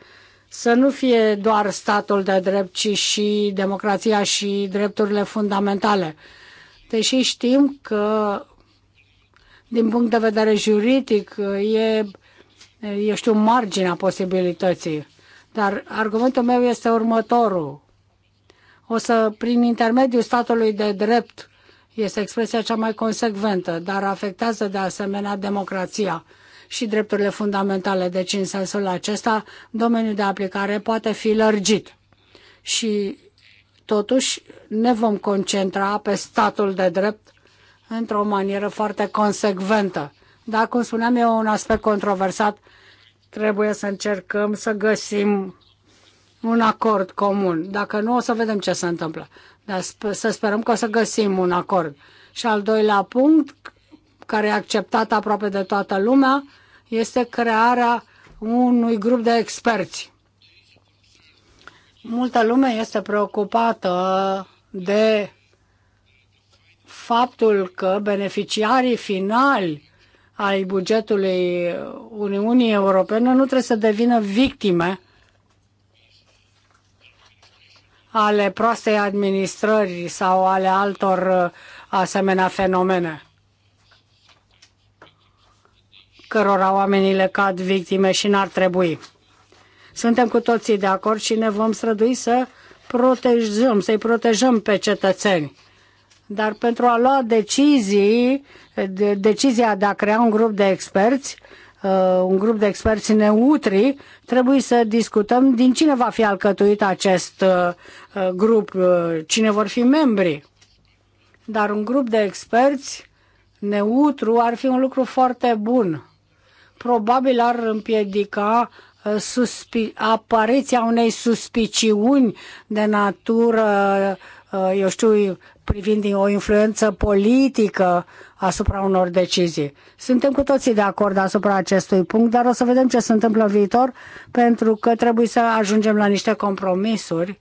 să nu fie doar statul de drept, ci și democrația și drepturile fundamentale. Deși știm că, din punct de vedere juridic, e, eu știu, marginea posibilității. Dar argumentul meu este următorul o să, prin intermediul statului de drept, este expresia cea mai consecventă, dar afectează de asemenea democrația și drepturile fundamentale. Deci, în sensul acesta, domeniul de aplicare poate fi lărgit. Și, totuși, ne vom concentra pe statul de drept într-o manieră foarte consecventă. Dar, cum spuneam, e un aspect controversat. Trebuie să încercăm să găsim un acord comun. Dacă nu, o să vedem ce se întâmplă. Dar sp- să sperăm că o să găsim un acord. Și al doilea punct, care e acceptat aproape de toată lumea, este crearea unui grup de experți. Multă lume este preocupată de faptul că beneficiarii finali ai bugetului Uniunii Europene nu trebuie să devină victime ale proastei administrări sau ale altor uh, asemenea fenomene cărora oamenii le cad victime și n-ar trebui. Suntem cu toții de acord și ne vom strădui să protejăm, să-i protejăm pe cetățeni. Dar pentru a lua decizii, decizia de a crea un grup de experți, uh, un grup de experți neutri, trebuie să discutăm din cine va fi alcătuit acest uh, Uh, grup uh, cine vor fi membrii, dar un grup de experți neutru ar fi un lucru foarte bun. Probabil ar împiedica uh, apariția unei suspiciuni de natură, eu știu, privind o influență politică asupra unor decizii. Suntem cu toții de acord asupra acestui punct, dar o să vedem ce se întâmplă în viitor, pentru că trebuie să ajungem la niște compromisuri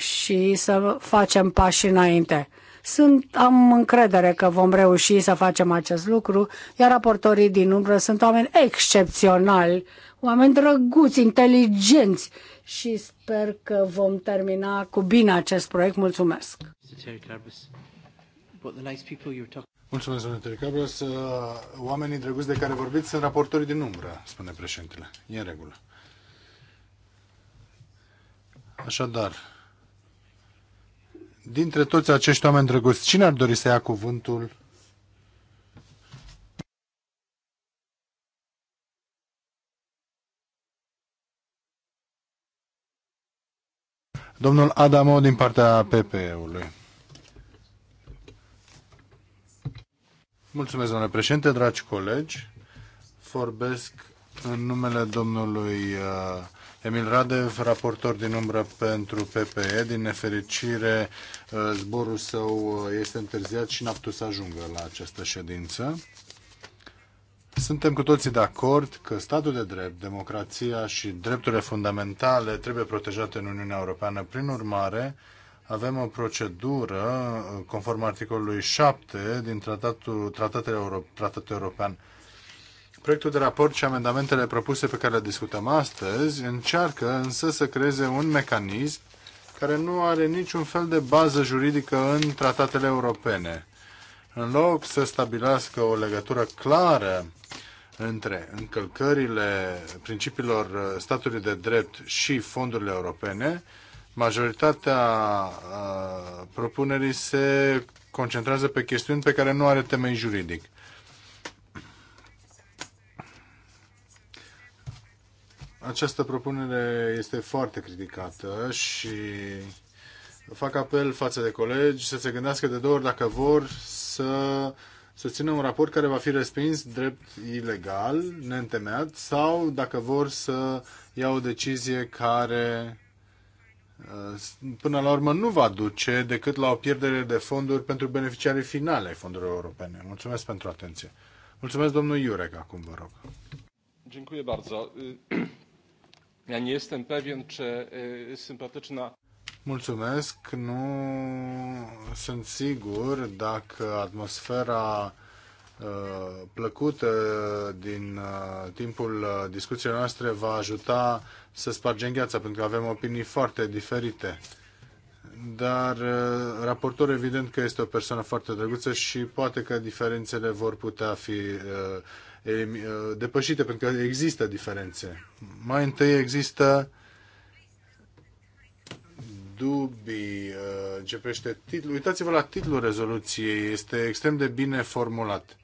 și să facem pași înainte. Sunt, am încredere că vom reuși să facem acest lucru, iar raportorii din umbră sunt oameni excepționali, oameni drăguți, inteligenți și sper că vom termina cu bine acest proiect. Mulțumesc! Mulțumesc, domnule Tericabras. Uh, oamenii drăguți de care vorbiți sunt raportorii din umbră, spune președintele. E în regulă. Așadar, dintre toți acești oameni drăguți, cine ar dori să ia cuvântul? Domnul Adamo din partea PPE-ului. Mulțumesc, domnule președinte, dragi colegi. Vorbesc în numele domnului uh, Emil Radev, raportor din umbră pentru PPE. Din nefericire, uh, zborul său uh, este întârziat și n-a putut să ajungă la această ședință. Suntem cu toții de acord că statul de drept, democrația și drepturile fundamentale trebuie protejate în Uniunea Europeană. Prin urmare, avem o procedură uh, conform articolului 7 din tratatul, tratatul, Euro, tratatul european Proiectul de raport și amendamentele propuse pe care le discutăm astăzi încearcă însă să creeze un mecanism care nu are niciun fel de bază juridică în tratatele europene. În loc să stabilească o legătură clară între încălcările principiilor statului de drept și fondurile europene, majoritatea uh, propunerii se concentrează pe chestiuni pe care nu are temei juridic. Această propunere este foarte criticată și fac apel față de colegi să se gândească de două ori dacă vor să să țină un raport care va fi respins drept ilegal, neîntemeiat, sau dacă vor să ia o decizie care uh, până la urmă nu va duce decât la o pierdere de fonduri pentru beneficiarii finale ai fondurilor europene. Mulțumesc pentru atenție. Mulțumesc domnul Iurec acum, vă rog. Dziękuję bardzo. Ja nie jestem pewien, czy sympatyczna... Mulțumesc, nu sunt sigur dacă atmosfera plăcută din timpul discuției noastre va ajuta să spargem gheața, pentru că avem opinii foarte diferite. Dar raportorul evident că este o persoană foarte drăguță și poate că diferențele vor putea fi depășite, pentru că există diferențe. Mai întâi există dubii ce prește titlul. Uitați-vă la titlul rezoluției, este extrem de bine formulat.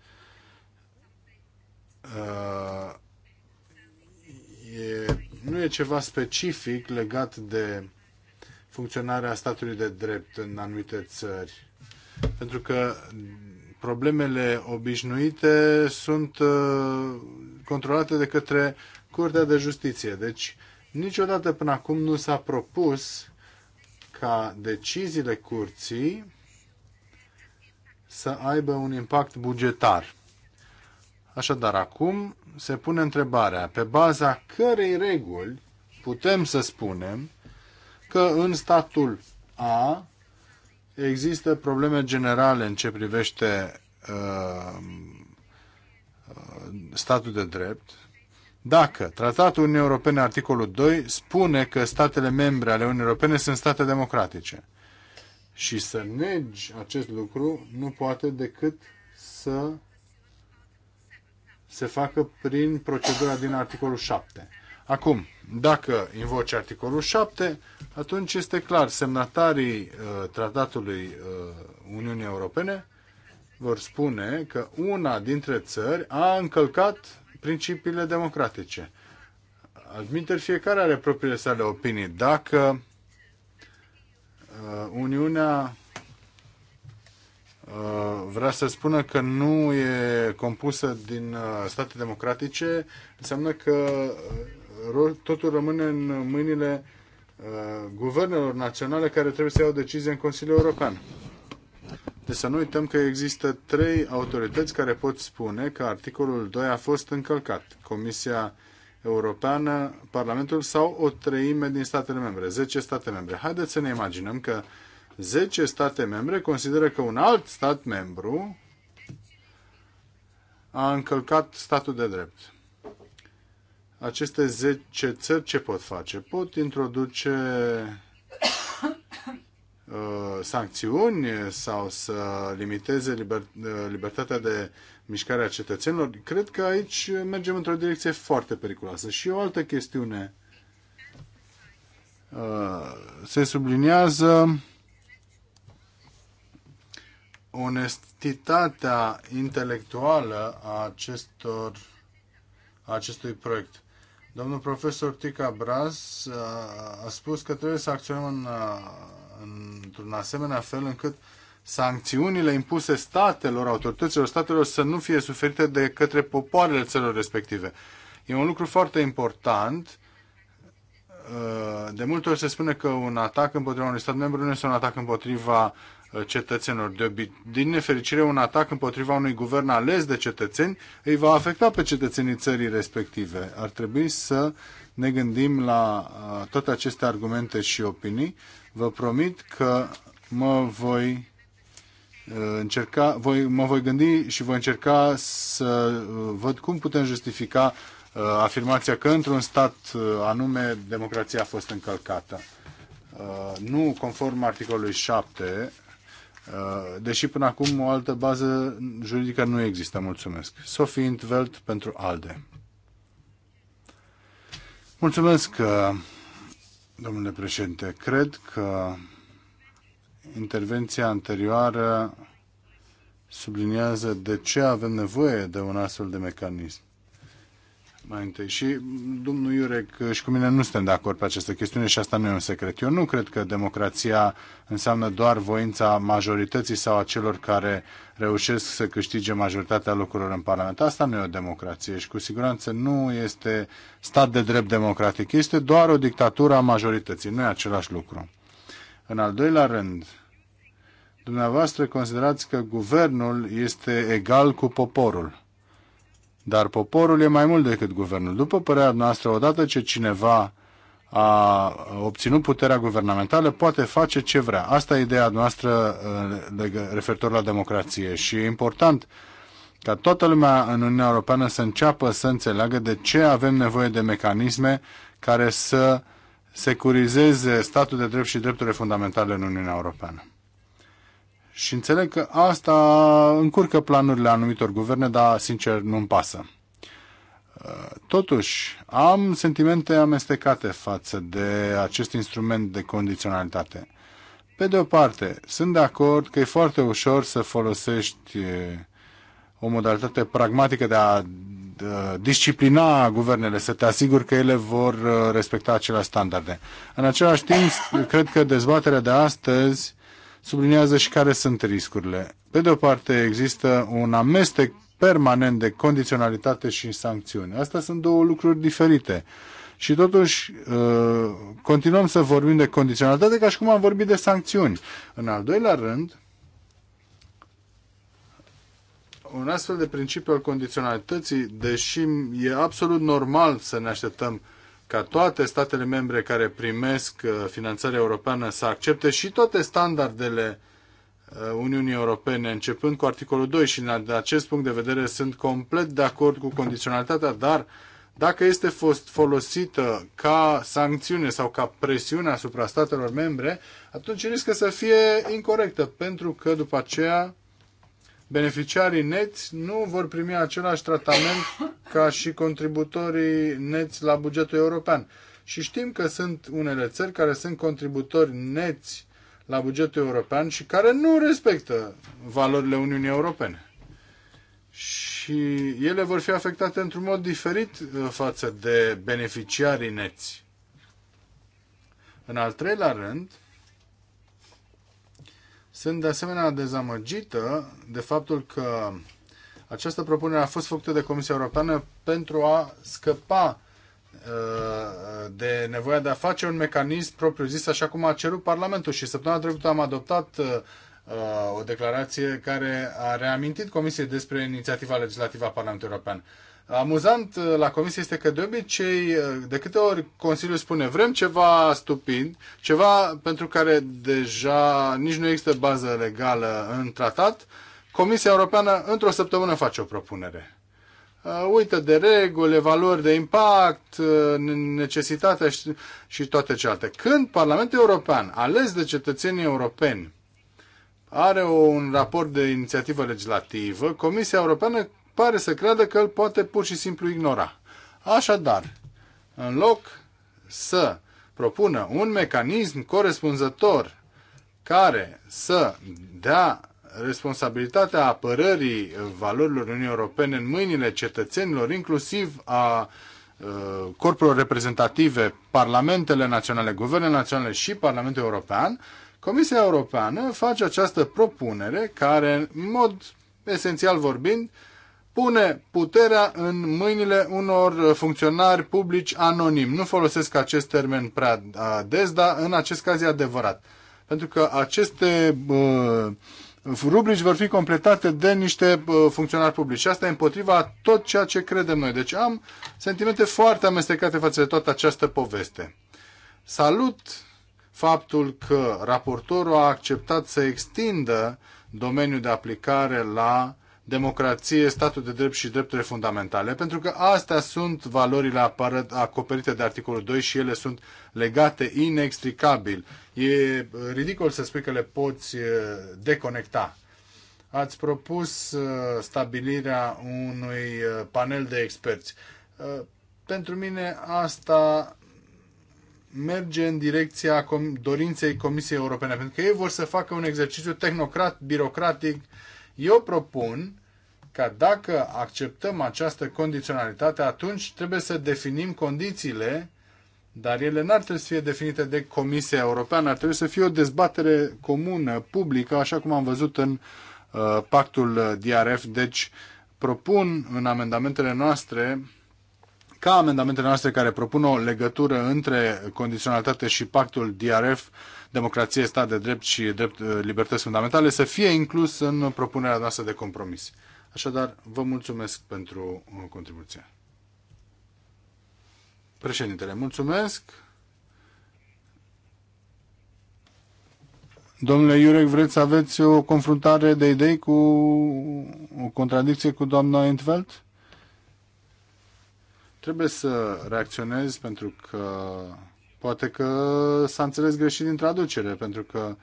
E, nu e ceva specific legat de funcționarea statului de drept în anumite țări. Pentru că problemele obișnuite sunt uh, controlate de către Curtea de Justiție. Deci, niciodată până acum nu s-a propus ca deciziile curții să aibă un impact bugetar. Așadar, acum se pune întrebarea pe baza cărei reguli putem să spunem că în statul A Există probleme generale în ce privește uh, uh, statul de drept. Dacă Tratatul Uniunii Europene, articolul 2, spune că statele membre ale Uniunii Europene sunt state democratice și să negi acest lucru nu poate decât să se facă prin procedura din articolul 7. Acum, dacă invoci articolul 7, atunci este clar, semnatarii uh, Tratatului uh, Uniunii Europene vor spune că una dintre țări a încălcat principiile democratice. Admiter, fiecare are propriile sale opinii. Dacă uh, Uniunea uh, vrea să spună că nu e compusă din uh, state democratice, înseamnă că uh, totul rămâne în mâinile uh, guvernelor naționale care trebuie să iau decizie în Consiliul European. Deci să nu uităm că există trei autorități care pot spune că articolul 2 a fost încălcat. Comisia Europeană, Parlamentul sau o treime din statele membre, 10 state membre. Haideți să ne imaginăm că 10 state membre consideră că un alt stat membru a încălcat statul de drept aceste 10 țări ce pot face? Pot introduce uh, sancțiuni sau să limiteze liber, uh, libertatea de mișcare a cetățenilor. Cred că aici mergem într-o direcție foarte periculoasă. Și o altă chestiune uh, se subliniază onestitatea intelectuală a acestor a acestui proiect Domnul profesor Tica Braz uh, a spus că trebuie să acționăm în, uh, într-un asemenea fel încât sancțiunile impuse statelor, autorităților statelor să nu fie suferite de către popoarele țărilor respective. E un lucru foarte important. Uh, de multe ori se spune că un atac împotriva unui stat membru nu este un atac împotriva cetățenilor. De obi- din nefericire, un atac împotriva unui guvern ales de cetățeni îi va afecta pe cetățenii țării respective. Ar trebui să ne gândim la uh, toate aceste argumente și opinii. Vă promit că mă voi uh, încerca, voi, mă voi gândi și voi încerca să uh, văd cum putem justifica afirmația că într-un stat anume democrația a fost încălcată. Nu conform articolului 7 Uh, deși până acum o altă bază juridică nu există. Mulțumesc. Sofie Intveld pentru ALDE. Mulțumesc, uh, domnule președinte. Cred că intervenția anterioară subliniază de ce avem nevoie de un astfel de mecanism mai întâi. Și mm, domnul Iurec uh, și cu mine nu suntem de acord pe această chestiune și asta nu e un secret. Eu nu cred că democrația înseamnă doar voința majorității sau a celor care reușesc să câștige majoritatea lucrurilor în Parlament. Asta nu e o democrație și cu siguranță nu este stat de drept democratic. Este doar o dictatură a majorității. Nu e același lucru. În al doilea rând, dumneavoastră considerați că guvernul este egal cu poporul. Dar poporul e mai mult decât guvernul. După părerea noastră, odată ce cineva a obținut puterea guvernamentală, poate face ce vrea. Asta e ideea noastră eh, referitor la democrație și e important ca toată lumea în Uniunea Europeană să înceapă să înțeleagă de ce avem nevoie de mecanisme care să securizeze statul de drept și drepturile fundamentale în Uniunea Europeană. Și înțeleg că asta încurcă planurile anumitor guverne, dar sincer nu-mi pasă. Uh, totuși, am sentimente amestecate față de acest instrument de condiționalitate. Pe de o parte, sunt de acord că e foarte ușor să folosești uh, o modalitate pragmatică de a disciplina guvernele, să te asiguri că ele vor uh, respecta aceleași standarde. În același timp, cred că dezbaterea de astăzi sublinează și care sunt riscurile. Pe de o parte, există un amestec permanent de condiționalitate și sancțiuni. Astea sunt două lucruri diferite. Și totuși uh, continuăm să vorbim de condiționalitate ca și cum am vorbit de sancțiuni. În al doilea rând, un astfel de principiu al condiționalității, deși e absolut normal să ne așteptăm uh, ca toate statele membre care primesc uh, finanțare europeană să accepte și toate standardele uh, Uniunii Europene, începând cu articolul 2 și de acest punct de vedere sunt complet de acord cu condiționalitatea, dar dacă este fost folosită ca sancțiune sau ca presiune asupra statelor membre, atunci riscă să fie incorrectă, pentru că după aceea beneficiarii neți nu vor primi același tratament ca și contributorii neți la bugetul european. Și știm că sunt unele țări care sunt contributori neți la bugetul european și care nu respectă valorile Uniunii Europene. Și ele vor fi afectate într-un mod diferit uh, față de beneficiarii neți. În al treilea rând, sunt de asemenea dezamăgită de faptul că această propunere a fost făcută de Comisia Europeană pentru a scăpa uh, de nevoia de a face un mecanism propriu-zis, așa cum a cerut Parlamentul. Și săptămâna trecută am adoptat uh, uh, o declarație care a reamintit Comisiei despre inițiativa legislativă a Parlamentului European. Amuzant uh, la comisie este că de obicei, uh, de câte ori Consiliul spune vrem ceva stupind ceva pentru care deja nici nu există bază legală în tratat, Comisia Europeană într-o săptămână face o propunere. Uh, uită de reguli, valori de impact, necesitatea și, și toate celelalte. Când Parlamentul European, ales de cetățenii europeni, are un raport de inițiativă legislativă, Comisia Europeană pare să creadă că îl poate pur și simplu ignora. Așadar, în loc să propună un mecanism corespunzător care să dea responsabilitatea apărării valorilor Uniunii Europene în mâinile cetățenilor, inclusiv a corpurilor reprezentative, parlamentele naționale, guvernele naționale și Parlamentul European, Comisia Europeană face această propunere care, în mod esențial vorbind, pune puterea în mâinile unor funcționari publici anonimi. Nu folosesc acest termen prea des, dar în acest caz e adevărat. Pentru că aceste uh, rubrici vor fi completate de niște uh, funcționari publici. Și asta e împotriva tot ceea ce credem noi. Deci am sentimente foarte amestecate față de toată această poveste. Salut faptul că raportorul a acceptat să extindă domeniul de aplicare la democrație, statul de drept și drepturile fundamentale, pentru că astea sunt valorile acoperite de articolul 2 și ele sunt legate inextricabil. E ridicol să spui că le poți deconecta. Ați propus stabilirea unui panel de experți. Pentru mine asta merge în direcția dorinței Comisiei Europene, pentru că ei vor să facă un exercițiu tehnocrat, birocratic, uh, eu propun că dacă acceptăm această condiționalitate, atunci trebuie să definim condițiile, dar ele n-ar trebui să fie definite de Comisia Europeană, ar trebui să fie o dezbatere comună, publică, așa cum am văzut în uh, pactul DRF. Deci propun în amendamentele noastre ca amendamentele noastre care propun o legătură între condiționalitate și pactul DRF democrație, stat de drept și drept, eh, libertăți fundamentale să fie inclus în propunerea noastră de compromis. Așadar, vă mulțumesc pentru uh, contribuție. Președintele, mulțumesc. Domnule Iurec, vreți să aveți o confruntare de idei cu o contradicție cu doamna Entveld? Trebuie să reacționez pentru că Poate că s-a înțeles greșit din traducere, pentru că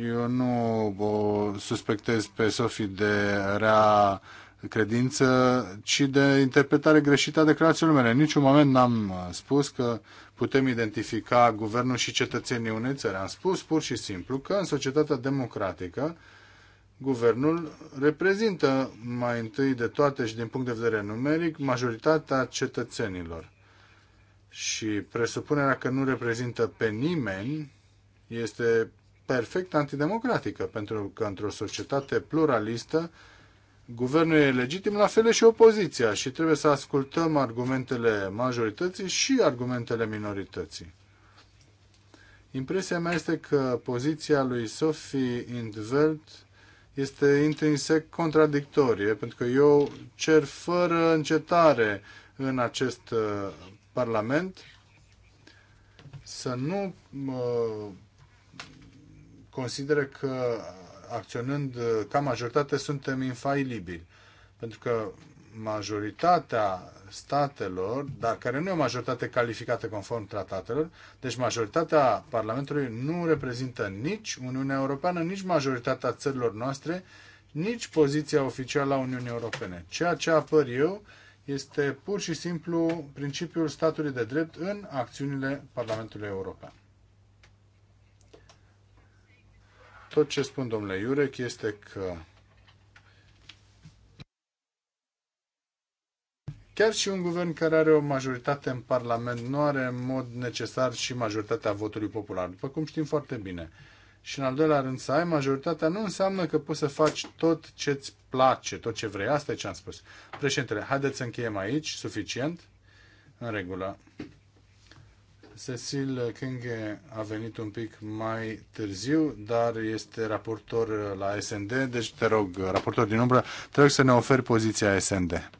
eu nu o suspectez pe Sofie de rea credință, ci de interpretare greșită a declarațiilor mele. În niciun moment n-am spus că putem identifica guvernul și cetățenii unei țări. Am spus pur și simplu că în societatea democratică guvernul reprezintă mai întâi de toate și din punct de vedere numeric majoritatea cetățenilor și presupunerea că nu reprezintă pe nimeni este perfect antidemocratică, pentru că într-o societate pluralistă, guvernul e legitim, la fel și opoziția și trebuie să ascultăm argumentele majorității și argumentele minorității. Impresia mea este că poziția lui Sophie Indveld este intrinsec contradictorie, pentru că eu cer fără încetare în acest Parlament să nu consideră că acționând ca majoritate suntem infailibili. Pentru că majoritatea statelor, dar care nu e o majoritate calificată conform tratatelor, deci majoritatea Parlamentului nu reprezintă nici Uniunea Europeană, nici majoritatea țărilor noastre, nici poziția oficială a Uniunii Europene. Ceea ce apăr eu este pur și simplu principiul statului de drept în acțiunile Parlamentului European. Tot ce spun domnule Iurec este că Chiar și un guvern care are o majoritate în Parlament nu are în mod necesar și majoritatea votului popular, după cum știm foarte bine și în al doilea rând să ai majoritatea, nu înseamnă că poți să faci tot ce îți place, tot ce vrei. Asta e ce am spus. Președintele, haideți să încheiem aici, suficient, în regulă. Cecil King a venit un pic mai târziu, dar este raportor la SND, deci te rog, raportor din umbră, te rog să ne oferi poziția SND.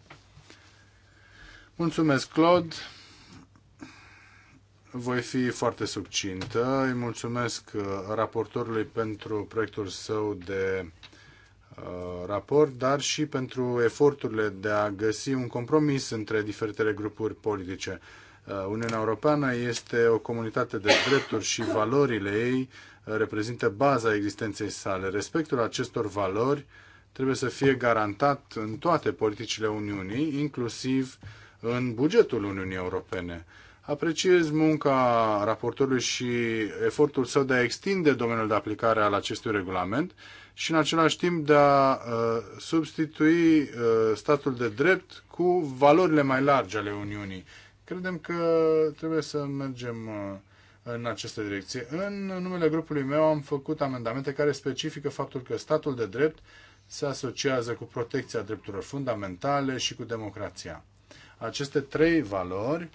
Mulțumesc, Claude. Voi fi foarte subțintă. Îi mulțumesc uh, raportorului pentru proiectul său de uh, raport, dar și pentru eforturile de a găsi un compromis între diferitele grupuri politice. Uh, Uniunea Europeană este o comunitate de drepturi și valorile ei reprezintă baza existenței sale. Respectul acestor valori trebuie să fie garantat în toate politicile Uniunii, inclusiv în bugetul Uniunii Europene. Apreciez munca raportorului și efortul său de a extinde domeniul de aplicare al acestui regulament și în același timp de a uh, substitui uh, statul de drept cu valorile mai largi ale Uniunii. Credem că trebuie să mergem uh, în această direcție. În numele grupului meu am făcut amendamente care specifică faptul că statul de drept se asociază cu protecția drepturilor fundamentale și cu democrația. Aceste trei valori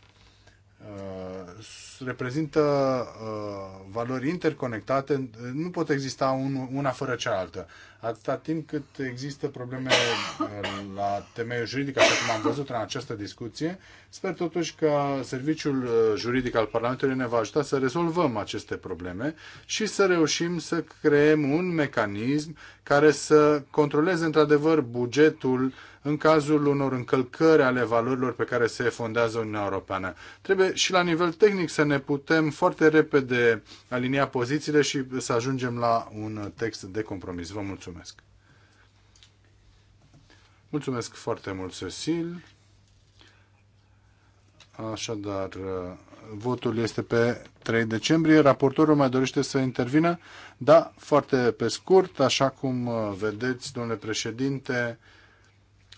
Uh, reprezintă uh, valori interconectate, nu pot exista una fără cealaltă atâta timp cât există probleme eh, la temeiul juridic, așa cum am văzut în această discuție. Sper totuși că serviciul eh, juridic al Parlamentului ne va ajuta să rezolvăm aceste probleme și să reușim să creăm un mecanism care să controleze într-adevăr bugetul în cazul unor încălcări ale valorilor pe care se fondează Uniunea Europeană. Trebuie și la nivel tehnic să ne putem foarte repede alinia pozițiile și să ajungem la un text de compromis. Vă mulțumesc! Mulțumesc! Mulțumesc foarte mult, Cecil. Așadar, votul este pe 3 decembrie. Raportorul mai dorește să intervină? Da, foarte pe scurt, așa cum vedeți, domnule președinte,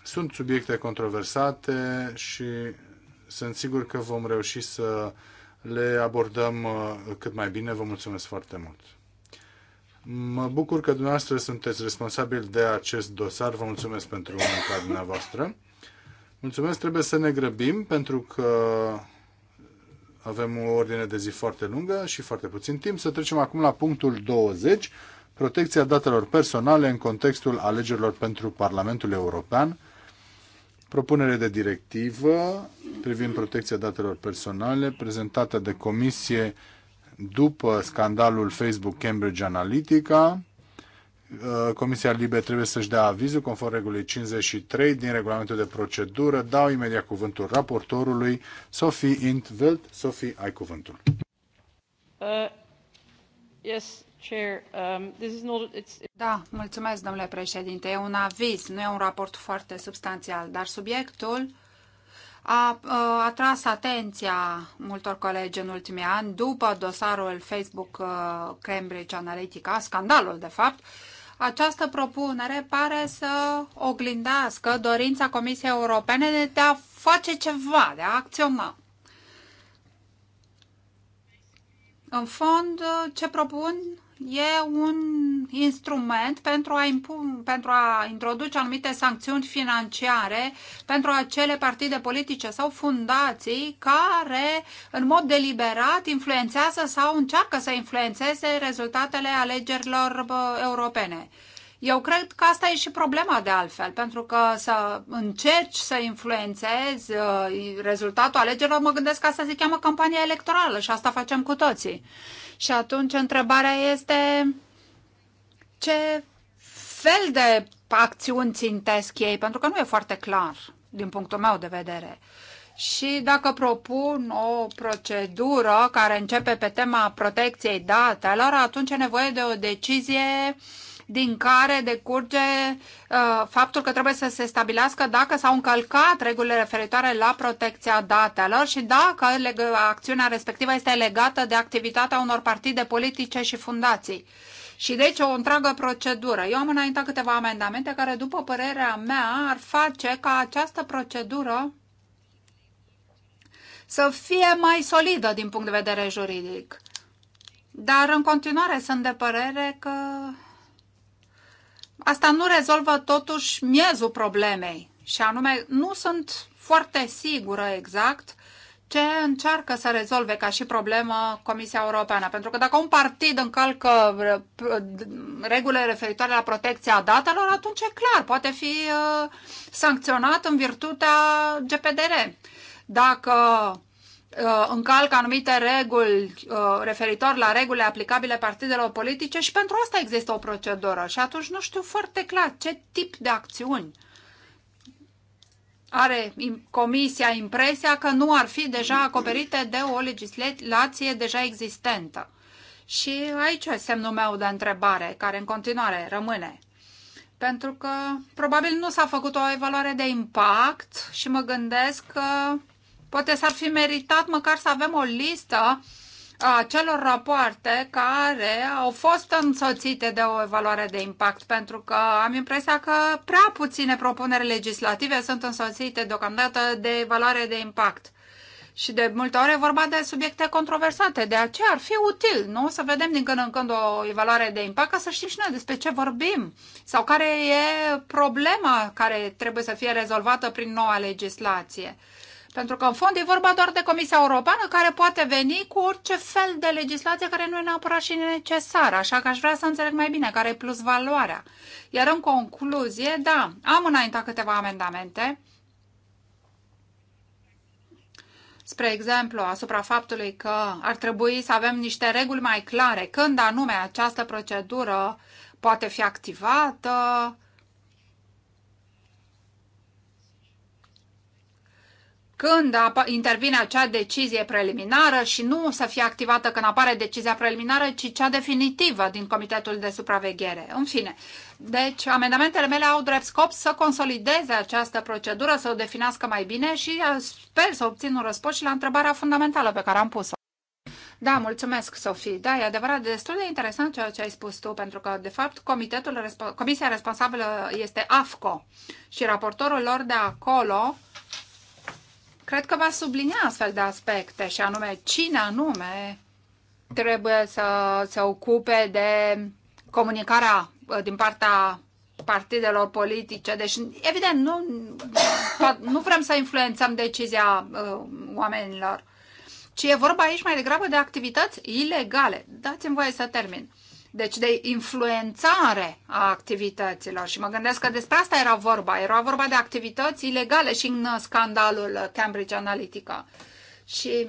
sunt subiecte controversate și sunt sigur că vom reuși să le abordăm uh, cât mai bine. Vă mulțumesc foarte mult! Mă bucur că dumneavoastră sunteți responsabil de acest dosar. Vă mulțumesc pentru munca dumneavoastră. Mulțumesc, trebuie să ne grăbim pentru că avem o ordine de zi foarte lungă și foarte puțin timp. Să trecem acum la punctul 20, protecția datelor personale în contextul alegerilor pentru Parlamentul European, propunere de directivă privind protecția datelor personale prezentată de Comisie după scandalul Facebook Cambridge Analytica, uh, Comisia Libe trebuie să-și dea avizul conform regulii 53 din regulamentul de procedură. Dau imediat cuvântul raportorului Sophie Intveld. Sophie, ai cuvântul. Uh, yes, chair. Um, this is not, it's... Da, mulțumesc, domnule președinte. E un aviz, nu e un raport foarte substanțial, dar subiectul a, uh, atras atenția multor colegi în ultimii ani după dosarul Facebook uh, Cambridge Analytica, scandalul de fapt, această propunere pare să oglindească dorința Comisiei Europene de a face ceva, de a acționa. În fond, ce propun e un instrument pentru a, pentru a introduce anumite sancțiuni financiare pentru acele partide politice sau fundații care în mod deliberat influențează sau încearcă să influențeze rezultatele alegerilor europene. Eu cred că asta e și problema de altfel, pentru că să încerci să influențezi ă, rezultatul alegerilor, mă gândesc că asta se cheamă campania electorală și asta facem cu toții. Și atunci întrebarea este ce fel de acțiuni țintesc ei, pentru că nu e foarte clar din punctul meu de vedere. Și dacă propun o procedură care începe pe tema protecției datelor, atunci e nevoie de o decizie uh, din care decurge uh, faptul că trebuie să se stabilească dacă s-au încălcat regulile referitoare la protecția datelor și dacă acțiunea respectivă este legată de activitatea unor partide politice și fundații. Și deci o întreagă procedură. Eu am înaintat câteva amendamente care, după părerea mea, ar face ca această procedură să fie mai solidă din punct de vedere juridic. Dar în continuare sunt de părere că asta nu rezolvă totuși miezul problemei. Și anume, nu sunt foarte sigură exact ce încearcă să rezolve ca și problemă Comisia Europeană. Pentru că dacă un partid încalcă regulile referitoare la protecția datelor, atunci e clar, poate fi uh, sancționat în virtutea GPDR. Dacă Uh, încalcă anumite reguli uh, referitor la regulile aplicabile partidelor politice și pentru asta există o procedură. Și atunci nu știu foarte clar ce tip de acțiuni are comisia impresia că nu ar fi deja acoperite de o legislație deja existentă. Și aici e semnul meu de întrebare, care în continuare rămâne. Pentru că probabil nu s-a făcut o evaluare de impact și mă gândesc că Poate s-ar fi meritat măcar să avem o listă a celor rapoarte care au fost însoțite de o evaluare de impact, pentru că am impresia că prea puține propuneri legislative sunt însoțite deocamdată de evaluare de impact. Și de multe ori e vorba de subiecte controversate, de aceea ar fi util, nu? Să vedem din când în când o evaluare de impact ca să știm și noi despre ce vorbim sau care e problema care trebuie să fie rezolvată prin noua legislație. Pentru că, în fond, e vorba doar de Comisia Europeană care poate veni cu orice fel de legislație care nu e neapărat și necesară. Așa că aș vrea să înțeleg mai bine care e plus valoarea. Iar în concluzie, da, am înaintat câteva amendamente. spre exemplu, asupra faptului că ar trebui să avem niște reguli mai clare când anume această procedură poate fi activată, când intervine acea decizie preliminară și nu să fie activată când apare decizia preliminară, ci cea definitivă din Comitetul de Supraveghere. În fine, deci amendamentele mele au drept scop să consolideze această procedură, să o definească mai bine și uh, sper să obțin un răspuns și la întrebarea fundamentală pe care am pus-o. Da, mulțumesc, Sofie. Da, e adevărat, destul de interesant ceea ce ai spus tu, pentru că, de fapt, comitetul, comisia responsabilă este AFCO și raportorul lor de acolo cred că va sublinia astfel de aspecte și anume cine anume trebuie să se ocupe de comunicarea uh, din partea partidelor politice. Deci, evident, nu, nu vrem să influențăm decizia uh, oamenilor, ci e vorba aici mai degrabă de activități ilegale. Dați-mi voie să termin. Uh, deci de influențare a activităților. Și mă gândesc că despre asta era vorba. Era vorba de activități ilegale și în scandalul Cambridge Analytica. Și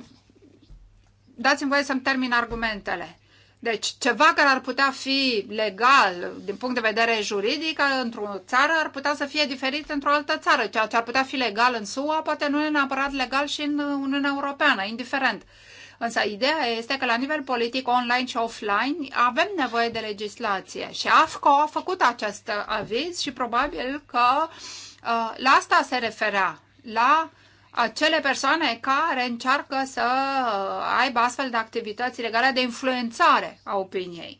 dați-mi voie să-mi termin argumentele. Deci, ceva care ar putea fi legal din punct de vedere juridic într-o țară ar putea să fie diferit într-o altă țară. Ceea ce ar putea fi legal în SUA poate nu e neapărat legal și în Uniunea Europeană, indiferent. Uh, Însă ideea este că la nivel politic, online și offline, avem nevoie de legislație. Și AFCO a făcut acest aviz și probabil că uh, la asta se referea, la acele persoane care încearcă să aibă astfel de activități legale de influențare a opiniei.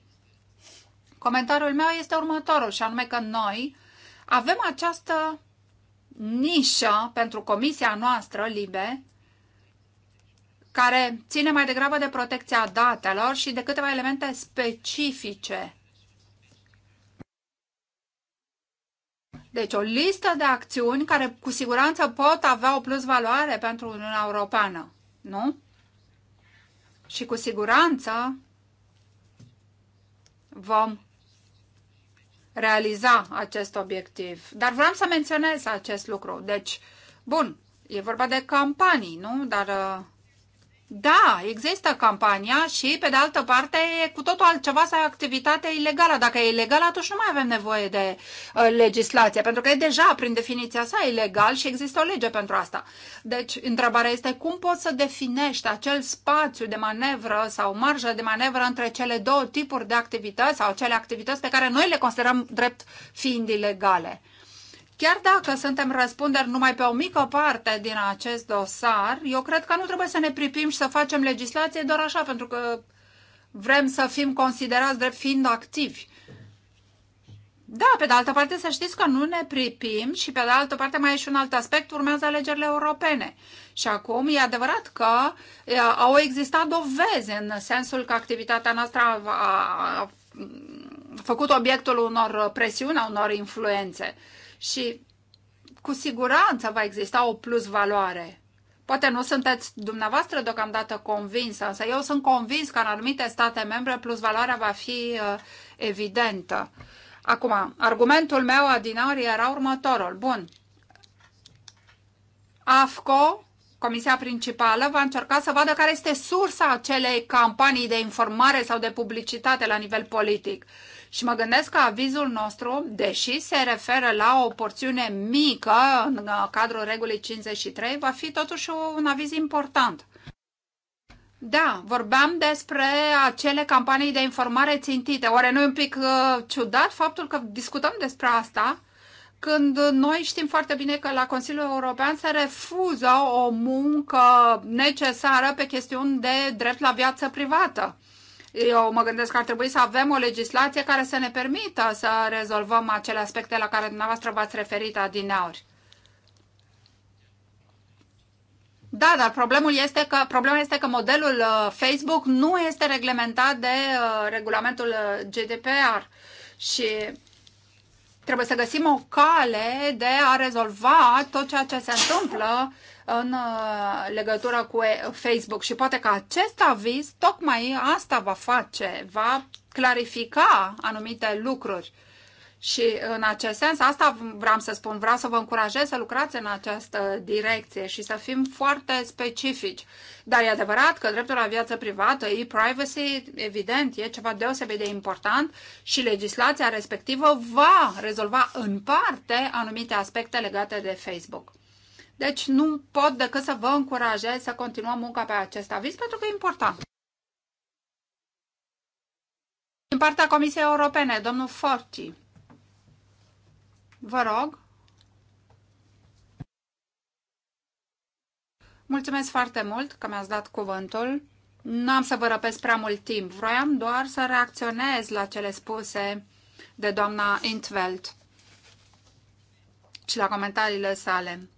Comentariul meu este următorul, și anume că noi avem această nișă pentru comisia noastră, LIBE, care ține mai degrabă de protecția datelor și de câteva elemente specifice. Deci o listă de acțiuni care cu siguranță pot avea o plus valoare pentru Uniunea Europeană, nu? Și cu siguranță vom realiza acest obiectiv. Dar vreau să menționez acest lucru. Deci, bun, e vorba de campanii, nu? Dar uh, da, există campania și, pe de altă parte, e cu totul altceva să ai activitate ilegală. Dacă e ilegală, atunci nu mai avem nevoie de uh, legislație, pentru că e deja, prin definiția sa, ilegal și există o lege pentru asta. Deci, întrebarea este cum poți să definești acel spațiu de manevră sau marjă de manevră între cele două tipuri de activități sau cele activități pe care noi le considerăm drept fiind ilegale. Chiar dacă suntem răspunderi numai pe o mică parte din acest dosar, eu cred că nu trebuie să ne pripim și să facem legislație doar așa, pentru că vrem să fim considerați drept fiind activi. Da, pe de altă parte să știți că nu ne pripim și pe de altă parte mai e și un alt aspect, urmează alegerile europene. Și acum e adevărat că au existat dovezi în sensul că activitatea noastră a făcut obiectul unor presiuni, a unor influențe și cu siguranță va exista o plus valoare. Poate nu sunteți dumneavoastră deocamdată convinsă, însă eu sunt convins că în anumite state membre plus valoarea va fi uh, evidentă. Acum, argumentul meu adinauri era următorul. Bun. AFCO, comisia principală, va încerca să vadă care este sursa acelei campanii de informare sau de publicitate la nivel politic. Uh, și mă gândesc că avizul nostru, deși se referă la o porțiune mică în uh, cadrul regulii 53, va fi totuși un aviz important. Da, vorbeam despre acele campanii de informare țintite. Oare nu e un pic uh, ciudat faptul că discutăm despre asta când noi știm foarte bine că la Consiliul European se refuză o muncă necesară pe chestiuni de drept la viață privată? Eu mă gândesc că ar trebui să avem o legislație care să ne permită să rezolvăm acele aspecte la care dumneavoastră v-ați referit adineori. Da, dar problemul este că, problema este că modelul uh, Facebook nu este reglementat de uh, regulamentul uh, GDPR și trebuie să găsim o cale de a rezolva tot ceea ce se întâmplă în uh, legătură cu eh, Facebook și poate că acest aviz tocmai asta va face, va clarifica anumite lucruri. Și în acest sens, asta vreau să spun, vreau să vă încurajez să lucrați în această direcție și să fim foarte specifici. Dar e adevărat că dreptul la viață privată, e-privacy, evident, e ceva deosebit de important și legislația respectivă va rezolva în parte anumite aspecte legate de Facebook. Deci nu pot decât să vă încurajez să continuăm munca pe acest aviz pentru că e important. Din partea Comisiei Europene, domnul Forti. Vă rog. Mulțumesc foarte mult că mi-ați dat cuvântul. Nu am să vă răpesc prea mult timp. Vroiam doar să reacționez la cele spuse de doamna Intveld și la comentariile sale.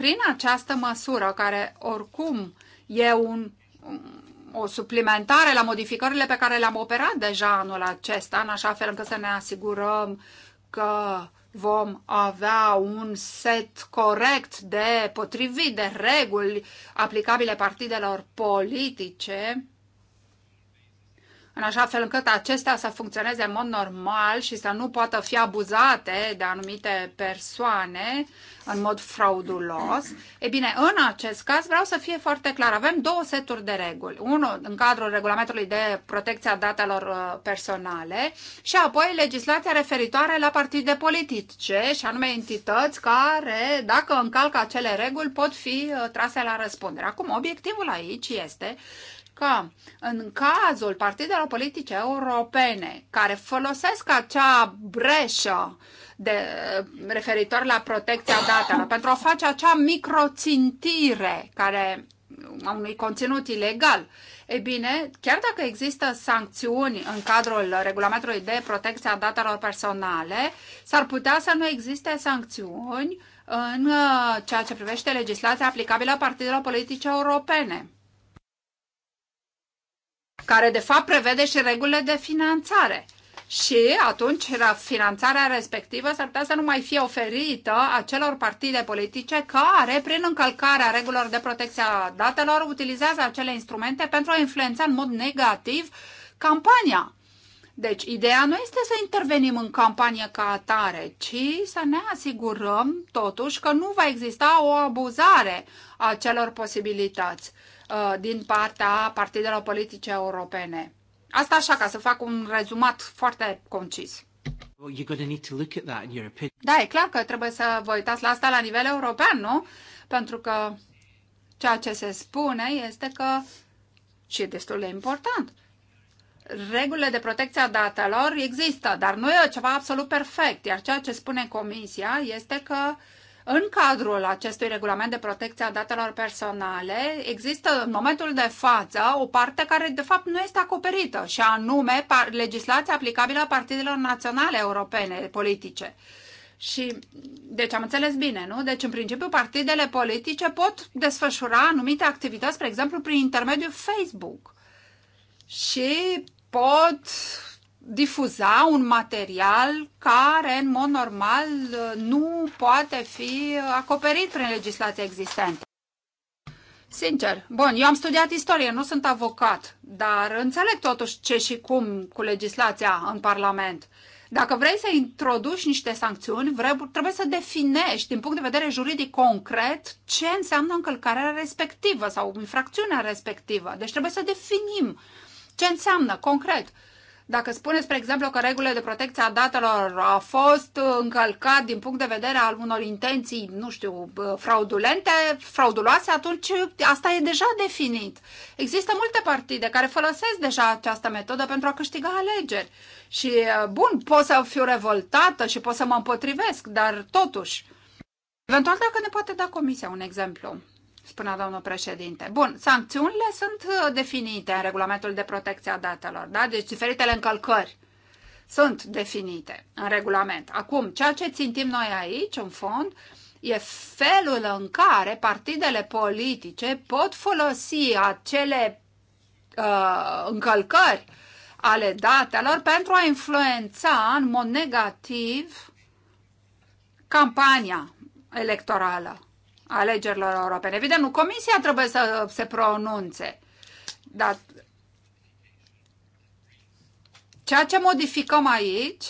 Prin această măsură, care oricum e un, o suplimentare la modificările pe care le-am operat deja anul acesta, în așa fel încât să ne asigurăm că vom avea un set corect de potrivit de reguli aplicabile partidelor politice, în așa fel încât acestea să funcționeze în mod normal și să nu poată fi abuzate de anumite persoane în mod fraudulos. E bine, în acest caz vreau să fie foarte clar. Avem două seturi de reguli. Unul în cadrul regulamentului de protecție a datelor uh, personale și apoi legislația referitoare la partide politice și anume entități care, dacă încalcă acele reguli, pot fi uh, trase la răspundere. Acum, obiectivul aici este că în cazul partidelor politice europene care folosesc acea breșă de, referitor la protecția datelor pentru a face acea microțintire care a unui conținut ilegal. E bine, chiar dacă există sancțiuni în cadrul regulamentului de protecție a datelor personale, s-ar putea să nu existe sancțiuni în uh, ceea ce privește legislația aplicabilă a partidelor politice europene care de fapt prevede și regulile de finanțare. Și atunci finanțarea respectivă s-ar putea să nu mai fie oferită acelor partide politice care, prin încălcarea regulilor de protecție a datelor, utilizează acele instrumente pentru a influența în mod negativ campania. Deci, ideea nu este să intervenim în campanie ca atare, ci să ne asigurăm, totuși, că nu va exista o abuzare a celor posibilități. Uh, din partea partidelor politice europene. Asta așa, ca să fac un rezumat foarte concis. Da, e clar că trebuie să vă uitați la asta la nivel european, nu? Pentru că ceea ce se spune este că, și e destul de important, regulile de protecție a datelor există, dar nu e ceva absolut perfect. Iar ceea ce spune Comisia este că uh, în cadrul acestui regulament de protecție a datelor personale există în momentul de față o parte care de fapt nu este acoperită și anume legislația aplicabilă a partidelor naționale europene politice. Și, deci am înțeles bine, nu? Deci, în principiu, partidele politice pot desfășura anumite activități, spre exemplu, prin intermediul Facebook. Și pot difuza un material care, în mod normal, nu poate fi acoperit prin legislația existentă. Sincer, bun, eu am studiat istorie, nu sunt avocat, dar înțeleg totuși ce și cum cu legislația în Parlament. Dacă vrei să introduci niște sancțiuni, trebuie să definești din punct de vedere juridic concret ce înseamnă încălcarea respectivă sau infracțiunea respectivă. Deci trebuie să definim ce înseamnă concret. Dacă spuneți, spre exemplu, că regulile de protecție a datelor a fost încălcat din punct de vedere al unor intenții, nu știu, fraudulente, frauduloase, atunci asta e deja definit. Există multe partide care folosesc deja această metodă pentru a câștiga alegeri. Și, bun, pot să fiu revoltată și pot să mă împotrivesc, dar totuși. Eventual, dacă ne poate da comisia un exemplu spunea domnul președinte. Bun, sancțiunile sunt uh, definite în regulamentul de protecție a datelor, da? Deci diferitele încălcări sunt definite în regulament. Acum, ceea ce țintim noi aici, în fond, e felul în care partidele politice pot folosi acele uh, încălcări ale datelor pentru a influența în mod negativ campania electorală alegerilor europene. Evident, nu Comisia trebuie să se pronunțe, dar ceea ce modificăm aici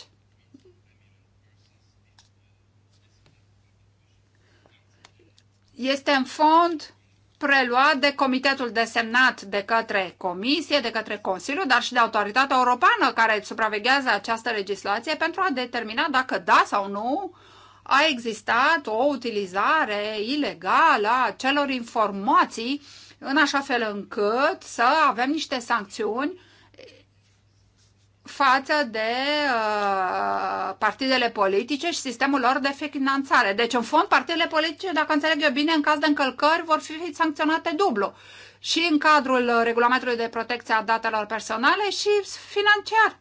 este în fond preluat de comitetul desemnat de către Comisie, de către Consiliu, dar și de autoritatea europeană care supraveghează această legislație pentru a determina dacă da sau nu a existat o utilizare ilegală a celor informații în așa fel încât să avem niște sancțiuni față de uh, partidele politice și sistemul lor de finanțare. Deci, în fond, partidele politice, dacă înțeleg eu bine, în caz de încălcări, vor fi sancționate dublu. Și în cadrul uh, regulamentului de protecție a datelor personale și financiar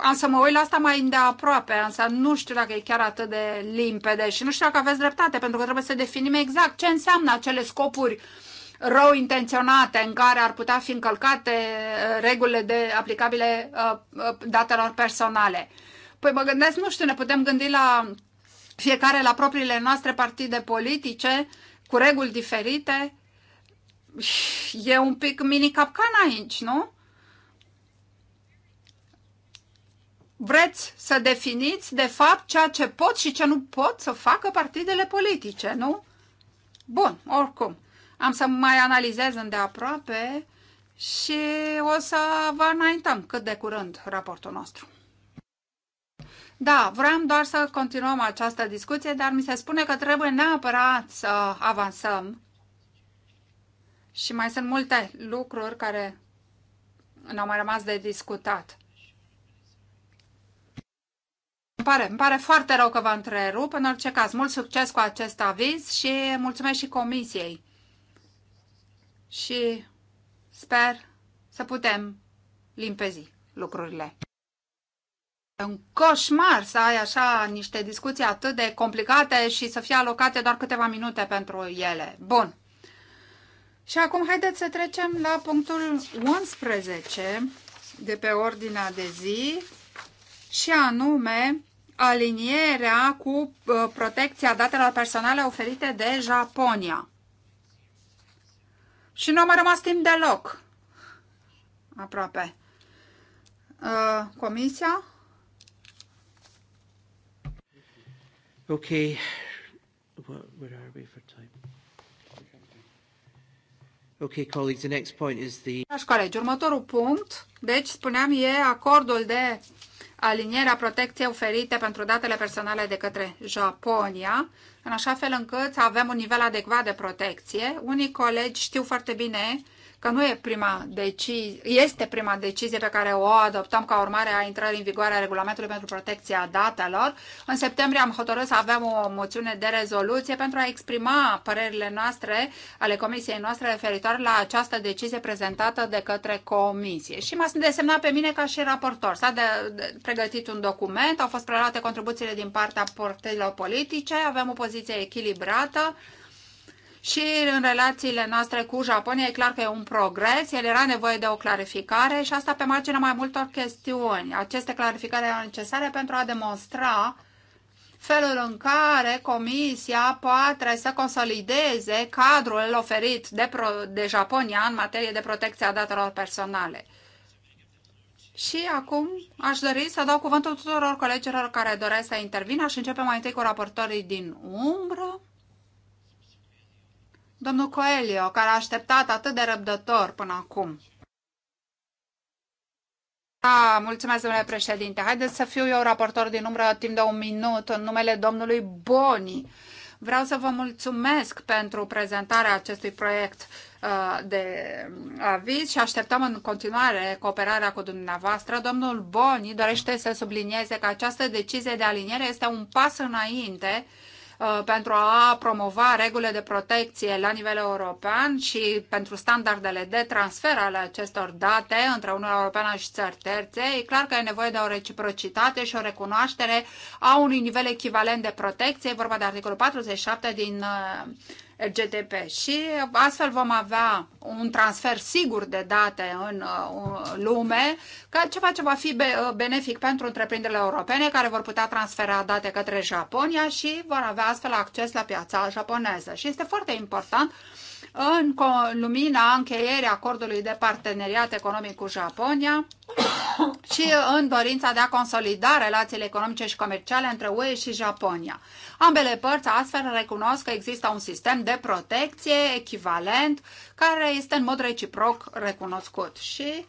am să mă uit la asta mai îndeaproape, însă nu știu dacă e chiar atât de limpede și nu știu dacă aveți dreptate, pentru că trebuie să definim exact ce înseamnă acele scopuri rău intenționate în care ar putea fi încălcate uh, regulile de aplicabile uh, uh, datelor personale. Păi mă gândesc, nu știu, ne putem gândi la fiecare la propriile noastre partide politice, cu reguli diferite. E un pic mini capcan aici, nu? vreți să definiți, de fapt, ceea ce pot și ce nu pot să facă partidele politice, nu? Bun, oricum, am să mai analizez îndeaproape și o să vă înaintăm cât de curând raportul nostru. Da, vreau doar să continuăm această discuție, dar mi se spune că trebuie neapărat să avansăm. Și mai sunt multe lucruri care n-au mai rămas de discutat. Îmi pare, îmi pare foarte rău că v-am întrerup. În orice caz, mult succes cu acest aviz și mulțumesc și comisiei. Și sper să putem limpezi lucrurile. E un coșmar să ai așa niște discuții atât de complicate și să fie alocate doar câteva minute pentru ele. Bun. Și acum haideți să trecem la punctul 11 de pe ordinea de zi și anume alinierea cu uh, protecția datelor personale oferite de Japonia. Și nu a mai rămas timp deloc. Aproape. Uh, comisia? Ok. Where are we for time? Ok, colleagues, the next point is the... colegi, următorul punct, deci spuneam, e acordul de alinierea protecției oferite pentru datele personale de către Japonia, în așa fel încât să avem un nivel adecvat de protecție. Unii colegi știu foarte bine că nu e prima decizie, este prima decizie pe care o adoptăm ca urmare a intrării în vigoare a Regulamentului pentru protecția datelor. În septembrie am hotărât să avem o moțiune de rezoluție pentru a exprima părerile noastre ale comisiei noastre referitoare la această decizie prezentată de către comisie. Și m-a desemnat pe mine ca și raportor. S-a de, de, pregătit un document, au fost preluate contribuțiile din partea portelor politice, avem o poziție echilibrată și în relațiile noastre cu Japonia e clar că e un progres, el era nevoie de o clarificare și asta pe marginea mai multor chestiuni. Aceste clarificări erau necesare pentru a demonstra felul în care Comisia poate să consolideze cadrul oferit de, pro- de Japonia în materie de protecție a datelor personale. Și acum aș dori să dau cuvântul tuturor colegilor care doresc să intervină. Aș începe mai întâi cu raportorii din umbră domnul Coelio, care a așteptat atât de răbdător până acum. Da, mulțumesc, domnule președinte. Haideți să fiu eu raportor din umbră timp de un minut în numele domnului Boni. Vreau să vă mulțumesc pentru prezentarea acestui proiect uh, de aviz și așteptăm în continuare cooperarea cu dumneavoastră. Domnul Boni dorește să sublinieze că această decizie de aliniere este un pas înainte uh, Uh, pentru a promova regulile de protecție la nivel european și pentru standardele de transfer ale acestor date între Uniunea Europeană și țări terțe, e clar că e nevoie de o reciprocitate și o recunoaștere a unui nivel echivalent de protecție. E vorba de articolul 47 din uh, GDP și astfel vom avea un transfer sigur de date în uh, lume, ceva ce va fi uh, benefic pentru întreprinderile europene care vor putea transfera date către Japonia și vor avea astfel acces la piața japoneză. Și este foarte important în lumina încheierii acordului de parteneriat economic cu Japonia și în dorința de a consolida relațiile economice și comerciale între UE și Japonia. Ambele părți astfel recunosc că există un sistem de protecție echivalent care este în mod reciproc recunoscut și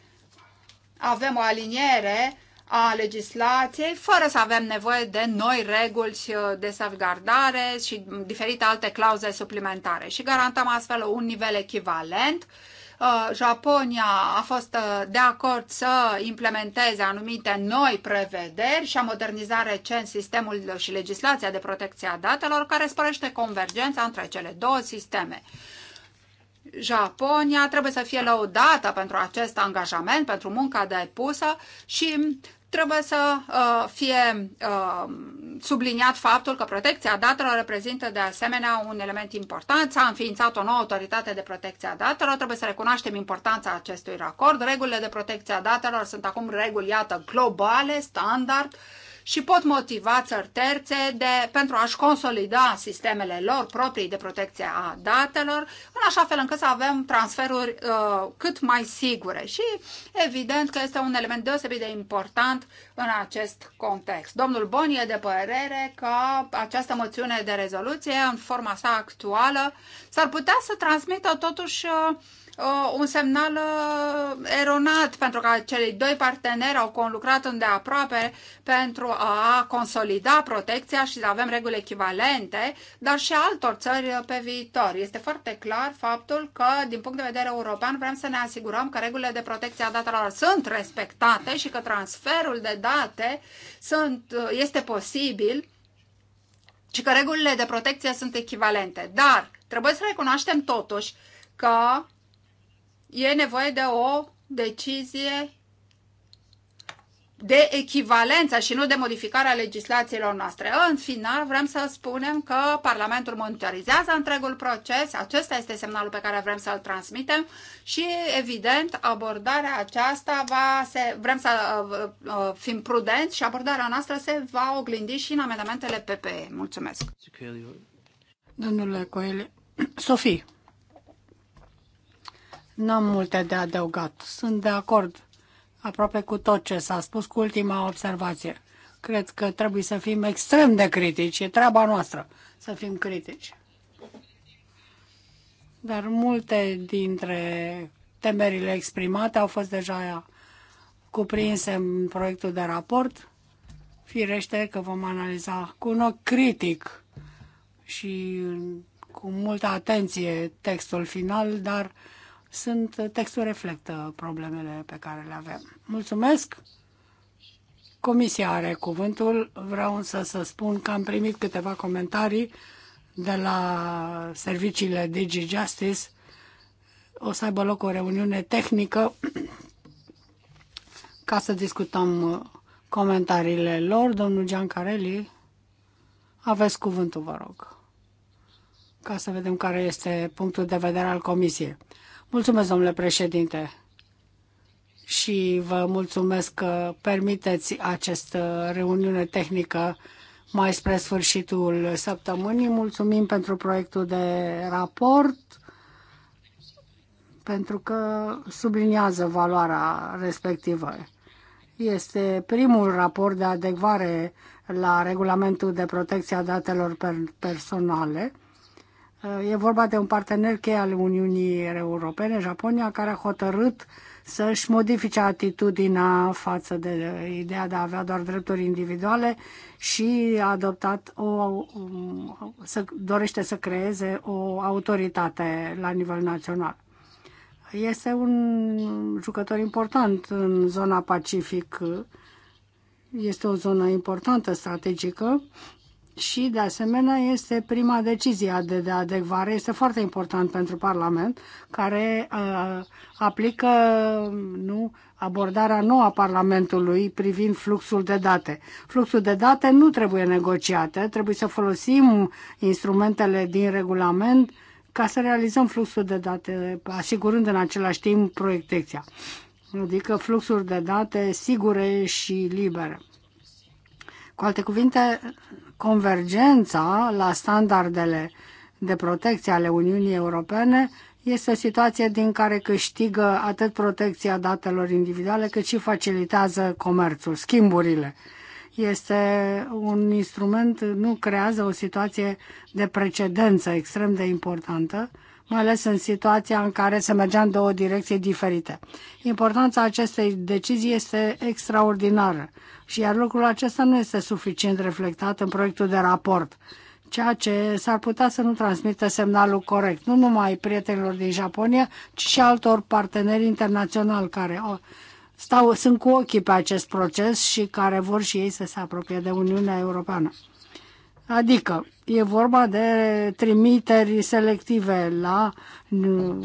avem o aliniere a legislației, fără să avem nevoie de noi reguli uh, de salvgardare și diferite alte clauze suplimentare. Și garantăm astfel un nivel echivalent. Uh, Japonia a fost uh, de acord să implementeze anumite noi prevederi și a modernizat recent sistemul și legislația de protecție a datelor, care sporește convergența între cele două sisteme. Japonia trebuie să fie lăudată pentru acest angajament, pentru munca depusă și trebuie să uh, fie uh, subliniat faptul că protecția datelor reprezintă de asemenea un element important. S-a înființat o nouă autoritate de protecție a datelor, trebuie să recunoaștem importanța acestui acord. Regulile de protecție a datelor sunt acum reguliate globale, standard, uh, și pot motiva țări terțe de, pentru a-și consolida sistemele lor proprii de protecție a datelor, în așa fel încât să avem transferuri uh, cât mai sigure. Și evident că este un element deosebit de important în acest context. Domnul Boni e de părere că această moțiune de rezoluție, în forma sa actuală, s-ar putea să transmită totuși uh, uh, un semnal uh, eronat, pentru că cei doi parteneri au conlucrat îndeaproape pentru a consolida protecția și să avem reguli echivalente, dar și altor țări pe viitor. Este foarte clar faptul că, din punct de vedere european, vrem să ne asigurăm că regulile de protecție a datelor sunt respectate și că transferul de date sunt, uh, este posibil și că regulile de protecție sunt echivalente. Dar trebuie să recunoaștem totuși că e nevoie de o decizie de echivalență și nu de modificarea legislațiilor noastre. În final, vrem să spunem că Parlamentul monitorizează întregul proces, acesta este semnalul pe care vrem să-l transmitem și, evident, abordarea aceasta va se, vrem să uh, uh, fim prudenți și abordarea noastră se va oglindi și în amendamentele PPE. Mulțumesc! Domnule Coelie, Sofie, N-am multe de adăugat. Sunt de acord aproape cu tot ce s-a spus cu ultima observație. Cred că trebuie să fim extrem de critici. E treaba noastră să fim critici. Dar multe dintre temerile exprimate au fost deja cuprinse în proiectul de raport. Firește că vom analiza cu un ochi critic și cu multă atenție textul final, dar sunt, textul reflectă problemele pe care le avem. Mulțumesc! Comisia are cuvântul. Vreau însă să spun că am primit câteva comentarii de la serviciile Digi Justice. O să aibă loc o reuniune tehnică ca să discutăm comentariile lor. Domnul Giancarelli, aveți cuvântul, vă rog, ca să vedem care este punctul de vedere al Comisiei. Mulțumesc, domnule președinte, și vă mulțumesc că permiteți această reuniune tehnică mai spre sfârșitul săptămânii. Mulțumim pentru proiectul de raport, pentru că subliniază valoarea respectivă. Este primul raport de adecvare la regulamentul de protecție a datelor personale Uh, e vorba de un partener cheie al Uniunii Europene, Japonia, care a hotărât să-și modifice atitudinea față de ideea de a avea doar drepturi individuale și a adoptat o, să, dorește să creeze o autoritate la nivel național. Este un jucător important în zona Pacific. Este o zonă importantă, strategică și, de asemenea, este prima decizie de adecvare. Este foarte important pentru Parlament, care uh, aplică nu, abordarea nouă a Parlamentului privind fluxul de date. Fluxul de date nu trebuie negociate, trebuie să folosim instrumentele din regulament ca să realizăm fluxul de date, asigurând în același timp proiecția, adică fluxuri de date sigure și libere. Cu alte cuvinte, convergența la standardele de protecție ale Uniunii Europene este o situație din care câștigă atât protecția datelor individuale, cât și facilitează comerțul, schimburile. Este un instrument, nu creează o situație de precedență extrem de importantă mai ales în situația în care se mergea în două direcții diferite. Importanța acestei decizii este extraordinară și iar lucrul acesta nu este suficient reflectat în proiectul de raport ceea ce s-ar putea să nu transmită semnalul corect, nu numai prietenilor din Japonia, ci și altor parteneri internaționali care stau, sunt cu ochii pe acest proces și care vor și ei să se apropie de Uniunea Europeană. Adică e vorba de trimiteri selective la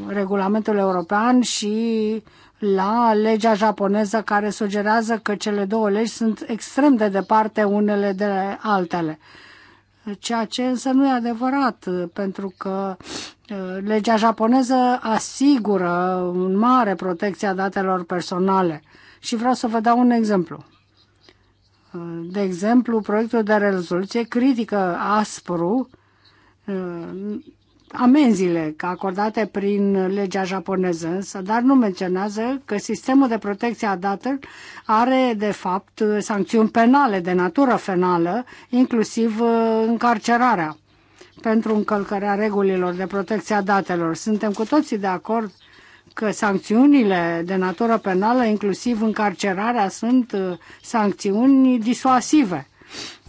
regulamentul european și la legea japoneză care sugerează că cele două legi sunt extrem de departe unele de altele. Ceea ce însă nu e adevărat, pentru că ă, legea japoneză asigură în mare protecția datelor personale. Și vreau să vă dau un exemplu. De exemplu, proiectul de rezoluție critică aspru uh, amenziile acordate prin legea japoneză, însă, dar nu menționează că sistemul de protecție a datelor are, de fapt, sancțiuni penale de natură penală, inclusiv uh, încarcerarea pentru încălcarea regulilor de protecție a datelor. Suntem cu toții de acord uh, că sancțiunile de natură penală, inclusiv încarcerarea, sunt uh, sancțiuni disuasive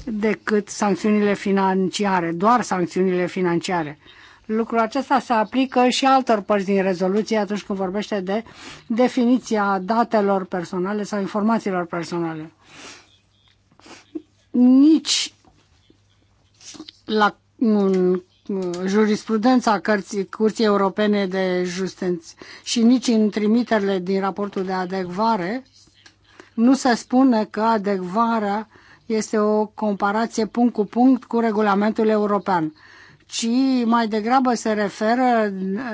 decât sancțiunile financiare, doar sancțiunile financiare. Lucrul acesta se aplică și altor părți din rezoluție atunci când vorbește de definiția datelor personale sau informațiilor personale. Nici la un jurisprudența Cărții, Curții Europene de Justiție și nici în trimiterile din raportul de adecvare nu se spune că adecvarea este o comparație punct cu punct cu regulamentul european, ci mai degrabă se referă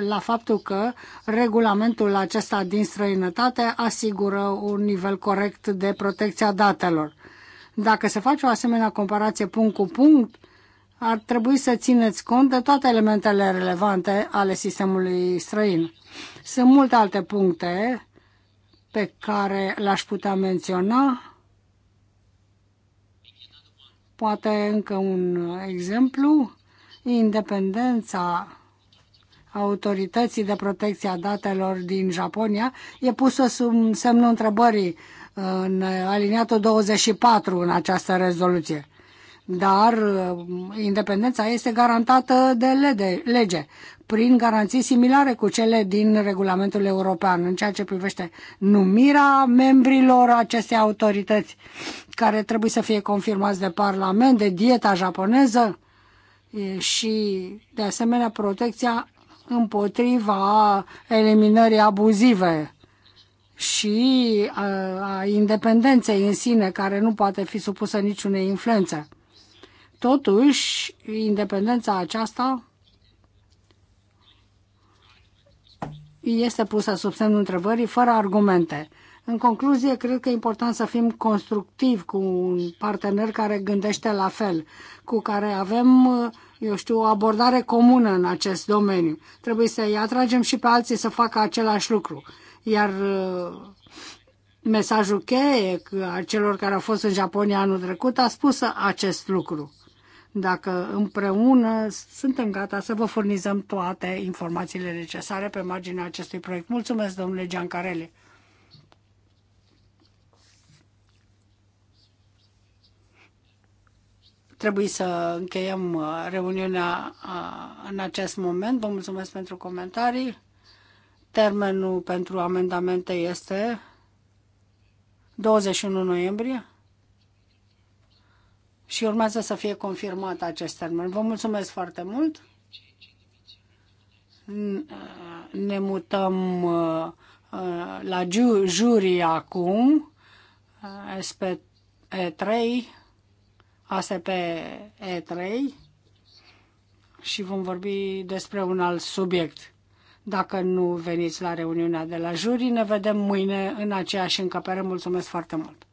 la faptul că regulamentul acesta din străinătate asigură un nivel corect de protecția datelor. Dacă se face o asemenea comparație punct cu punct, ar trebui să țineți cont de toate elementele relevante ale sistemului străin. Sunt multe alte puncte pe care le-aș putea menționa. Poate încă un exemplu, independența autorității de protecție a datelor din Japonia e pusă sub semnul întrebării în aliniatul 24 în această rezoluție dar uh, independența este garantată de lege prin garanții similare cu cele din regulamentul european în ceea ce privește numirea membrilor acestei autorități care trebuie să fie confirmați de Parlament, de dieta japoneză și de asemenea protecția împotriva eliminării abuzive și uh, a independenței în sine care nu poate fi supusă niciunei influențe. Totuși, independența aceasta este pusă sub semnul întrebării, fără argumente. În concluzie, cred că e important să fim constructivi cu un partener care gândește la fel, cu care avem, eu știu, o abordare comună în acest domeniu. Trebuie să-i atragem și pe alții să facă același lucru. Iar mesajul cheie a celor care au fost în Japonia anul trecut a spus acest lucru dacă împreună suntem gata să vă furnizăm toate informațiile necesare pe marginea acestui proiect. Mulțumesc, domnule Giancarelli. Trebuie să încheiem uh, reuniunea uh, în acest moment. Vă mulțumesc pentru comentarii. Termenul pentru amendamente este 21 noiembrie și urmează să fie confirmat acest termen. Vă mulțumesc foarte mult. Uh, ne mutăm uh, uh, la jury acum, SP3, ASP-E3 și vom vorbi despre un alt subiect. Dacă nu veniți la reuniunea de la jurii, ne vedem mâine în aceeași încăpere. Mulțumesc foarte mult!